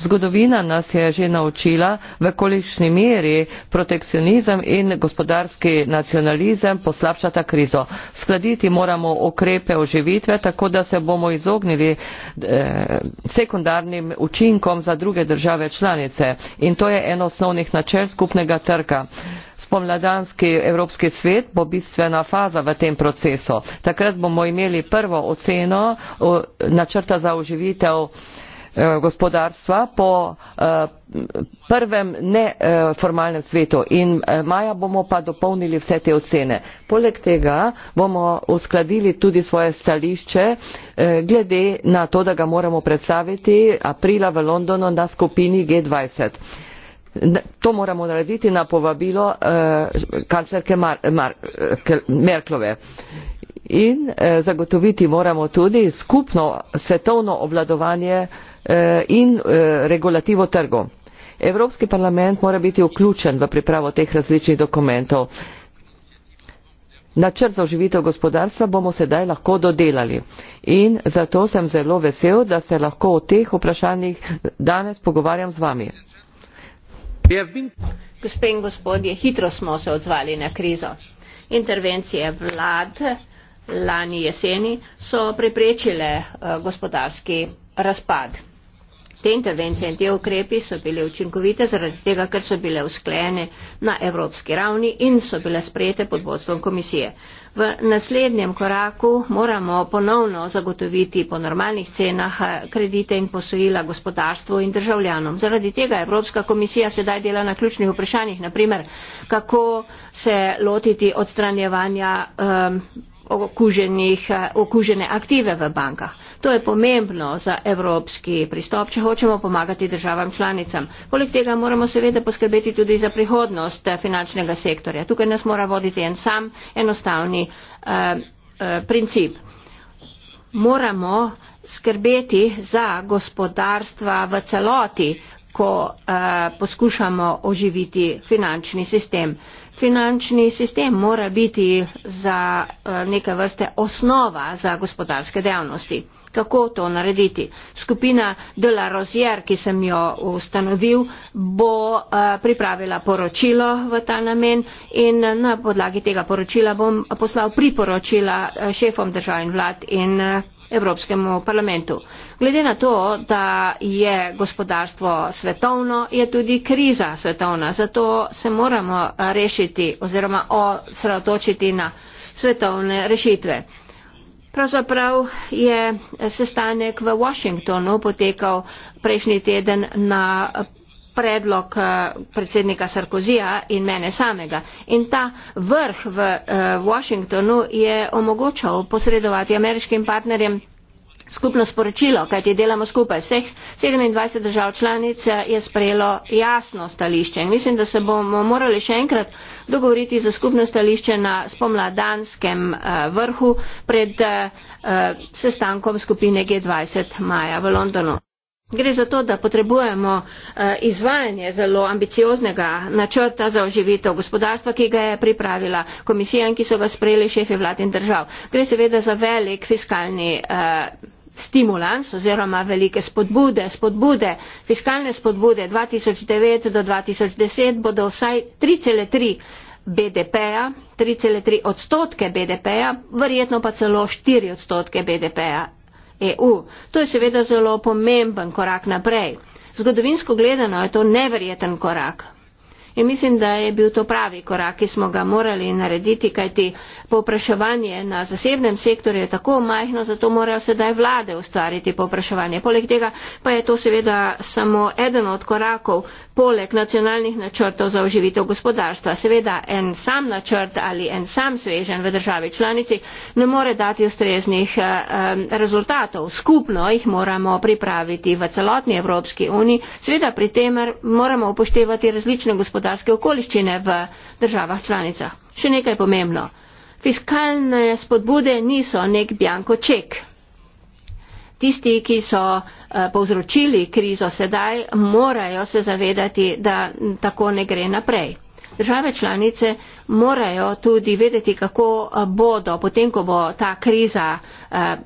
Zgodovina nas je že naučila, v kolikšni meri protekcionizem in gospodarski nacionalizem poslabšata krizo. Skladiti moramo okrepe oživitve, tako da se bomo izognili eh, sekundarnim učinkom za druge države članice. In to je eno osnovnih načel skupnega trga. Spomladanski Evropski svet bo bistvena faza v tem procesu. Takrat bomo imeli prvo oceno načrta za oživitev eh, Eh, gospodarstva po eh, prvem neformalnem svetu in eh, maja bomo pa dopolnili vse te ocene. Poleg tega bomo uskladili tudi svoje stališče glede na to, da ga moramo predstaviti aprila v Londonu na skupini G20. To moramo narediti na povabilo kancelarke Merklove in eh, zagotoviti moramo tudi skupno svetovno obvladovanje eh, in eh, regulativo trgov. Evropski parlament mora biti vključen v pripravo teh različnih dokumentov. Načrt za oživitev gospodarstva bomo sedaj lahko dodelali in zato sem zelo vesel, da se lahko o teh vprašanjih danes pogovarjam z vami. Gospe in gospodje, hitro smo se odzvali na krizo. Intervencije vlad, lani jeseni so preprečile eh, gospodarski razpad. Te intervencije in te ukrepi so bile učinkovite zaradi tega, ker so bile usklejene na evropski ravni in so bile sprejete pod vodstvom komisije. V naslednjem koraku moramo ponovno zagotoviti po normalnih cenah eh, kredite in posojila gospodarstvu in državljanom. Zaradi tega Evropska komisija sedaj dela na ključnih vprašanjih, naprimer kako se lotiti odstranjevanja um, Eh, okužene aktive v bankah. To je pomembno za evropski pristop, če hočemo pomagati državam članicam. Poleg tega moramo seveda poskrbeti tudi za prihodnost eh, finančnega sektorja. Tukaj nas mora voditi en sam enostavni uh, uh, princip. Moramo skrbeti za gospodarstva v celoti, ko uh, poskušamo oživiti finančni sistem. Uh, finančni sistem mora biti za eh, neke vrste osnova za gospodarske dejavnosti. Kako to narediti? Skupina De La Rozier, ki sem jo ustanovil, bo eh, pripravila poročilo v ta namen in eh, na podlagi tega poročila bom poslal priporočila šefom držav in vlad in Evropskemu parlamentu. Glede na to, da je gospodarstvo svetovno, je tudi kriza svetovna, zato se moramo rešiti oziroma osredotočiti na svetovne rešitve. Pravzaprav je sestanek v Washingtonu potekal prejšnji teden na predlog eh, predsednika Sarkozija in mene samega. In ta vrh v eh, Washingtonu je omogočal posredovati ameriškim partnerjem skupno sporočilo, kajti delamo skupaj. Vseh 27 držav članic eh, je sprejelo jasno stališče. Mislim, da se bomo morali še enkrat dogovoriti za skupno stališče na spomladanskem vrhu pred sestankom skupine G20 maja v Londonu. Gre za to, da potrebujemo eh, izvajanje zelo ambicioznega načrta za oživitev gospodarstva, ki ga je pripravila komisija in ki so ga sprejeli šefi vlad in držav. Gre seveda za velik fiskalni eh, stimulans oziroma velike spodbude, spodbude, fiskalne spodbude 2009 do 2010 bodo vsaj 3,3 BDP-ja, 3,3 odstotke BDP-ja, verjetno pa celo 4 odstotke BDP-ja. EU. To je seveda zelo pomemben korak naprej. Zgodovinsko gledano je to neverjeten korak. In mislim, da je bil to pravi korak, ki smo ga morali narediti, kajti povpraševanje na zasebnem sektorju je tako majhno, zato morajo sedaj vlade ustvariti povpraševanje. Poleg tega pa je to seveda samo eden od korakov, poleg nacionalnih načrtov za oživitev gospodarstva. Seveda en sam načrt ali en sam svežen v državi članici ne more dati ustreznih um, rezultatov. Skupno jih moramo pripraviti v celotni Evropski uniji. Seveda pri tem moramo upoštevati različne gospodarske okoliščine v državah članicah. Še nekaj pomembno. Fiskalne spodbude niso nek bjanko ček tisti, ki so eh, povzročili krizo sedaj, morajo se zavedati, da tako ne gre naprej. Države članice morajo tudi vedeti, kako eh, bodo, potem ko bo ta kriza eh,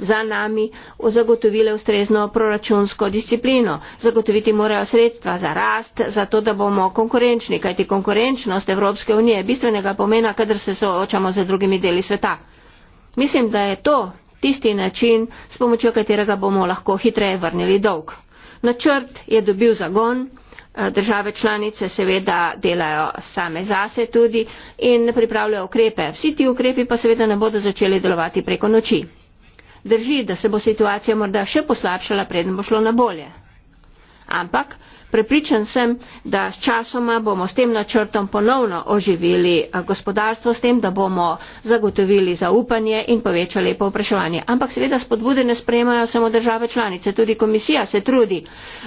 za nami, zagotovile ustrezno proračunsko disciplino. Zagotoviti morajo sredstva za rast, za to, da bomo konkurenčni, kajti konkurenčnost Evropske unije je bistvenega pomena, kadar se soočamo z drugimi deli sveta. Mislim, da je to tisti način, s pomočjo katerega bomo lahko hitreje vrnili dolg. Načrt je dobil zagon, eh, države članice seveda delajo same zase tudi in pripravljajo ukrepe. Vsi ti ukrepi pa seveda ne bodo začeli delovati preko noči. Drži, da se bo situacija morda še poslabšala, preden bo šlo na bolje. Ampak Prepričan sem, da s časoma bomo s tem načrtom ponovno oživili eh, gospodarstvo, s tem, da bomo zagotovili zaupanje in povečali povpraševanje. Ampak seveda spodbude ne sprejemajo samo države članice, tudi komisija se trudi,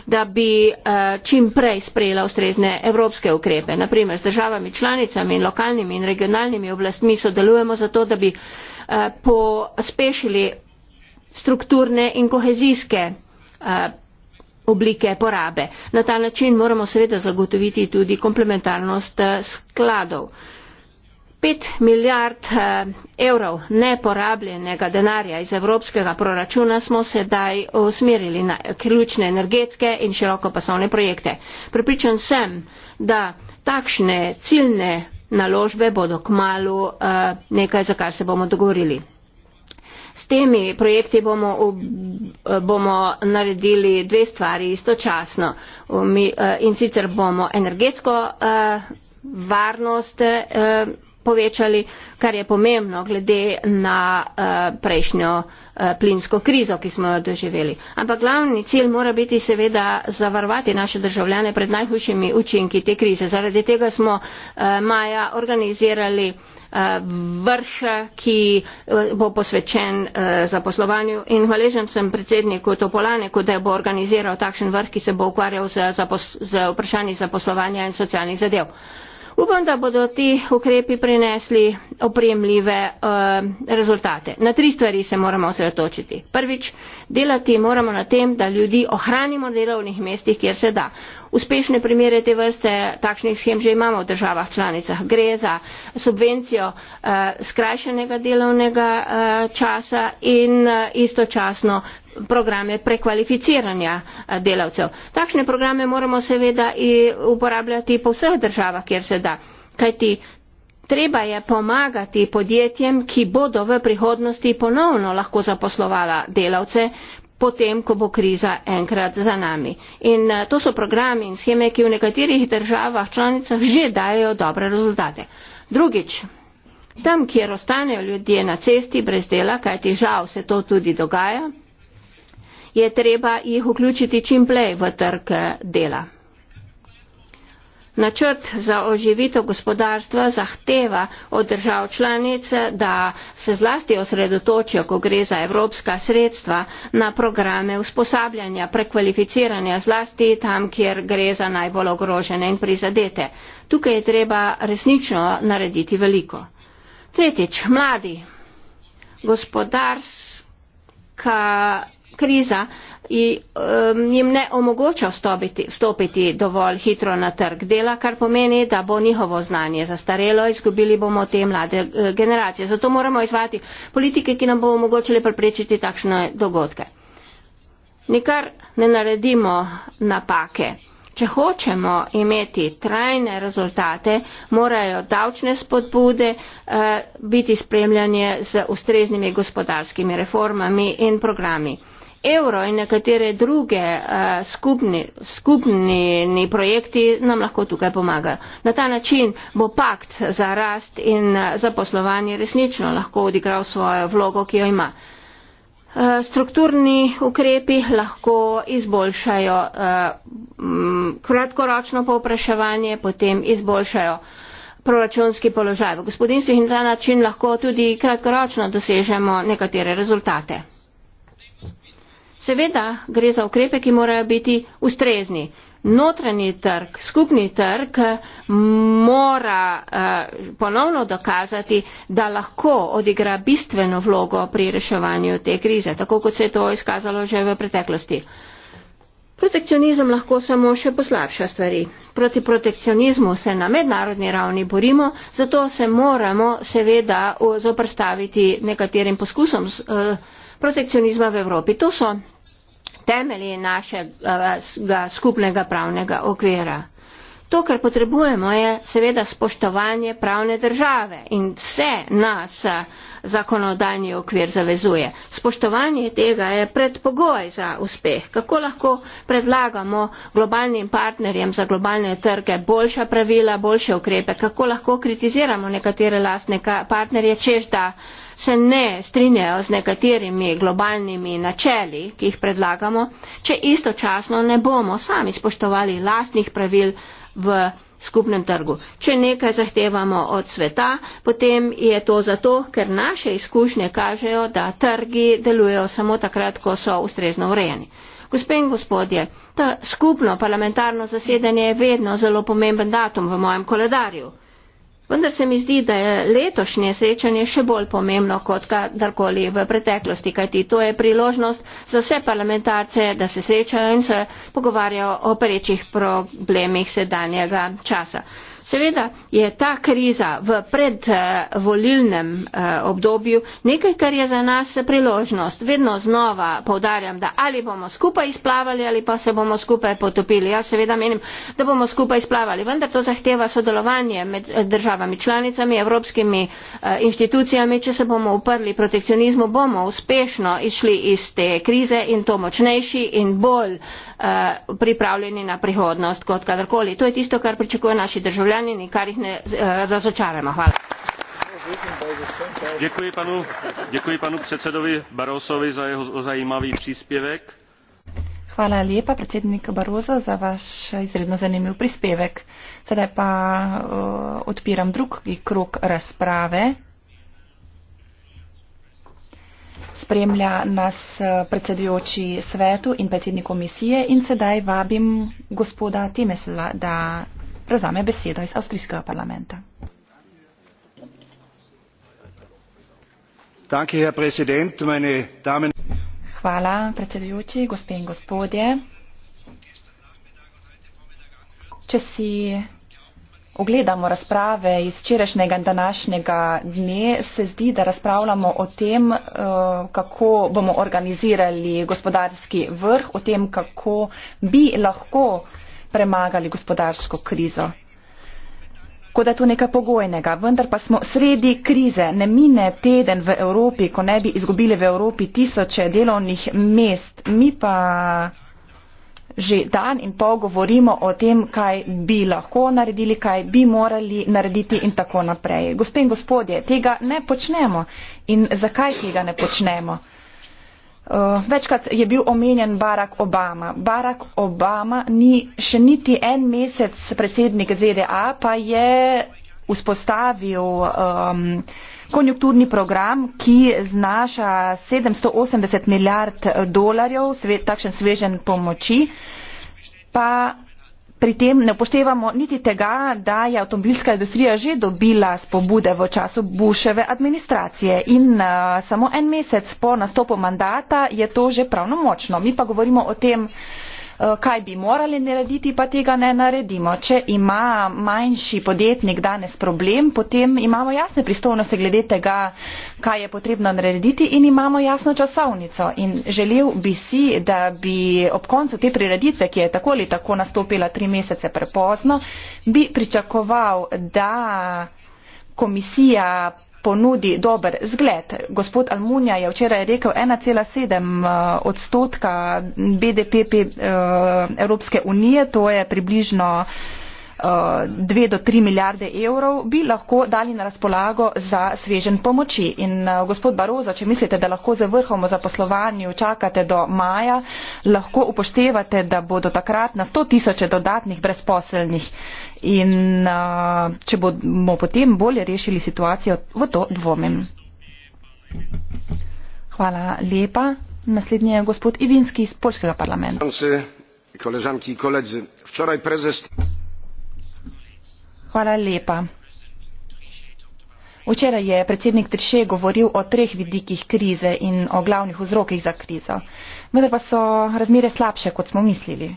da bi eh, čim prej sprejela ustrezne evropske ukrepe. Naprimer, s državami članicami in lokalnimi in regionalnimi oblastmi sodelujemo zato, da bi eh, pospešili strukturne in kohezijske oblike porabe. Na ta način moramo seveda zagotoviti tudi komplementarnost eh, skladov. 5 milijard eh, evrov neporabljenega denarja iz evropskega proračuna smo sedaj usmerili na ključne energetske in širokopasovne projekte. Pripričan sem, da takšne ciljne naložbe bodo k malu eh, nekaj, za kar se bomo dogovorili. S temi projekti bomo, bomo naredili dve stvari istočasno. E, in sicer bomo energetsko e, varnost e, povečali, kar je pomembno glede na prejšnjo plinsko krizo, ki smo jo doživeli. Ampak glavni cilj mora biti seveda zavarovati naše državljane pred najhujšimi učinki te krize. Zaradi tega smo maja organizirali Eh, vrh, ki eh, bo posvečen eh, zaposlovanju in hvaležen sem predsedniku Topolaneku, da bo organiziral takšen vrh, ki se bo ukvarjal z, zapos z vprašanji zaposlovanja in socialnih zadev. Upam, da bodo ti ukrepi prinesli opremljive uh, rezultate. Na tri stvari se moramo osredotočiti. Prvič, delati moramo na tem, da ljudi ohranimo na delovnih mestih, kjer se da uspešne primere te vrste takšnih schem že imamo v državah članicah. Gre za subvencijo eh, skrajšanega delovnega eh, časa in eh, istočasno programe prekvalificiranja eh, delavcev. Takšne programe moramo seveda uporabljati po vseh državah, kjer se da. Kajti treba je pomagati podjetjem, ki bodo v prihodnosti ponovno lahko zaposlovala delavce, potem, ko bo kriza enkrat za nami. In eh, to so programi in scheme, ki v nekaterih državah članicah že dajo dobre rezultate. Drugič, tam, kjer ostanejo ljudje na cesti brez dela, kajti žal se to tudi dogaja, je treba jih vključiti čim prej v trg eh, dela. Načrt za oživitev gospodarstva zahteva od držav članice, da se zlasti osredotočijo, ko gre za evropska sredstva, na programe usposabljanja, prekvalificiranja zlasti tam, kjer gre za najbolj ogrožene in prizadete. Tukaj je treba resnično narediti veliko. Tretjič, mladi. Gospodarska kriza i um, jim ne omogoča vstopiti, vstopiti dovolj hitro na trg dela, kar pomeni, da bo njihovo znanje zastarelo, izgubili bomo te mlade eh, generacije. Zato moramo izvati politike, ki nam bo omogočile preprečiti takšne dogodke. Nikar ne naredimo napake. Če hočemo imeti trajne rezultate, morajo davčne spodbude eh, biti spremljanje z ustreznimi gospodarskimi reformami in programi evro in nekatere druge uh, skupni, skupni projekti nam lahko tukaj pomagajo. Na ta način bo pakt za rast in uh, za poslovanje resnično lahko odigral svojo vlogo, ki jo ima. Eh, strukturni ukrepi lahko izboljšajo kratkoročno povpraševanje, potem izboljšajo proračunski položaj v gospodinstvih in na ta način lahko tudi kratkoročno dosežemo nekatere rezultate. Seveda gre za ukrepe, ki morajo biti ustrezni. Notranji trg, skupni trg mora uh, ponovno dokazati, da lahko odigra bistveno vlogo pri reševanju te krize, tako kot se je to izkazalo že v preteklosti. Protekcionizem lahko samo še poslabša stvari. Proti protekcionizmu se na mednarodni ravni borimo, zato se moramo seveda zoprstaviti nekaterim poskusom uh, protekcionizma v Evropi. To so temelji našega skupnega pravnega okvira. To, kar potrebujemo, je seveda spoštovanje pravne države in vse nas zakonodajni okvir zavezuje. Spoštovanje tega je predpogoj za uspeh. Kako lahko predlagamo globalnim partnerjem za globalne trge boljša pravila, boljše ukrepe, kako lahko kritiziramo nekatere lastne partnerje, čež da. Uh, se ne strinjajo z nekaterimi globalnimi načeli, ki jih predlagamo, če istočasno ne bomo sami spoštovali lastnih pravil v skupnem trgu. Če nekaj zahtevamo od sveta, potem je to zato, ker naše izkušnje kažejo, da trgi delujejo samo takrat, ko so ustrezno urejeni. Gospe in gospodje, to skupno parlamentarno zasedanje je vedno zelo pomemben datum v mojem koledarju. Vendar se mi zdi, da je letošnje srečanje še bolj pomembno kot kadarkoli v preteklosti, kajti to je priložnost za vse parlamentarce, da se srečajo in se pogovarjajo o perečih problemih sedanjega časa. Seveda je ta kriza v predvolilnem eh, obdobju nekaj, kar je za nas priložnost. Vedno znova povdarjam, da ali bomo skupaj izplavali ali pa se bomo skupaj potopili. Jaz seveda menim, da bomo skupaj izplavali, vendar to zahteva sodelovanje med eh, državami članicami, evropskimi eh, inštitucijami. Če se bomo uprli protekcionizmu, bomo uspešno išli iz te krize in to močnejši in bolj. Eh, pripravljeni na prihodnost kot kadarkoli. To je tisto, kar pričakujejo naši državljani in kar jih ne eh, razočaramo. Hvala. Děkuji panu, děkuji panu predsedovi Barosovi za jeho zajímavý príspevek. Hvala lepa, predsednik Barozo, za vaš izredno zanimiv prispevek. Sedaj pa uh, odpiram drugi krok razprave. spremlja nas eh, predsedujoči svetu in predsednik komisije in sedaj vabim gospoda Timesla, da prevzame besedo iz avstrijskega parlamenta. Hvala predsedujoči, gospe in gospodje. Če si ogledamo razprave iz včerajšnjega in današnjega dne, se zdi, da razpravljamo o tem, eh, kako bomo organizirali gospodarski vrh, o tem, kako bi lahko premagali gospodarsko krizo. Tako da je to nekaj pogojnega, vendar pa smo sredi krize. Ne mine teden v Evropi, ko ne bi izgubili v Evropi tisoče delovnih mest. Mi pa že dan in pol govorimo o tem, kaj bi lahko naredili, kaj bi morali narediti in tako naprej. Gospe in gospodje, tega ne počnemo. In zakaj tega ne počnemo? Uh, večkrat je bil omenjen Barack Obama. Barack Obama ni še niti en mesec predsednik ZDA, pa je vzpostavil. Um, konjunkturni program, ki znaša 780 milijard dolarjev, sve, takšen svežen pomoči, pa pri tem ne upoštevamo niti tega, da je avtomobilska industrija že dobila spobude v času Buševe administracije in uh, samo en mesec po nastopu mandata je to že pravno močno. Mi pa govorimo o tem, Eh, kaj bi morali narediti, pa tega ne naredimo. Če ima manjši podjetnik danes problem, potem imamo jasne pristovnosti glede tega, kaj je potrebno narediti in imamo jasno časovnico. In želel bi si, da bi ob koncu te prireditve, ki je tako ali tako nastopila tri mesece prepozno, bi pričakoval, da komisija ponudi dober zgled. Gospod Almunja je včeraj rekel 1,7 eh, odstotka BDP eh, Evropske unije, to je približno 2 eh, do 3 milijarde evrov, bi lahko dali na razpolago za svežen pomoči. In gospod Barozo, če mislite, da lahko za vrhom o zaposlovanju čakate do maja, lahko upoštevate, da bodo takrat na 100 tisoče dodatnih brezposelnih In uh, če bomo potem bolje rešili situacijo, v to dvomim. Hvala lepa. Naslednji je gospod Ivinski iz Polskega parlamenta. Hvala lepa. Včeraj je predsednik Trše govoril o treh vidikih krize in o glavnih vzrokih za krizo. Vendar pa so razmere slabše, kot smo mislili.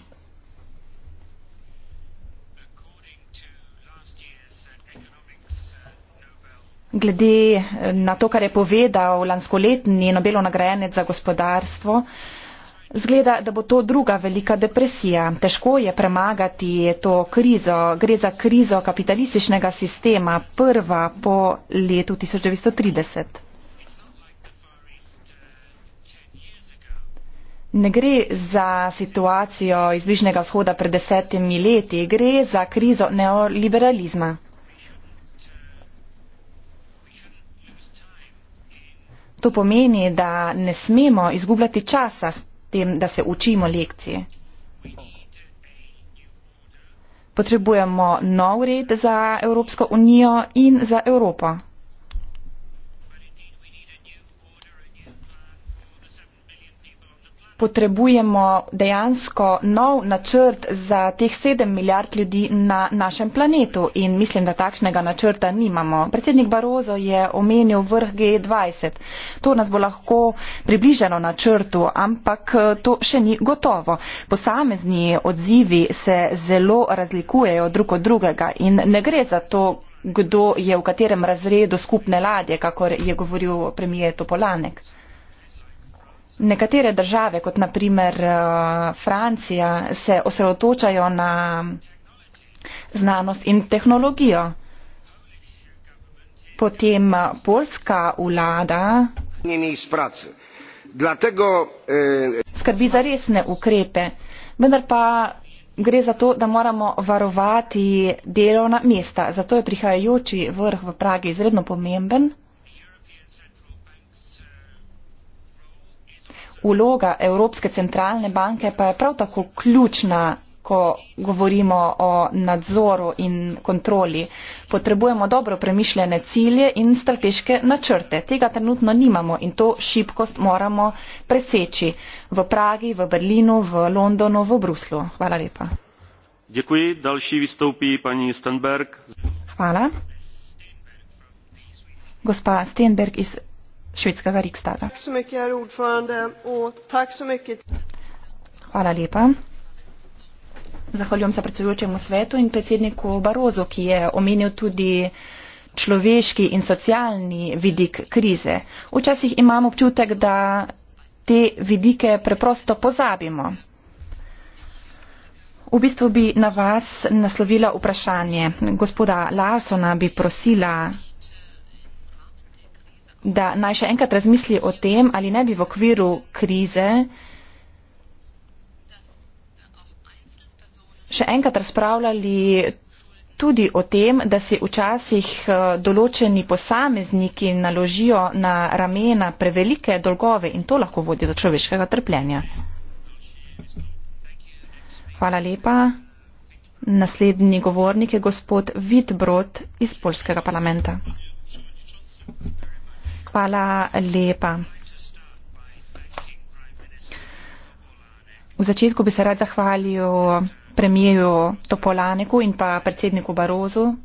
Glede eh, na to, kar je povedal lanskoletni Nobelov nagrajenec za gospodarstvo, zgleda, da bo to druga velika depresija. Težko je premagati to krizo. Gre za krizo kapitalističnega sistema, prva po letu 1930. Ne gre za situacijo iz Bližnjega vzhoda pred desetimi leti, gre za krizo neoliberalizma. To pomeni, da ne smemo izgubljati časa s tem, da se učimo lekcije. Potrebujemo nov red za Evropsko unijo in za Evropo. potrebujemo dejansko nov načrt za teh sedem milijard ljudi na našem planetu in mislim, da takšnega načrta nimamo. Predsednik Barozo je omenil vrh G20. To nas bo lahko približeno načrtu, ampak eh, to še ni gotovo. Posamezni odzivi se zelo razlikujejo drug od drugega in ne gre za to, kdo je v katerem razredu skupne ladje, kakor je govoril premije Topolanek. Nekatere države, kot naprimer eh, Francija, se osredotočajo na znanost in tehnologijo. Potem eh, polska vlada e, skrbi za resne ukrepe, vendar pa gre za to, da moramo varovati delovna mesta. Zato je prihajajoči vrh v Pragi izredno pomemben. Uloga Evropske centralne banke pa je prav tako ključna, ko govorimo o nadzoru in kontroli. Potrebujemo dobro premišljene cilje in strateške načrte. Tega trenutno nimamo in to šibkost moramo preseči v Pragi, v Berlinu, v Londonu, v Bruslu. Hvala lepa. Děkuji. Další vystoupí paní Stenberg. Hvala. Gospa Stenberg iz švedskega riksdaga. Hvala lepa. Zahvaljujem se predsedujočemu svetu in predsedniku Barozu, ki je omenil tudi človeški in socialni vidik krize. Včasih imamo občutek, da te vidike preprosto pozabimo. V bistvu bi na vas naslovila vprašanje. Gospoda Larsona bi prosila da naj še enkrat razmisli o tem, ali ne bi v okviru krize še enkrat razpravljali tudi o tem, da si včasih eh, določeni posamezniki naložijo na ramena prevelike dolgove in to lahko vodi do človeškega trpljenja. Hvala lepa. Naslednji govornik je gospod Vid Brod iz Polskega parlamenta. Hvala lepa. V začetku bi se rad zahvalil premijeju Topolaniku in pa predsedniku Barozu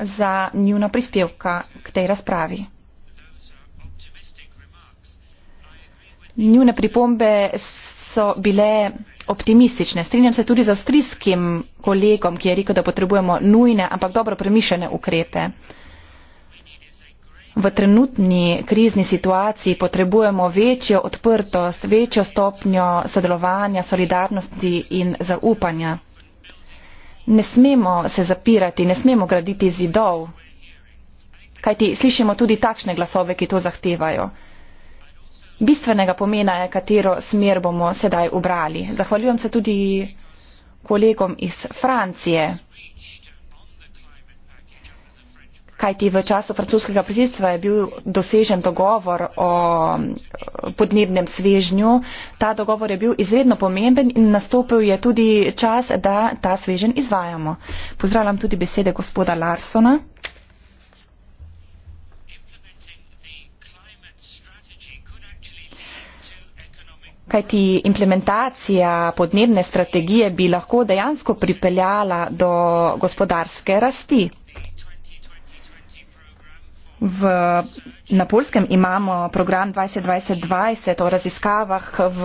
za njuna prispevka k tej razpravi. Njune pripombe so bile optimistične. Strinjam se tudi z avstrijskim kolegom, ki je rekel, da potrebujemo nujne, ampak dobro premišljene ukrepe. V trenutni krizni situaciji potrebujemo večjo odprtost, večjo stopnjo sodelovanja, solidarnosti in zaupanja. Ne smemo se zapirati, ne smemo graditi zidov, kajti slišimo tudi takšne glasove, ki to zahtevajo. Bistvenega pomena je, katero smer bomo sedaj obrali. Zahvaljujem se tudi kolegom iz Francije. kajti v času francoskega predsedstva je bil dosežen dogovor o eh, podnebnem svežnju. Ta dogovor je bil izredno pomemben in nastopil je tudi čas, da ta svežen izvajamo. Pozdravljam tudi besede gospoda Larsona. Kajti implementacija podnebne strategije bi lahko dejansko pripeljala do gospodarske rasti. V, na Polskem imamo program 2020 o raziskavah v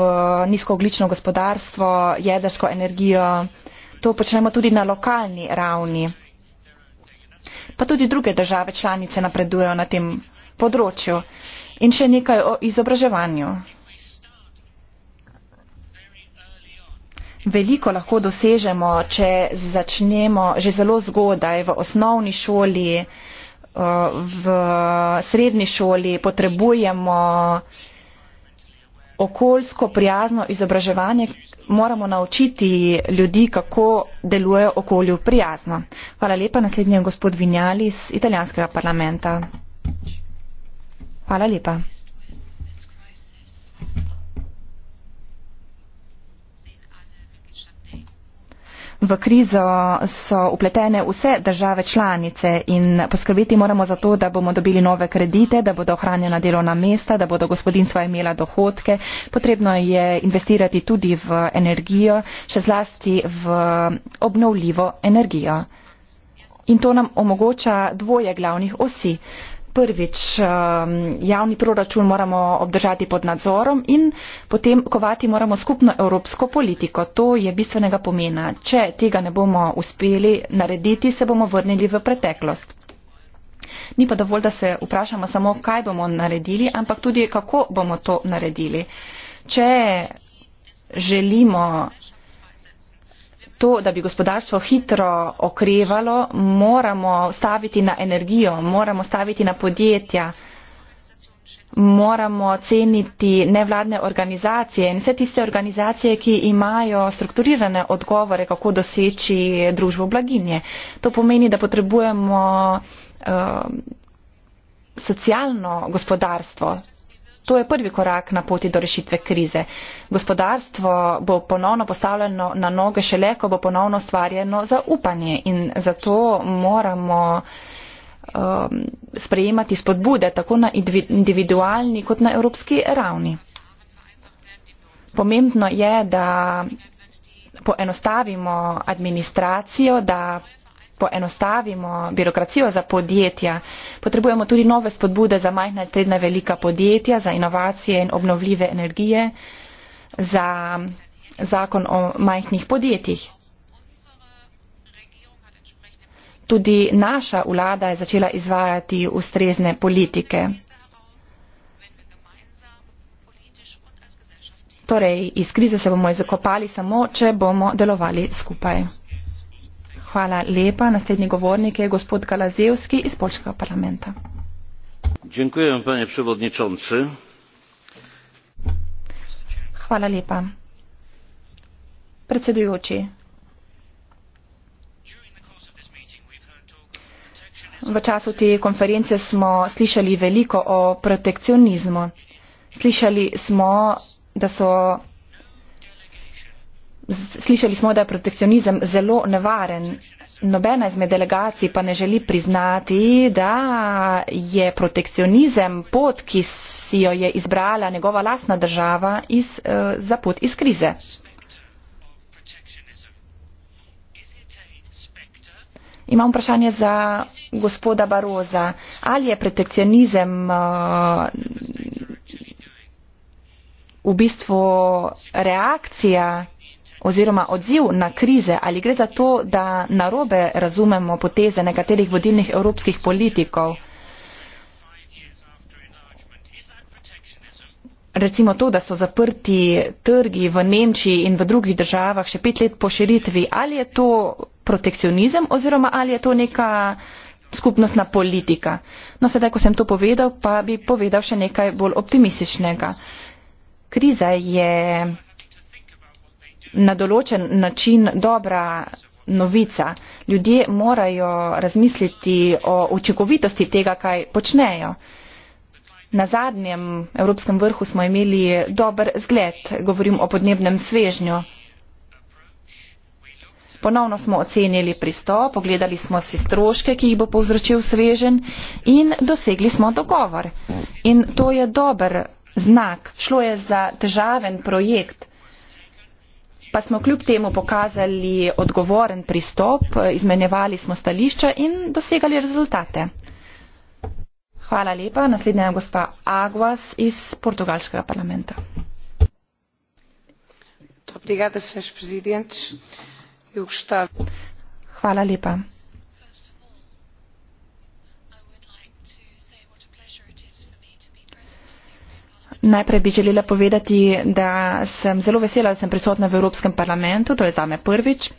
nizkooglično gospodarstvo, jedrsko energijo. To počnemo tudi na lokalni ravni. Pa tudi druge države članice napredujejo na tem področju. In še nekaj o izobraževanju. Veliko lahko dosežemo, če začnemo že zelo zgodaj v osnovni šoli, Eh, v srednji šoli potrebujemo okoljsko prijazno izobraževanje, moramo naučiti ljudi, kako delujejo okolju prijazno. Hvala lepa, naslednji je gospod Vinjali iz italijanskega parlamenta. Hvala lepa. V krizo so upletene vse države članice in poskrbeti moramo za to, da bomo dobili nove kredite, da bodo ohranjena delovna mesta, da bodo gospodinstva imela dohodke. Potrebno je investirati tudi v energijo, še zlasti v obnovljivo energijo. In to nam omogoča dvoje glavnih osi prvič ehm, javni proračun moramo obdržati pod nadzorom in potem kovati moramo skupno evropsko politiko. To je bistvenega pomena. Če tega ne bomo uspeli narediti, se bomo vrnili v preteklost. Ni pa dovolj, da se vprašamo samo, kaj bomo naredili, ampak tudi, kako bomo to naredili. Če želimo to, da bi gospodarstvo hitro okrevalo, moramo staviti na energijo, moramo staviti na podjetja, moramo ceniti nevladne organizacije in vse tiste organizacije, ki imajo strukturirane odgovore, kako doseči družbo blaginje. To pomeni, da potrebujemo. Uh, socialno gospodarstvo. To je prvi korak na poti do rešitve krize. Gospodarstvo bo ponovno postavljeno na noge šele, ko bo ponovno stvarjeno zaupanje in zato moramo um, sprejemati spodbude tako na individualni kot na evropski ravni. Pomembno je, da poenostavimo administracijo, da poenostavimo birokracijo za podjetja. Potrebujemo tudi nove spodbude za majhna in srednja velika podjetja, za inovacije in obnovljive energije, za zakon o majhnih podjetjih. Tudi naša vlada je začela izvajati ustrezne politike. Torej, iz krize se bomo izokopali samo, če bomo delovali skupaj. Hvala lepa. Naslednji govornik je gospod Galazevski iz Polskega parlamenta. Dziękuję, panie przewodniczący. Hvala lepa. Predsedujoči. V času te konference smo slišali veliko o protekcionizmu. Slišali smo, da so slišali smo, da je protekcionizem zelo nevaren. Nobena izmed delegacij pa ne želi priznati, da je protekcionizem pot, ki si jo je izbrala njegova lasna država iz, eh, za pot iz krize. Imam vprašanje za gospoda Baroza. Ali je protekcionizem uh, v bistvu reakcija oziroma odziv na krize, ali gre za to, da narobe razumemo poteze nekaterih vodilnih evropskih politikov. Recimo to, da so zaprti trgi v Nemčiji in v drugih državah še pet let po širitvi, ali je to protekcionizem oziroma ali je to neka skupnostna politika. No sedaj, ko sem to povedal, pa bi povedal še nekaj bolj optimističnega. Kriza je na določen način dobra novica. Ljudje morajo razmisliti o učinkovitosti tega, kaj počnejo. Na zadnjem Evropskem vrhu smo imeli dober zgled, govorim o podnebnem svežnju. Ponovno smo ocenili pristop, pogledali smo si stroške, ki jih bo povzročil svežen in dosegli smo dogovor. In to je dober znak. Šlo je za težaven projekt, pa smo kljub temu pokazali odgovoren pristop, izmenjevali smo stališča in dosegali rezultate. Hvala lepa. Naslednja je gospa Aguas iz portugalskega parlamenta. Obrigada, Hvala lepa. najprej bi želela povedati, da sem zelo vesela, da sem prisotna v Evropskem parlamentu, to je zame prvič.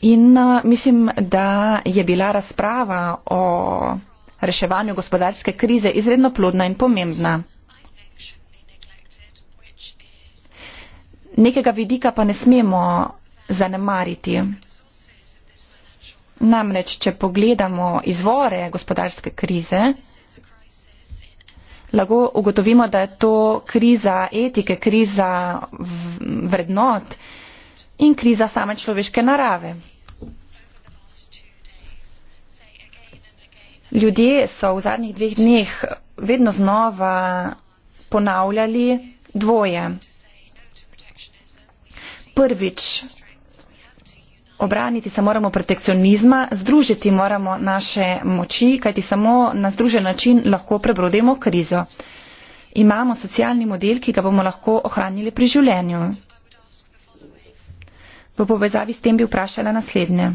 In uh, mislim, da je bila razprava o reševanju gospodarske krize izredno plodna in pomembna. Nekega vidika pa ne smemo zanemariti. Namreč, če pogledamo izvore gospodarske krize, lahko ugotovimo, da je to kriza etike, kriza vrednot in kriza same človeške narave. Ljudje so v zadnjih dveh dneh vedno znova ponavljali dvoje. Prvič, obraniti se moramo protekcionizma, združiti moramo naše moči, kajti samo na združen način lahko prebrodimo krizo. Imamo socialni model, ki ga bomo lahko ohranili pri življenju. V povezavi s tem bi vprašala naslednje.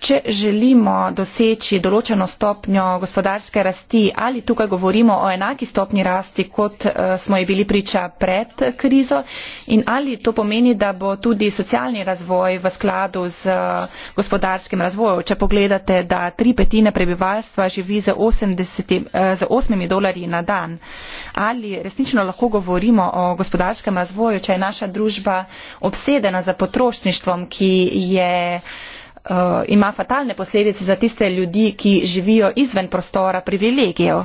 če želimo doseči določeno stopnjo gospodarske rasti ali tukaj govorimo o enaki stopnji rasti, kot eh, smo ji bili priča pred krizo in ali to pomeni, da bo tudi socialni razvoj v skladu z eh, gospodarskim razvojem. Če pogledate, da tri petine prebivalstva živi z 8 eh, dolarji na dan, ali resnično lahko govorimo o gospodarskem razvoju, če je naša družba obsedena za potrošništvom, ki je Eh, ima fatalne posledice za tiste ljudi, ki živijo izven prostora privilegijev.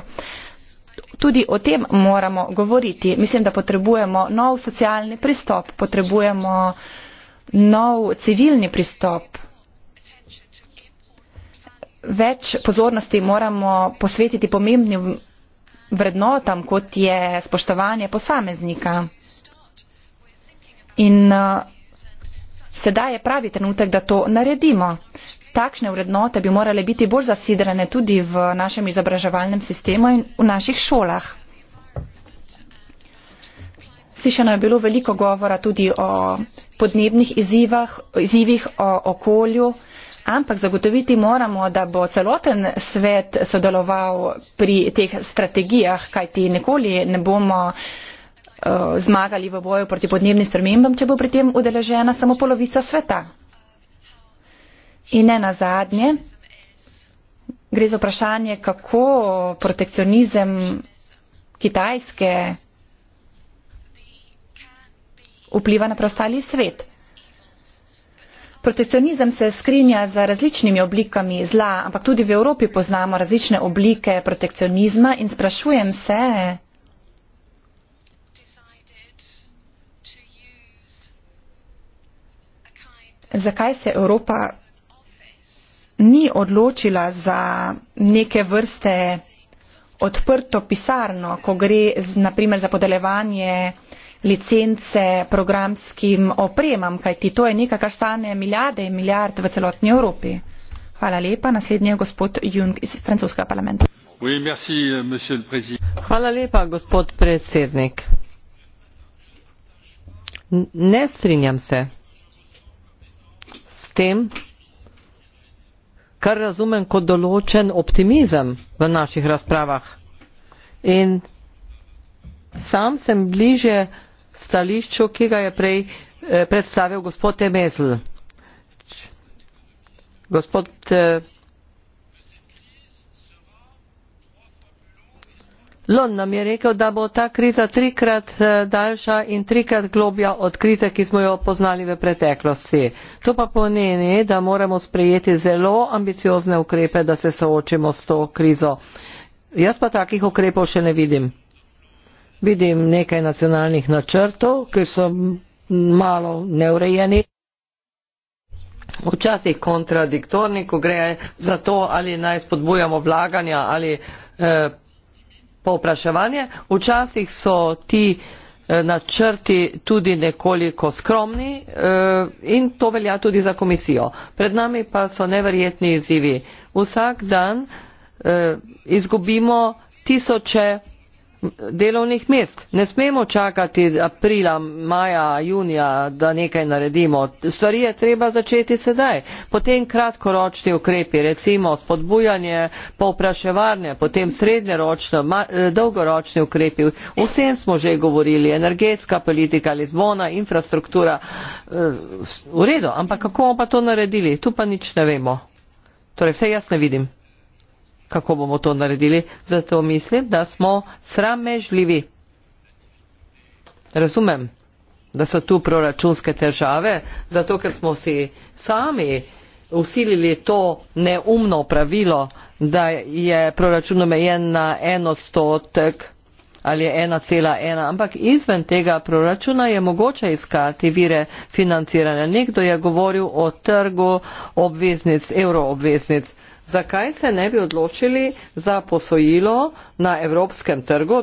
Tudi o tem moramo govoriti. Mislim, da potrebujemo nov socialni pristop, potrebujemo nov civilni pristop. Več pozornosti moramo posvetiti pomembnim vrednotam, kot je spoštovanje posameznika. In eh, Sedaj je pravi trenutek, da to naredimo. Takšne vrednote bi morale biti bolj zasidrane tudi v našem izobraževalnem sistemu in v naših šolah. Slišano je bilo veliko govora tudi o podnebnih izzivah, izzivih, o okolju, ampak zagotoviti moramo, da bo celoten svet sodeloval pri teh strategijah, kajti nikoli ne bomo uh, Eh, zmagali v boju proti podnebnim spremembam, če bo pri tem udeležena samo polovica sveta. In ne na zadnje, gre za vprašanje, kako protekcionizem Kitajske vpliva na preostali svet. Protekcionizem se skrinja za različnimi oblikami zla, ampak tudi v Evropi poznamo različne oblike protekcionizma in sprašujem se, zakaj se Evropa ni odločila za neke vrste odprto pisarno, ko gre naprimer za podelevanje licence programskim opremam, kajti to je nekaj, kar stane milijarde in milijard v celotni Evropi. Hvala lepa. Naslednji je gospod Jung iz francoskega parlamenta. Hvala lepa, gospod predsednik. Ne strinjam se tem, kar razumem kot določen optimizem v naših razpravah. In sam sem bliže stališču, ki ga je prej eh, predstavil gospod Emezl. Gospod eh, Lon nam je rekel, da bo ta kriza trikrat eh, daljša in trikrat globja od krize, ki smo jo poznali v preteklosti. To pa pomeni, da moramo sprejeti zelo ambiciozne ukrepe, da se soočimo s to krizo. Jaz pa takih ukrepov še ne vidim. Vidim nekaj nacionalnih načrtov, ki so malo neurejeni. Včasih kontradiktorni, ko gre za to, ali naj spodbujamo vlaganja ali eh, povpraševanje. Včasih so ti eh, načrti tudi nekoliko skromni eh, in to velja tudi za komisijo. Pred nami pa so neverjetni izzivi. Vsak dan eh, izgubimo tisoče delovnih mest. Ne smemo čakati aprila, maja, junija, da nekaj naredimo. Stvari je treba začeti sedaj. Potem kratkoročni ukrepi, recimo spodbujanje povpraševanja, potem srednjeročno, eh, dolgoročni ukrepi. Vsem smo že govorili, energetska politika, Lizbona, infrastruktura. Eh, v redu, ampak kako bomo pa to naredili? Tu pa nič ne vemo. Torej, vse jaz ne vidim kako bomo to naredili. Zato mislim, da smo sramežljivi. Razumem, da so tu proračunske težave, zato ker smo si sami usilili to neumno pravilo, da je proračun omejen na en odstotek ali je 1,1, ampak izven tega proračuna je mogoče iskati vire financiranja. Nekdo je govoril o trgu obveznic, evroobveznic zakaj se ne bi odločili za posojilo na evropskem trgu,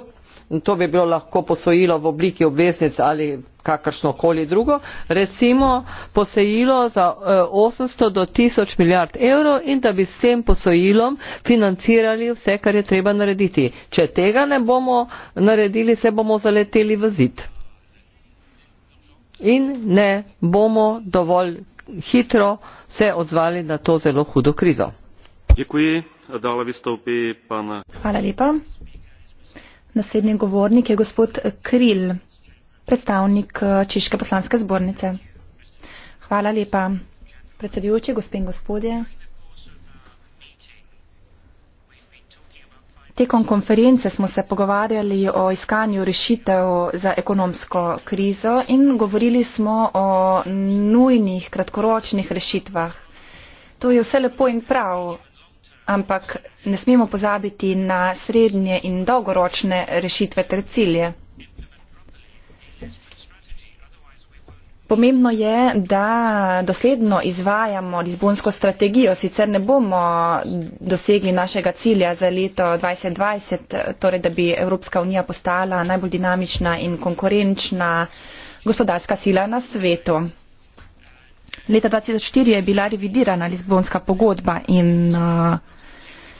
to bi bilo lahko posojilo v obliki obveznic ali kakršnokoli drugo, recimo posojilo za 800 eh, do 1000 milijard evrov in da bi s tem posojilom financirali vse, kar je treba narediti. Če tega ne bomo naredili, se bomo zaleteli v zid. In ne bomo dovolj hitro se odzvali na to zelo hudo krizo naslednji govornik je gospod Kril, predstavnik eh, Češke poslanske zbornice. Hvala lepa, predsedujoči, gospe in gospodje. Tekom konference smo se pogovarjali o iskanju rešitev za ekonomsko krizo in govorili smo o nujnih kratkoročnih rešitvah. To je vse lepo in prav, ampak ne smemo pozabiti na srednje in dolgoročne rešitve ter cilje. Pomembno je, da dosledno izvajamo Lizbonsko strategijo, sicer ne bomo dosegli našega cilja za leto 2020, torej da bi Evropska unija postala najbolj dinamična in konkurenčna gospodarska sila na svetu. Leta 2004 je bila revidirana Lizbonska pogodba in uh,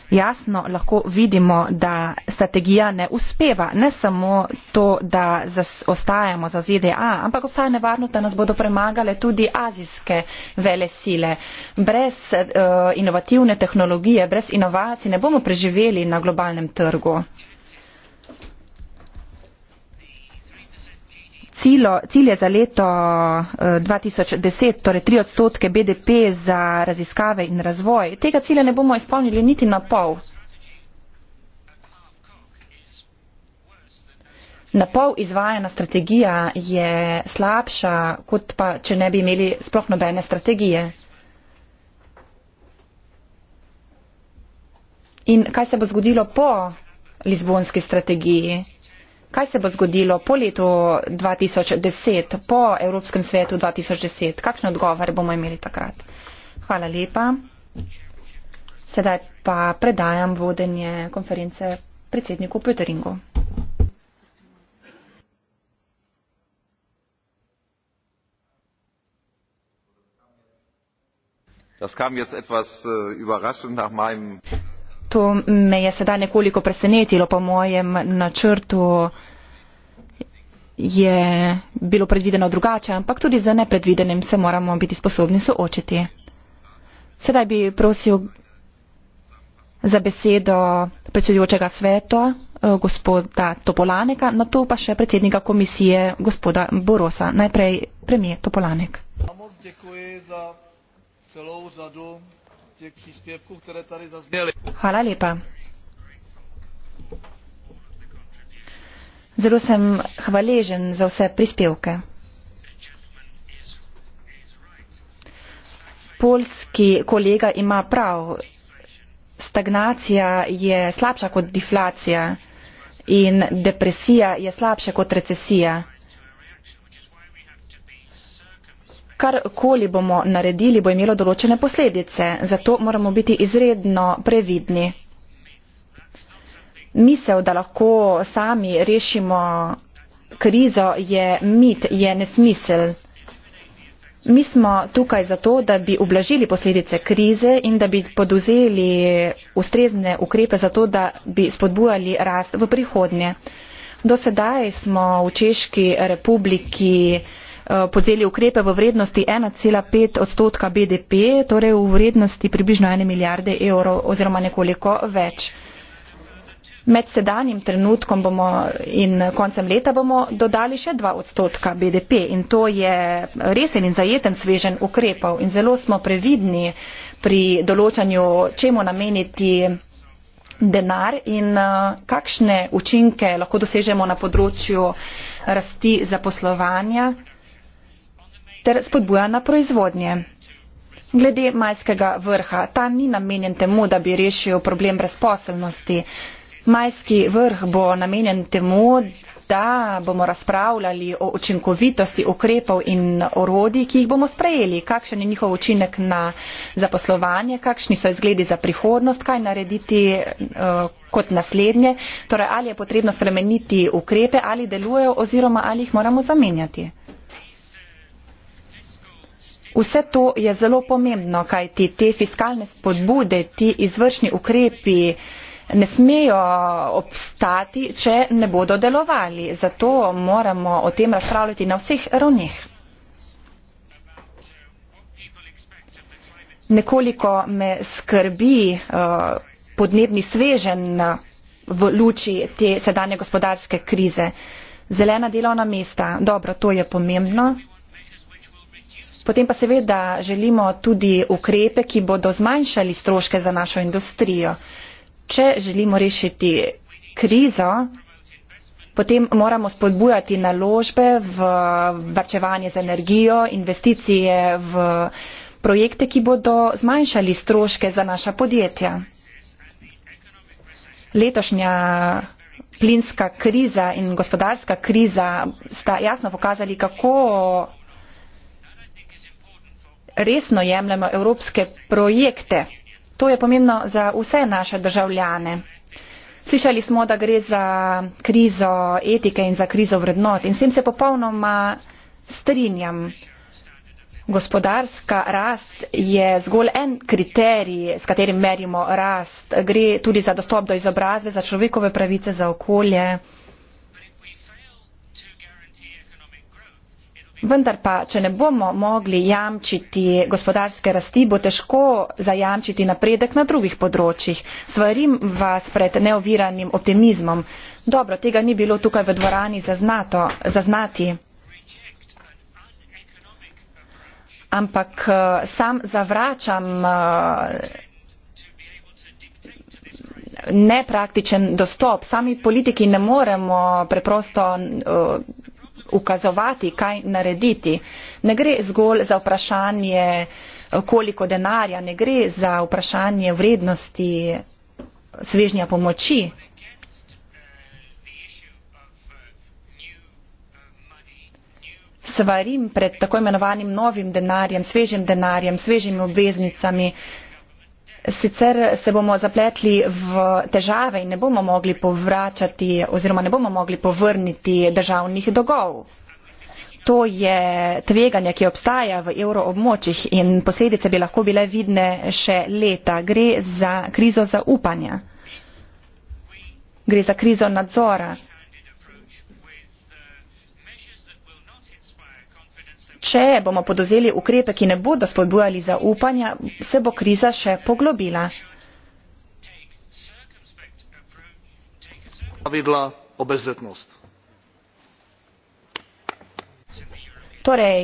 jasno lahko vidimo, da strategija ne uspeva. Ne samo to, da zas, ostajamo za ZDA, ampak obstaja nevarnost, da nas bodo premagale tudi azijske vele sile. Brez uh, inovativne tehnologije, brez inovacij ne bomo preživeli na globalnem trgu. Uh, cilo, cilje za leto 2010, eh, torej 3 odstotke BDP za raziskave in razvoj. Tega cilja ne bomo izpolnili niti na pol. Na pol izvajena strategija je slabša, kot pa, če ne bi imeli sploh nobene strategije. In kaj se bo zgodilo po lizbonski strategiji? Kaj se bo zgodilo po letu 2010, po Evropskem svetu 2010? Kakšne odgovore bomo imeli takrat? Hvala lepa. Sedaj pa predajam vodenje konference predsedniku Pöteringu. Das kam jetzt etwas uh, überraschend nach meinem to me je sedaj nekoliko presenetilo. Po mojem načrtu je bilo predvideno drugače, ampak tudi za nepredvidenim se moramo biti sposobni soočiti. Sedaj bi prosil za besedo predsedujočega sveta eh, gospoda Topolaneka, na to pa še predsednika komisije gospoda Borosa. Najprej premije Topolanek. Hvala, těch příspěvků, které tady zazněly. Hvala lepa. Zelo sem hvaležen za vse prispevke. Polski kolega ima prav. Stagnacija je slabša kot deflacija in depresija je slabša kot recesija. Karkoli bomo naredili, bo imelo določene posledice, zato moramo biti izredno previdni. Misel, da lahko sami rešimo krizo, je mit, je nesmisel. Mi smo tukaj zato, da bi ublažili posledice krize in da bi poduzeli ustrezne ukrepe za to, da bi spodbujali rast v prihodnje. Do sedaj smo v Češki republiki Eh, podzeli ukrepe v vrednosti ena pet odstotka bdp torej v vrednosti približno ena milijarde evrov oziroma nekoliko več. Med sedanjim trenutkom bomo in koncem leta bomo dodali še dva odstotka BDP in to je resen in zajeten svežen ukrepov in zelo smo previdni pri določanju, čemu nameniti denar in eh, kakšne učinke lahko dosežemo na področju rasti zaposlovanja ter spodbujanja proizvodnje. Glede majskega vrha, ta ni namenjen temu, da bi rešil problem brezposelnosti. Majski vrh bo namenjen temu, da bomo razpravljali o učinkovitosti ukrepov in orodij, ki jih bomo sprejeli, kakšen je njihov učinek na zaposlovanje, kakšni so izgledi za prihodnost, kaj narediti uh, kot naslednje, torej ali je potrebno spremeniti ukrepe, ali delujejo oziroma ali jih moramo zamenjati. Vse to je zelo pomembno, kaj ti te fiskalne spodbude, ti izvršni ukrepi ne smejo obstati, če ne bodo delovali. Zato moramo o tem razpravljati na vseh ravneh. Nekoliko me skrbi eh, podnebni sveženj v luči te sedanje gospodarske krize. Zelena delovna mesta, dobro, to je pomembno. Potem pa seveda želimo tudi ukrepe, ki bodo zmanjšali stroške za našo industrijo. Če želimo rešiti krizo, potem moramo spodbujati naložbe v vrčevanje z energijo, investicije v projekte, ki bodo zmanjšali stroške za naša podjetja. Letošnja plinska kriza in gospodarska kriza sta jasno pokazali, kako resno jemljemo evropske projekte. To je pomembno za vse naše državljane. Slišali smo, da gre za krizo etike in za krizo vrednot in s tem se popolnoma strinjam. Gospodarska rast je zgolj en kriterij, s katerim merimo rast. Gre tudi za dostop do izobrazbe, za človekove pravice, za okolje. Vendar pa, če ne bomo mogli jamčiti gospodarske rasti, bo težko zajamčiti napredek na drugih področjih. Svarim vas pred neoviranim optimizmom. Dobro, tega ni bilo tukaj v dvorani zaznato, zaznati. Ampak eh, sam zavračam eh, nepraktičen dostop. Sami politiki ne moremo preprosto. Eh, ukazovati, kaj narediti. Ne gre zgolj za vprašanje, eh, koliko denarja, ne gre za vprašanje vrednosti svežnja pomoči. Svarim pred tako imenovanim novim denarjem, svežim denarjem, svežimi obveznicami, sicer se bomo zapletli v težave in ne bomo mogli povračati oziroma ne bomo mogli povrniti državnih dolgov. To je tveganje, ki obstaja v evroobmočjih in posledice bi lahko bile vidne še leta. Gre za krizo zaupanja. Gre za krizo nadzora. če bomo podozeli ukrepe, ki ne bodo spodbujali zaupanja, se bo kriza še poglobila. Torej,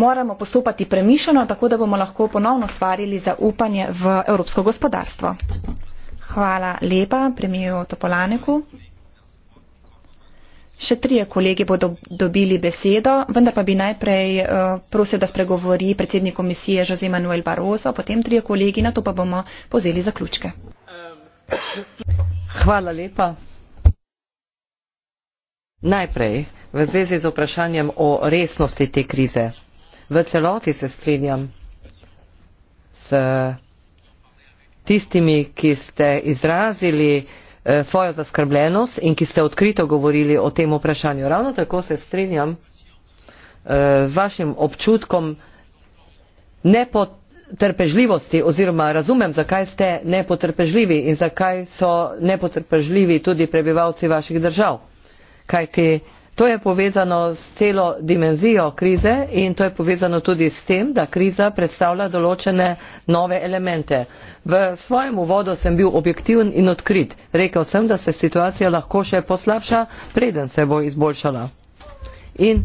moramo postopati premišljeno, tako da bomo lahko ponovno stvarili zaupanje v evropsko gospodarstvo. Hvala lepa, premijo Topolaneku. Še trije kolegi bodo dobili besedo, vendar pa bi najprej eh, prosil, da spregovori predsednik komisije Jose Manuel Barroso, potem trije kolegi, na to pa bomo pozeli zaključke. Hvala lepa. Najprej v zvezi z vprašanjem o resnosti te krize. V celoti se strinjam s tistimi, ki ste izrazili Eh, svojo zaskrbljenost in ki ste odkrito govorili o tem vprašanju. Ravno tako se strinjam eh, z vašim občutkom nepotrpežljivosti oziroma razumem, zakaj ste nepotrpežljivi in zakaj so nepotrpežljivi tudi prebivalci vaših držav. Kajti To je povezano s celo dimenzijo krize in to je povezano tudi s tem, da kriza predstavlja določene nove elemente. V svojem uvodu sem bil objektiven in odkrit. Rekel sem, da se situacija lahko še poslabša, preden se bo izboljšala. In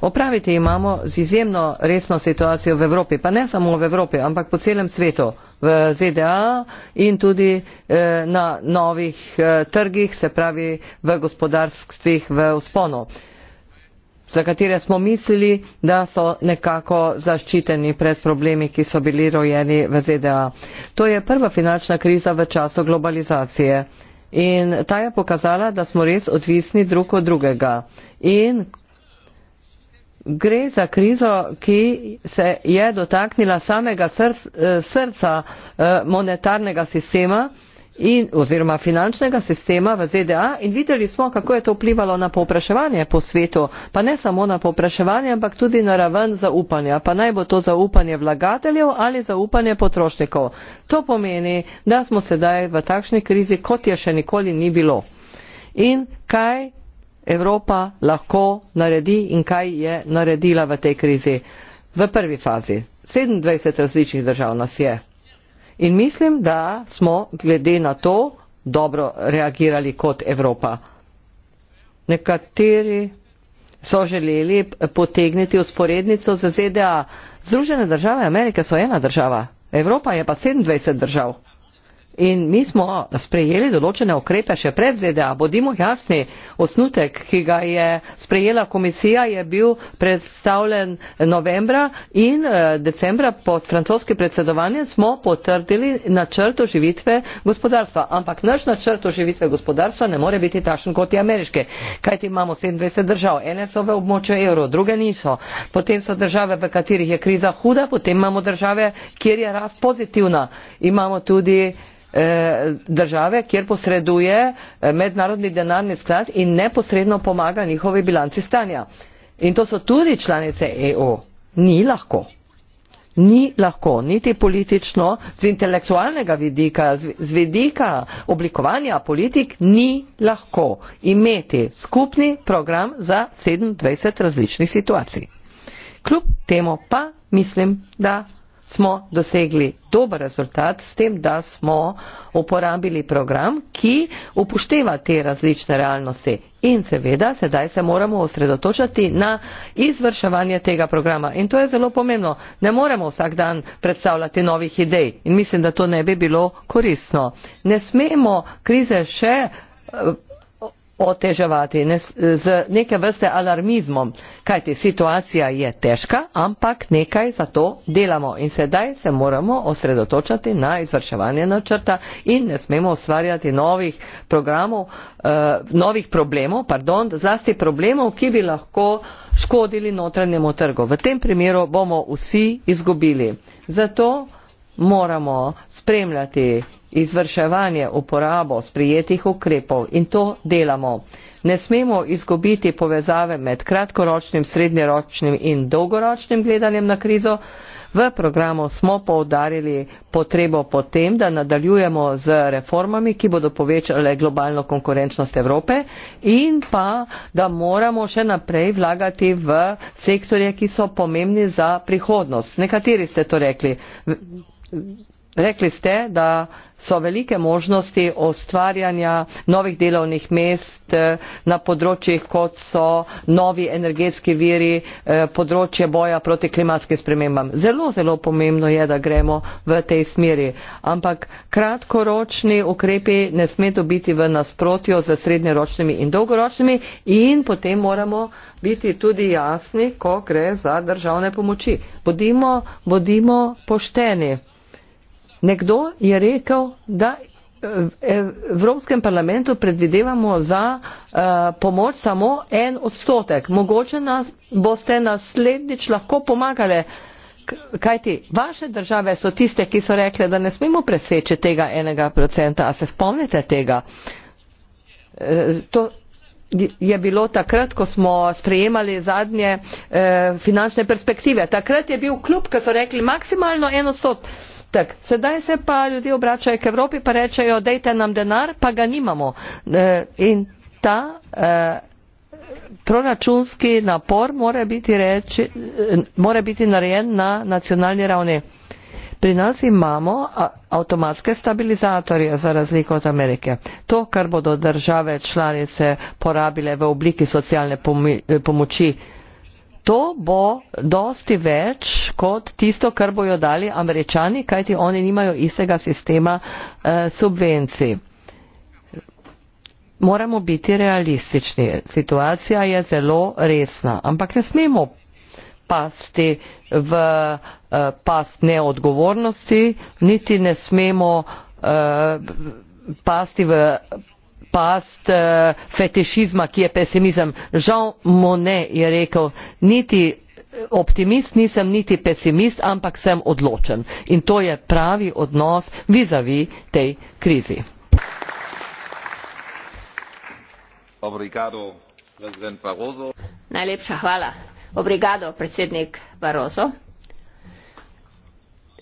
opraviti imamo z izjemno resno situacijo v Evropi, pa ne samo v Evropi, ampak po celem svetu, v ZDA in tudi eh, na novih eh, trgih, se pravi v gospodarstvih v usponu, za katere smo mislili, da so nekako zaščiteni pred problemi, ki so bili rojeni v ZDA. To je prva finančna kriza v času globalizacije. In ta je pokazala, da smo res odvisni drug od drugega. In gre za krizo, ki se je dotaknila samega src, eh, srca eh, monetarnega sistema in, oziroma finančnega sistema v ZDA in videli smo, kako je to vplivalo na popraševanje po svetu, pa ne samo na popraševanje, ampak tudi na raven zaupanja, pa naj bo to zaupanje vlagateljev ali zaupanje potrošnikov. To pomeni, da smo sedaj v takšni krizi, kot je še nikoli ni bilo. In kaj Evropa lahko naredi in kaj je naredila v tej krizi. V prvi fazi 27 različnih držav nas je. In mislim, da smo glede na to dobro reagirali kot Evropa. Nekateri so želeli potegniti usporednico z ZDA. Združene države Amerike so ena država, Evropa je pa 27 držav. In mi smo sprejeli določene okrepe še pred ZDA. Bodimo jasni, osnutek, ki ga je sprejela komisija, je bil predstavljen novembra in eh, decembra pod francoski predsedovanje smo potrdili načrt oživitve gospodarstva. Ampak naš načrt oživitve gospodarstva ne more biti takšen kot je ameriške. Kaj ti imamo 27 držav? Ene so v območju evro, druge niso. Potem so države, v katerih je kriza huda, potem imamo države, kjer je rast pozitivna. Imamo tudi Eh, države, kjer posreduje eh, mednarodni denarni sklad in neposredno pomaga njihovi bilanci stanja. In to so tudi članice EU. Ni lahko. Ni lahko, niti politično, z intelektualnega vidika, z vidika oblikovanja politik, ni lahko imeti skupni program za 27 različnih situacij. Kljub temu pa mislim, da smo dosegli dober rezultat s tem, da smo uporabili program, ki upošteva te različne realnosti. In seveda, sedaj se moramo osredotočati na izvrševanje tega programa. In to je zelo pomembno. Ne moremo vsak dan predstavljati novih idej. In mislim, da to ne bi bilo koristno. Ne smemo krize še eh, oteževati z neke vrste alarmizmom, kajti situacija je težka, ampak nekaj za to delamo in sedaj se moramo osredotočati na izvrševanje načrta in ne smemo ustvarjati novih programov, eh, novih problemov, pardon, zlasti problemov, ki bi lahko škodili notranjemu trgu. V tem primeru bomo vsi izgubili. Zato moramo spremljati izvrševanje, uporabo sprijetih ukrepov in to delamo. Ne smemo izgubiti povezave med kratkoročnim, srednjeročnim in dolgoročnim gledanjem na krizo. V programu smo poudarili potrebo po tem, da nadaljujemo z reformami, ki bodo povečale globalno konkurenčnost Evrope in pa, da moramo še naprej vlagati v sektorje, ki so pomembni za prihodnost. Nekateri ste to rekli rekli ste, da so velike možnosti ustvarjanja novih delovnih mest eh, na področjih, kot so novi energetski viri, eh, področje boja proti klimatskim spremembam. Zelo, zelo pomembno je, da gremo v tej smeri. Ampak kratkoročni ukrepi ne smeto biti v nasprotju z srednjeročnimi in dolgoročnimi in potem moramo biti tudi jasni, ko gre za državne pomoči. Bodimo, bodimo pošteni. Nekdo je rekel, da eh, v Evropskem parlamentu predvidevamo za uh, pomoč samo en odstotek. Mogoče nas, boste naslednjič lahko pomagali, kajti vaše države so tiste, ki so rekle, da ne smemo preseči tega enega procenta. A se spomnite tega? Eh, to je bilo takrat, ko smo sprejemali zadnje eh, finančne perspektive. Takrat je bil klub, ki so rekli maksimalno en odstotek občutek. Sedaj se pa ljudje obračajo k Evropi, pa rečejo, dejte nam denar, pa ga nimamo. E, in ta e, proračunski napor mora biti, reči, e, mora biti narejen na nacionalni ravni. Pri nas imamo avtomatske stabilizatorje za razliko od Amerike. To, kar bodo države članice porabile v obliki socialne pomoči, to bo dosti več kot tisto, kar bojo dali američani, kajti oni nimajo istega sistema eh, subvencij. Moramo biti realistični. Situacija je zelo resna, ampak ne smemo pasti v eh, past neodgovornosti, niti ne smemo eh, pasti v past eh, fetišizma, ki je pesimizem. Žal Monet je rekel, niti eh, optimist nisem, niti pesimist, ampak sem odločen. In to je pravi odnos vizavi tej krizi. Obrigado, predsednik Barroso. Najlepša hvala. Obrigado, predsednik Barroso.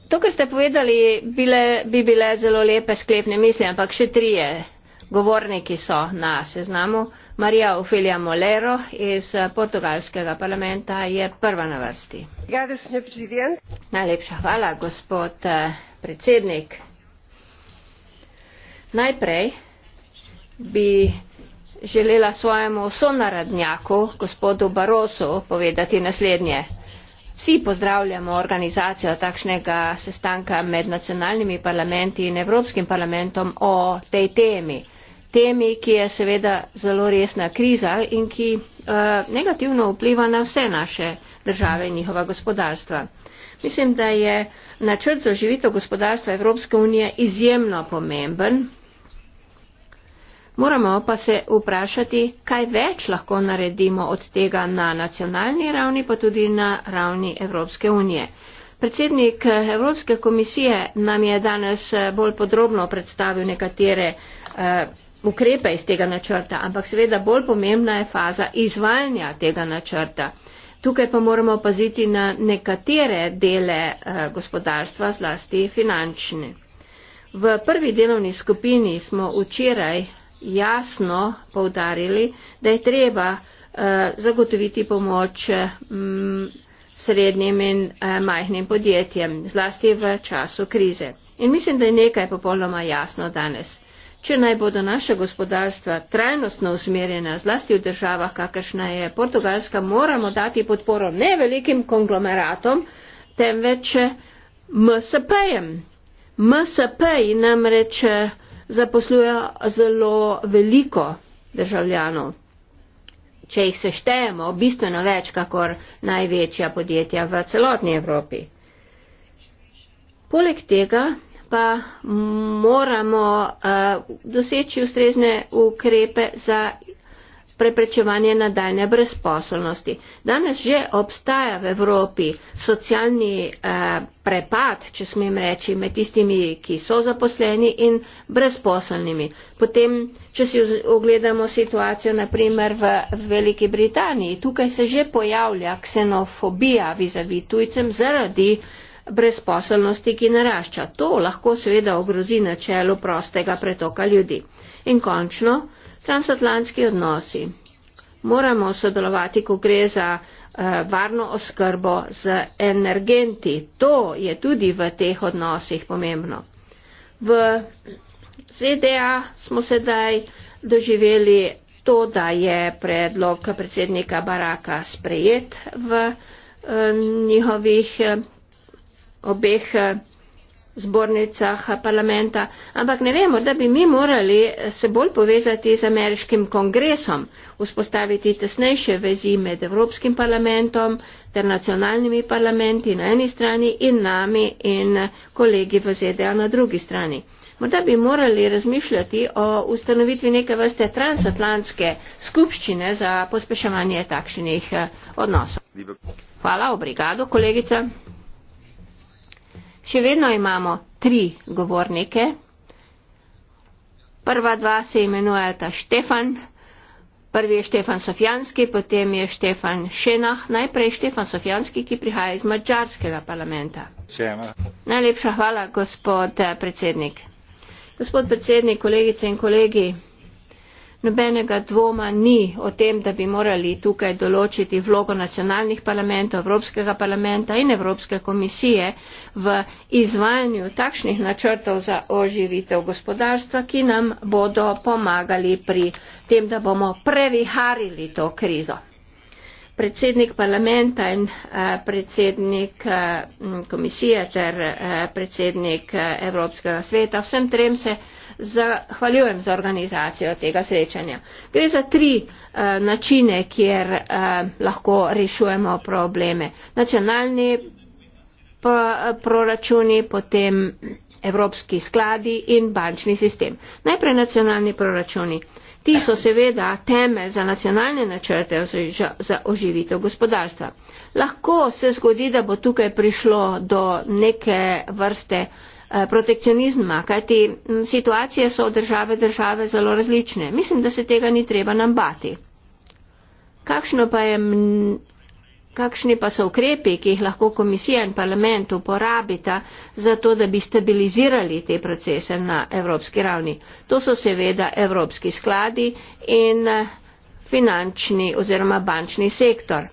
To, kar ste povedali, bile, bi bile zelo lepe sklepne misli, ampak še trije govorniki so na seznamu marija ofelija molero iz eh, portugalskega parlamenta je prva na vrsti ja, najlepša hvala gospod eh, predsednik najprej bi želela svojemu sonarodnjaku gospodu barosu povedati naslednje Vsi pozdravljamo organizacijo takšnega sestanka med nacionalnimi parlamenti in Evropskim parlamentom o tej temi temi, ki je seveda zelo resna kriza in ki uh, negativno vpliva na vse naše države in njihova gospodarstva. Mislim, da je načrt za oživitev gospodarstva Evropske unije izjemno pomemben. Moramo pa se vprašati, kaj več lahko naredimo od tega na nacionalni ravni, pa tudi na ravni Evropske unije. Predsednik eh, Evropske komisije nam je danes eh, bolj podrobno predstavil nekatere uh, ukrepe iz tega načrta, ampak seveda bolj pomembna je faza izvajanja tega načrta. Tukaj pa moramo paziti na nekatere dele eh, gospodarstva, zlasti finančne. V prvi delovni skupini smo včeraj jasno povdarili, da je treba eh, zagotoviti pomoč mm, srednjim in eh, majhnim podjetjem, zlasti v času krize. In mislim, da je nekaj popolnoma jasno danes. Če naj bodo naše gospodarstva trajnostno usmerjena, zlasti v državah, kakršna je Portugalska, moramo dati podporo ne velikim konglomeratom, temveč MSP-jem. MSP-ji namreč eh, zaposlujejo zelo veliko državljanov. Če jih seštejemo, bistveno več, kakor največja podjetja v celotni Evropi. Poleg tega pa moramo uh, doseči ustrezne ukrepe za preprečevanje nadaljne brezposobnosti. Danes že obstaja v Evropi socialni eh, prepad, če smem reči, med tistimi, ki so zaposleni in brezposobnimi. Potem, če si ogledamo situacijo naprimer v Veliki Britaniji, tukaj se že pojavlja ksenofobija vizavi tujcem zaradi eh, brezposelnosti, ki narašča. To lahko seveda ogrozi načelo prostega pretoka ljudi. In končno, transatlantski odnosi. Moramo sodelovati, ko gre za eh, varno oskrbo z energenti. To je tudi v teh odnosih pomembno. V ZDA smo sedaj doživeli to, da je predlog predsednika Baraka sprejet v eh, njihovih eh, obeh eh, zbornicah eh, parlamenta, ampak ne vem, morda bi mi morali se bolj povezati z ameriškim kongresom, vzpostaviti tesnejše vezi med Evropskim parlamentom ter nacionalnimi parlamenti na eni strani in nami in kolegi v ZDA na drugi strani. Morda bi morali razmišljati o ustanovitvi neke vrste transatlantske skupščine za pospeševanje takšnih eh, odnosov. Hvala, obrigado, kolegica. Še vedno imamo tri govornike. Prva dva se imenujeta Štefan, prvi je Štefan Sofjanski, potem je Štefan Šenah, najprej Štefan Sofjanski, ki prihaja iz mačarskega parlamenta. Najlepša hvala, gospod eh, predsednik. Gospod predsednik, kolegice in kolegi nobenega dvoma ni o tem, da bi morali tukaj določiti vlogo nacionalnih parlamentov, Evropskega parlamenta in Evropske komisije v izvajanju takšnih načrtov za oživitev gospodarstva, ki nam bodo pomagali pri tem, da bomo previharili to krizo. Predsednik parlamenta in eh, predsednik eh, komisije ter eh, predsednik Evropskega sveta, vsem trem se zahvaljujem za organizacijo tega srečanja. Gre za tri eh, načine, kjer eh, lahko rešujemo probleme. Nacionalni pr eh, proračuni, potem evropski skladi in bančni sistem. Najprej nacionalni proračuni. Ti so seveda teme za nacionalne načrte za oživitev gospodarstva. Lahko se zgodi, da bo tukaj prišlo do neke vrste Eh, protekcionizma, kajti situacije so od države države zelo različne. Mislim, da se tega ni treba nam bati. Kakšno pa je. Kakšni pa so ukrepi, ki jih lahko komisija in parlament uporabita za to, da bi stabilizirali te procese na evropski ravni? To so seveda evropski skladi in eh, finančni oziroma bančni sektor.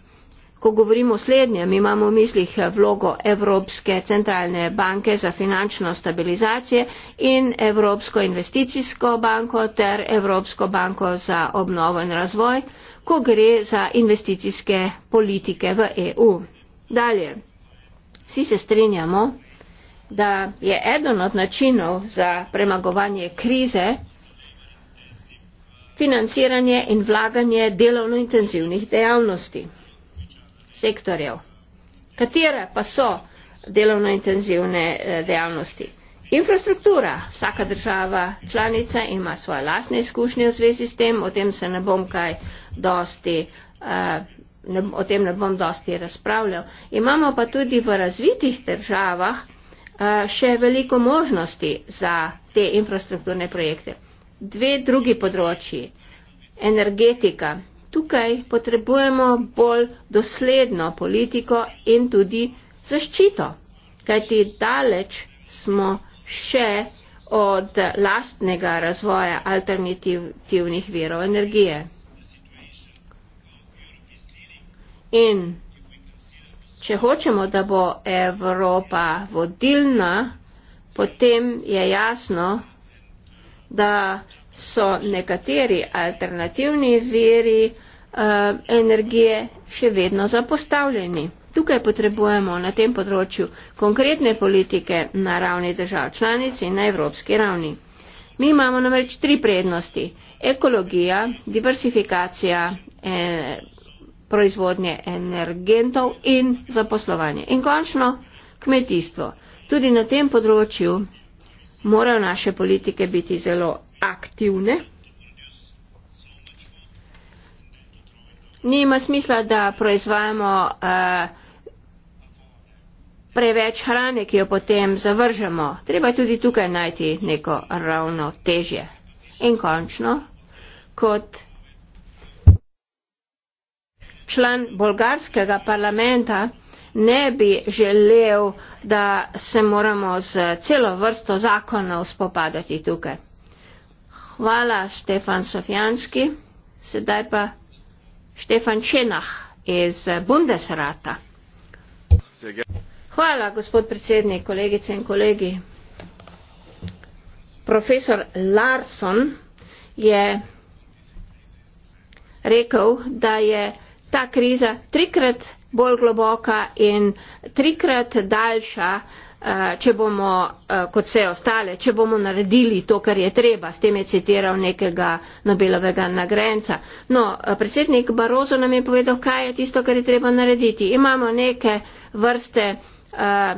Ko govorimo o slednjem, imamo v mislih eh, vlogo Evropske centralne banke za finančno stabilizacijo in Evropsko investicijsko banko ter Evropsko banko za obnovo in razvoj, ko gre za investicijske politike v EU. Dalje, vsi se strinjamo, da je eden od načinov za premagovanje krize financiranje in vlaganje delovno intenzivnih dejavnosti sektorjev. Katere pa so delovno intenzivne eh, dejavnosti? Infrastruktura. Vsaka država članica ima svoje lasne izkušnje v zvezi s tem, o tem se ne bom kaj dosti. Eh, ne, o tem ne bom dosti razpravljal. Imamo pa tudi v razvitih državah eh, še veliko možnosti za te infrastrukturne projekte. Dve drugi področji. Energetika. Tukaj potrebujemo bolj dosledno politiko in tudi zaščito, kajti daleč smo še od lastnega razvoja alternativnih virov energije. In če hočemo, da bo Evropa vodilna, potem je jasno, da so nekateri alternativni veri eh, energije še vedno zapostavljeni. Tukaj potrebujemo na tem področju konkretne politike na ravni držav članic in na evropski ravni. Mi imamo namreč tri prednosti. Ekologija, diversifikacija eh, proizvodnje energentov in zaposlovanje. In končno kmetijstvo. Tudi na tem področju morajo naše politike biti zelo aktivne. Nima smisla, da proizvajamo uh, preveč hrane, ki jo potem zavržemo. Treba je tudi tukaj najti neko ravno težje. In končno, kot član bolgarskega parlamenta ne bi želel, da se moramo z celo vrsto zakonov spopadati tukaj. Hvala, Štefan Sofijanski. Sedaj pa Štefan Čenah iz Bundesrata. Hvala, gospod predsednik, kolegice in kolegi. Profesor Larson je rekel, da je ta kriza trikrat bolj globoka in trikrat daljša uh, Eh, če bomo, eh, kot vse ostale, če bomo naredili to, kar je treba. S tem je citiral nekega Nobelovega nagrajenca. No, eh, predsednik Barozo nam je povedal, kaj je tisto, kar je treba narediti. Imamo neke vrste uh,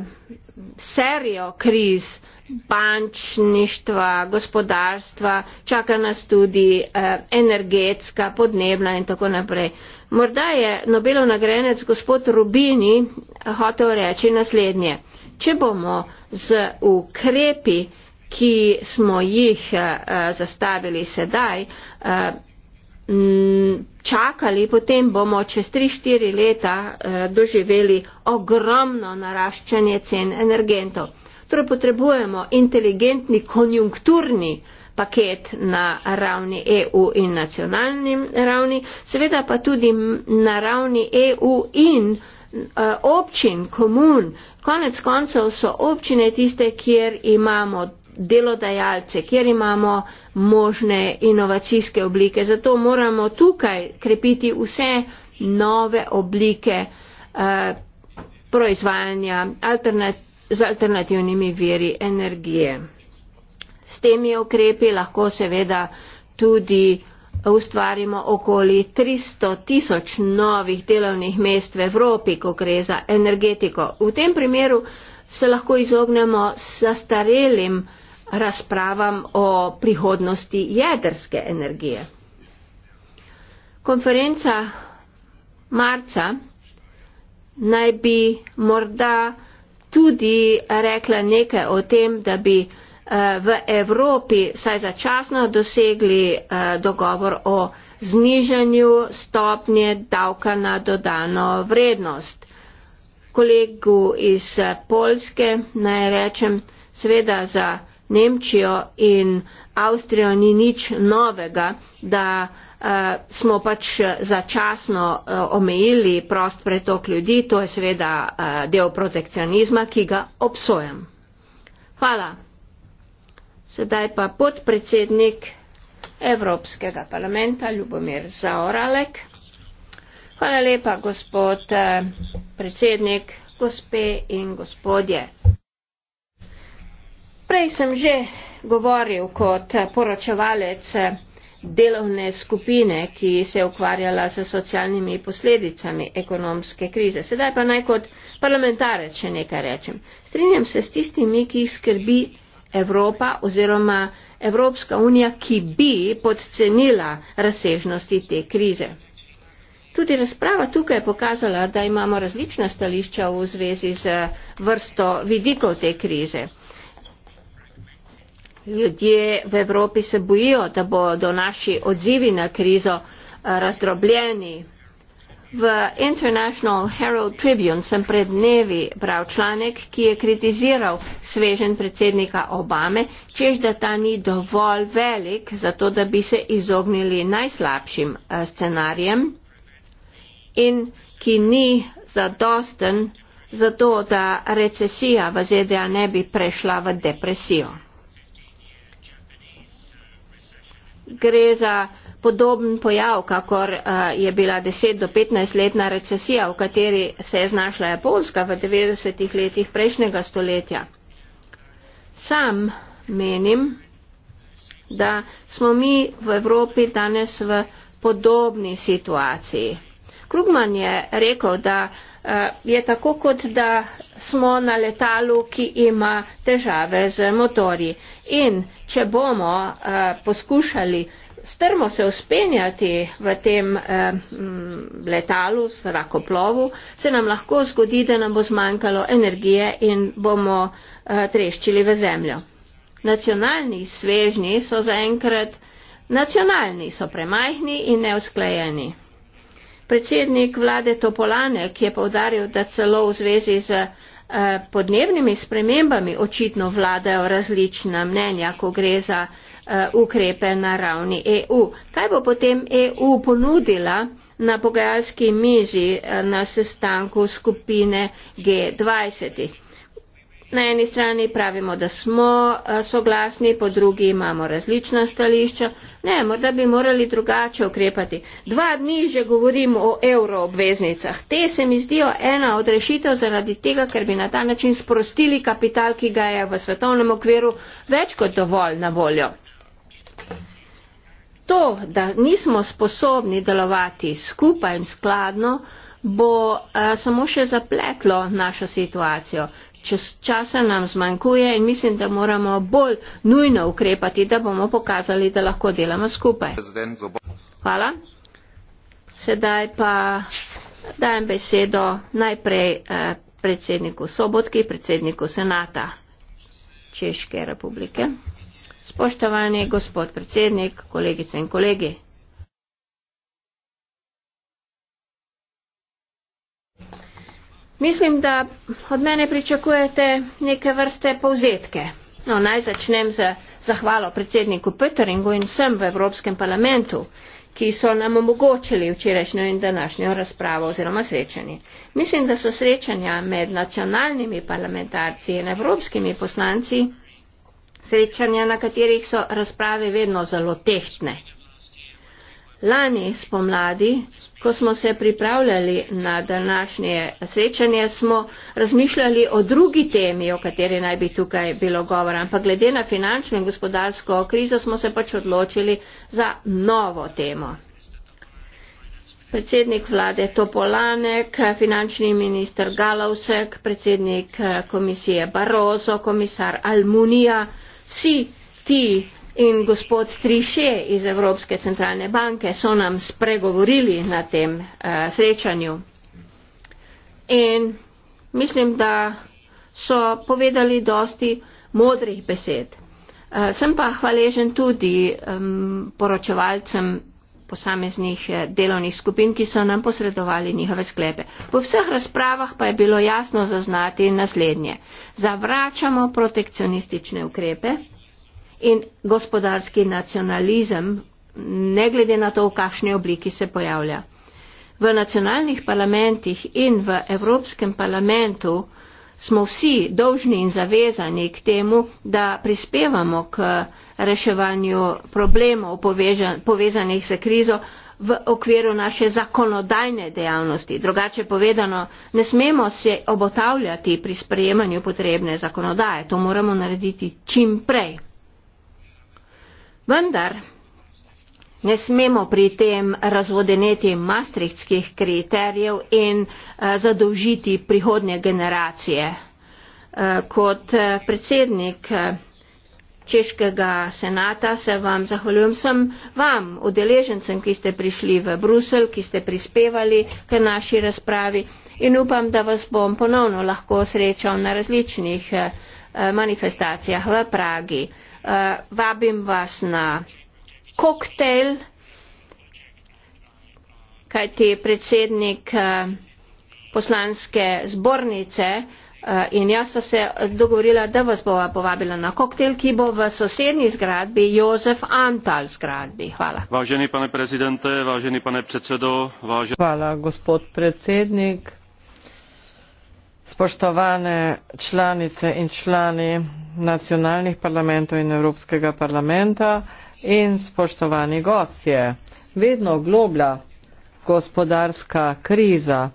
serijo kriz bančništva, gospodarstva, čaka nas tudi eh, energetska, podnebna in tako naprej. Morda je Nobelov nagrajenec gospod Rubini hotel reči naslednje če bomo z ukrepi, ki smo jih uh, zastavili sedaj, uh, čakali, potem bomo čez 3-4 leta eh, doživeli ogromno naraščanje cen energentov. Torej potrebujemo inteligentni konjunkturni paket na ravni EU in nacionalnim ravni, seveda pa tudi na ravni EU in Eh, občin, komun, konec koncev so občine tiste, kjer imamo delodajalce, kjer imamo možne inovacijske oblike. Zato moramo tukaj krepiti vse nove oblike eh, proizvajanja alternat z alternativnimi veri energije. S temi okrepi lahko seveda tudi ustvarimo okoli 300 tisoč novih delovnih mest v Evropi, ko gre za energetiko. V tem primeru se lahko izognemo zastarelim razpravam o prihodnosti jedrske energije. Konferenca marca naj bi morda tudi rekla nekaj o tem, da bi Eh, v Evropi saj začasno dosegli eh, dogovor o znižanju stopnje davka na dodano vrednost. Kolegu iz Polske naj rečem, seveda za Nemčijo in Avstrijo ni nič novega, da uh, smo pač začasno uh, omejili prost pretok ljudi. To je seveda uh, del protekcionizma, ki ga obsojam. Hvala. Sedaj pa podpredsednik Evropskega parlamenta Ljubomir Zaoralek. Hvala lepa, gospod eh, predsednik, gospe in gospodje. Prej sem že govoril kot poročevalec delovne skupine, ki se je ukvarjala s socialnimi posledicami ekonomske krize. Sedaj pa naj kot parlamentarec še nekaj rečem. Strinjam se s tistimi, ki jih skrbi Evropa oziroma Evropska unija, ki bi podcenila razsežnosti te krize. Tudi razprava tukaj je pokazala, da imamo različna stališča v zvezi z vrsto vidikov te krize. Ljudje v Evropi se bojijo, da bodo naši odzivi na krizo eh, razdrobljeni, V International Herald Tribune sem pred dnevi bral članek, ki je kritiziral svežen predsednika Obame, čež da ta ni dovolj velik, zato da bi se izognili najslabšim eh, scenarijem in ki ni zadosten, zato da recesija v ZDA ne bi prešla v depresijo. Gre za podoben pojav, kakor eh, je bila 10 do 15 letna recesija, v kateri se je znašla Japonska v 90-ih letih prejšnjega stoletja. Sam menim, da smo mi v Evropi danes v podobni situaciji. Krugman je rekel, da eh, je tako, kot da smo na letalu, ki ima težave z motori. In če bomo eh, poskušali strmo se uspenjati v tem eh, letalu, zrakoplovu, se nam lahko zgodi, da nam bo zmanjkalo energije in bomo eh, treščili v zemljo. Nacionalni svežni so zaenkrat nacionalni, so premajhni in neusklajeni. Predsednik vlade Topolanek je povdaril, da celo v zvezi z eh, podnebnimi spremembami očitno vladajo različna mnenja, ko gre za Eh, ukrepe na ravni EU. Kaj bo potem EU ponudila na pogajalski miži eh, na sestanku skupine G20? Na eni strani pravimo, da smo eh, soglasni, po drugi imamo različna stališča. Ne, morda bi morali drugače ukrepati. Dva dni že govorimo o euroobveznicah. Te se mi zdijo ena od rešitev zaradi tega, ker bi na ta način sprostili kapital, ki ga je v svetovnem okviru več kot dovolj na voljo to, da nismo sposobni delovati skupaj in skladno, bo a, eh, samo še zapletlo našo situacijo. Čas, časa nam zmanjkuje in mislim, da moramo bolj nujno ukrepati, da bomo pokazali, da lahko delamo skupaj. Hvala. Sedaj pa dajem besedo najprej eh, predsedniku Sobotki, predsedniku Senata Češke republike. Spoštovani gospod predsednik, kolegice in kolegi. Mislim, da od mene pričakujete neke vrste povzetke. No, naj začnem z zahvalo predsedniku Petringu in vsem v Evropskem parlamentu, ki so nam omogočili včerajšnjo in današnjo razpravo oziroma srečanje. Mislim, da so srečanja med nacionalnimi parlamentarci in evropskimi poslanci srečanja, na katerih so razprave vedno zelo tehtne. Lani spomladi, ko smo se pripravljali na današnje srečanje, smo razmišljali o drugi temi, o kateri naj bi tukaj bilo govora, ampak glede na finančno in gospodarsko krizo smo se pač odločili za novo temo. Predsednik vlade Topolanek, finančni minister Galovsek, predsednik eh, komisije Barozo, komisar Almunija, vsi ti in gospod Triše iz Evropske centralne banke so nam spregovorili na tem uh, srečanju. In mislim, da so povedali dosti modrih besed. Uh, sem pa hvaležen tudi um, poročevalcem posameznih eh, delovnih skupin, ki so nam posredovali njihove sklepe. Po vseh razpravah pa je bilo jasno zaznati naslednje. Zavračamo protekcionistične ukrepe in gospodarski nacionalizem, ne glede na to, v kakšni obliki se pojavlja. V nacionalnih parlamentih in v Evropskem parlamentu smo vsi dolžni in zavezani k temu, da prispevamo k reševanju problemov povezanih s krizo v okviru naše zakonodajne dejavnosti. Drugače povedano, ne smemo se obotavljati pri sprejemanju potrebne zakonodaje. To moramo narediti čim prej. Vendar ne smemo pri tem razvodeneti mastrihtskih kriterijev in uh, zadolžiti prihodnje generacije. Uh, kot uh, predsednik uh, Češkega senata se vam zahvaljujem sem vam, udeležencem, ki ste prišli v Brusel, ki ste prispevali k naši razpravi in upam, da vas bom ponovno lahko srečal na različnih eh, manifestacijah v Pragi. Eh, vabim vas na koktejl, kajti predsednik eh, poslanske zbornice Eh, in jaz sva se dogovorila, da vas bova povabila na koktejl, ki bo v sosednji zgradbi, Jozef Antal zgradbi. Hvala. Važeni pane prezidente, važeni pane predsedo, važeni. Hvala, gospod predsednik. Spoštovane članice in člani nacionalnih parlamentov in Evropskega parlamenta in spoštovani gostje, vedno globlja gospodarska kriza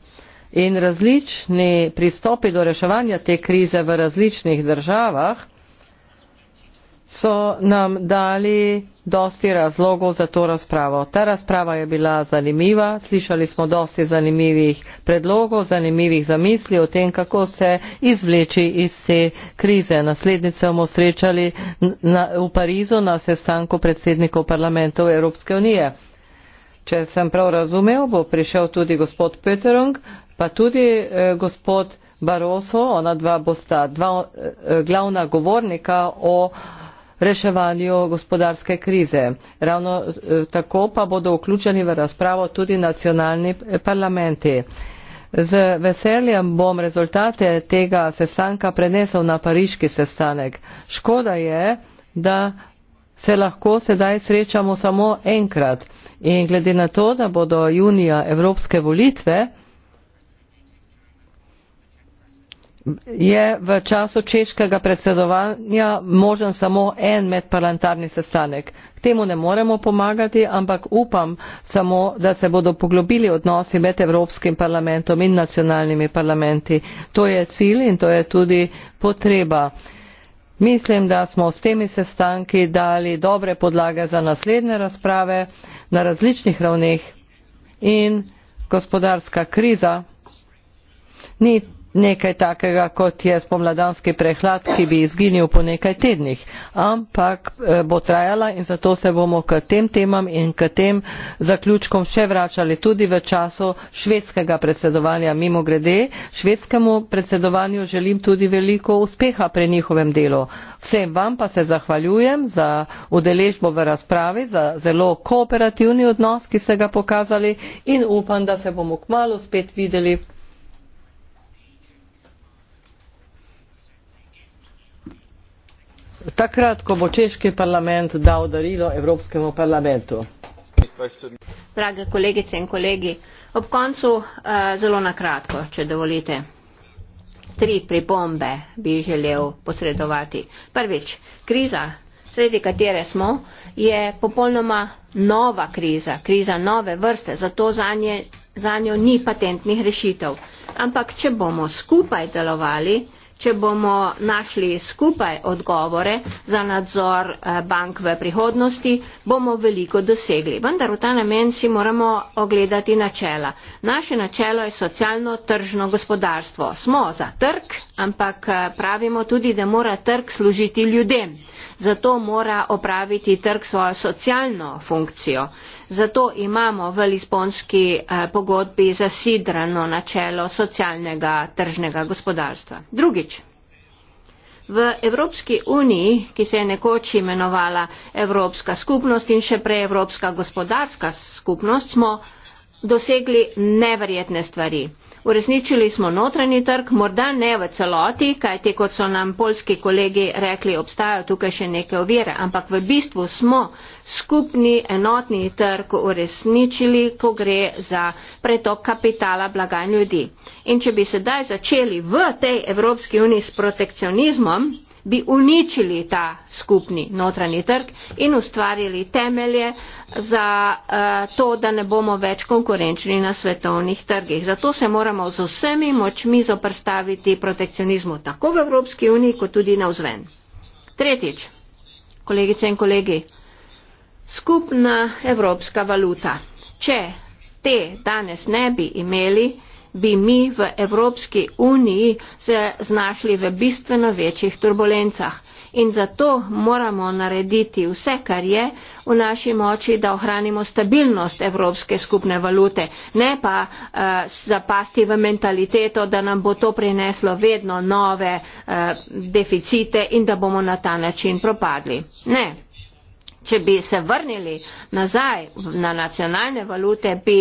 in različni pristopi do reševanja te krize v različnih državah so nam dali dosti razlogov za to razpravo. Ta razprava je bila zanimiva, slišali smo dosti zanimivih predlogov, zanimivih zamisli o tem, kako se izvleči iz te krize. Naslednice bomo srečali na, v Parizu na sestanku predsednikov parlamentov Evropske unije. Če sem prav razumel, bo prišel tudi gospod Peterung, pa tudi eh, gospod Baroso, ona dva bosta dva eh, eh, glavna govornika o reševanju gospodarske krize. Ravno eh, tako pa bodo vključeni v razpravo tudi nacionalni eh, parlamenti. Z veseljem bom rezultate tega sestanka prenesel na pariški sestanek. Škoda je, da se lahko sedaj srečamo samo enkrat. In glede na to, da bodo junija evropske volitve, je v času češkega predsedovanja možen samo en medparlamentarni sestanek. K temu ne moremo pomagati, ampak upam samo, da se bodo poglobili odnosi med Evropskim parlamentom in nacionalnimi parlamenti. To je cilj in to je tudi potreba. Mislim, da smo s temi sestanki dali dobre podlage za naslednje razprave na različnih ravneh in gospodarska kriza ni nekaj takega, kot je spomladanski prehlad, ki bi izginil po nekaj tednih, ampak eh, bo trajala in zato se bomo k tem temam in k tem zaključkom še vračali tudi v času švedskega predsedovanja. Mimo grede, švedskemu predsedovanju želim tudi veliko uspeha pri njihovem delu. Vsem vam pa se zahvaljujem za udeležbo v razpravi, za zelo kooperativni odnos, ki ste ga pokazali in upam, da se bomo kmalo spet videli Takrat, ko bo Češki parlament dal darilo Evropskemu parlamentu. Drage kolegice in kolegi, ob koncu eh, zelo nakratko, če dovolite. Tri pripombe bi želel posredovati. Prvič, kriza, sredi katere smo, je popolnoma nova kriza, kriza nove vrste, zato za, nje, za njo ni patentnih rešitev. Ampak, če bomo skupaj delovali, če bomo našli skupaj odgovore za nadzor eh, bank v prihodnosti, bomo veliko dosegli. Vendar v ta namen si moramo ogledati načela. Naše načelo je socialno tržno gospodarstvo. Smo za trg, ampak eh, pravimo tudi, da mora trg služiti ljudem. Zato mora opraviti trg svojo socialno funkcijo. Zato imamo v Lisbonski eh, pogodbi zasidrano načelo socialnega tržnega gospodarstva. Drugič. V Evropski uniji, ki se je nekoč imenovala Evropska skupnost in še prej Evropska gospodarska skupnost, smo dosegli neverjetne stvari. Uresničili smo notranji trg, morda ne v celoti, kajti kot so nam polski kolegi rekli, obstajajo tukaj še neke ovire, ampak v bistvu smo skupni enotni trg uresničili, ko gre za pretok kapitala blaga in ljudi. In če bi sedaj začeli v tej Evropski uniji s protekcionizmom, bi uničili ta skupni notranji trg in ustvarili temelje za eh, to, da ne bomo več konkurenčni na svetovnih trgih. Zato se moramo z vsemi močmi zoprstaviti protekcionizmu tako v Evropski uniji, kot tudi na vzven. Tretjič, kolegice in kolegi, skupna evropska valuta. Če te danes ne bi imeli, bi mi v Evropski uniji se znašli v bistveno večjih turbulencah. In zato moramo narediti vse, kar je v naši moči, da ohranimo stabilnost Evropske skupne valute, ne pa uh, zapasti v mentaliteto, da nam bo to prineslo vedno nove uh, deficite in da bomo na ta način propadli. Ne. Če bi se vrnili nazaj na nacionalne valute, bi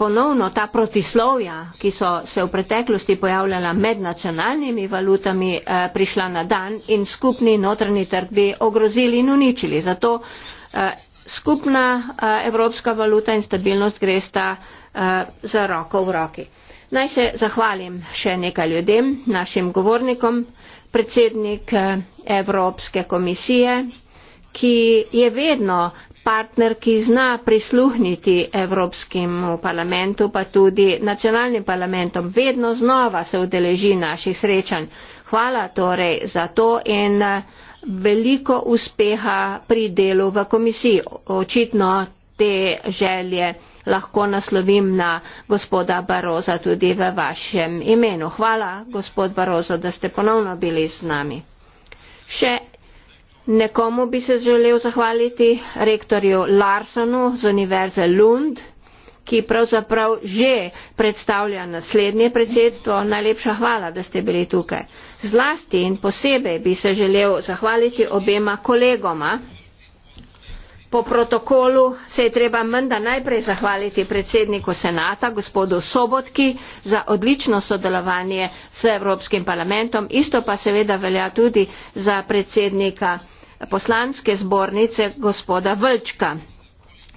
ponovno ta protislovja, ki so se v preteklosti pojavljala med nacionalnimi valutami, eh, prišla na dan in skupni notranji trg bi ogrozili in uničili. Zato eh, skupna eh, evropska valuta in stabilnost gre sta eh, za roko v roki. Naj se zahvalim še nekaj ljudem, našim govornikom, predsednik eh, Evropske komisije, ki je vedno partner, ki zna prisluhniti Evropskim parlamentu, pa tudi nacionalnim parlamentom. Vedno znova se udeleži naših srečanj. Hvala torej za to in eh, veliko uspeha pri delu v komisiji. Očitno te želje lahko naslovim na gospoda Baroza tudi v vašem imenu. Hvala, gospod Barozo, da ste ponovno bili z nami. Še Nekomu bi se želel zahvaliti rektorju Larsonu z Univerze Lund, ki pravzaprav že predstavlja naslednje predsedstvo. Najlepša hvala, da ste bili tukaj. Zlasti in posebej bi se želel zahvaliti obema kolegoma. Po protokolu se je treba menda najprej zahvaliti predsedniku senata, gospodu Sobotki, za odlično sodelovanje s Evropskim parlamentom. Isto pa seveda velja tudi za predsednika poslanske zbornice, gospoda Vlčka.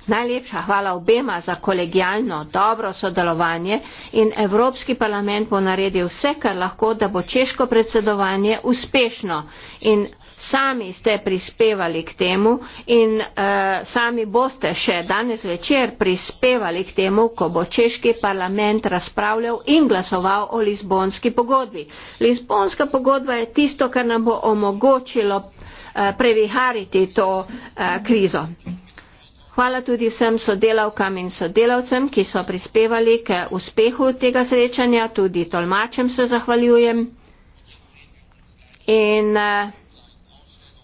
Najlepša hvala obema za kolegijalno dobro sodelovanje in Evropski parlament bo naredil vse, kar lahko, da bo češko predsedovanje uspešno in sami ste prispevali k temu in uh, sami boste še danes večer prispevali k temu, ko bo češki parlament razpravljal in glasoval o Lizbonski pogodbi. Lizbonska pogodba je tisto, kar nam bo omogočilo uh, previhariti to uh, krizo. Hvala tudi vsem sodelavkam in sodelavcem, ki so prispevali k uspehu tega srečanja, tudi tolmačem se zahvaljujem. In, uh,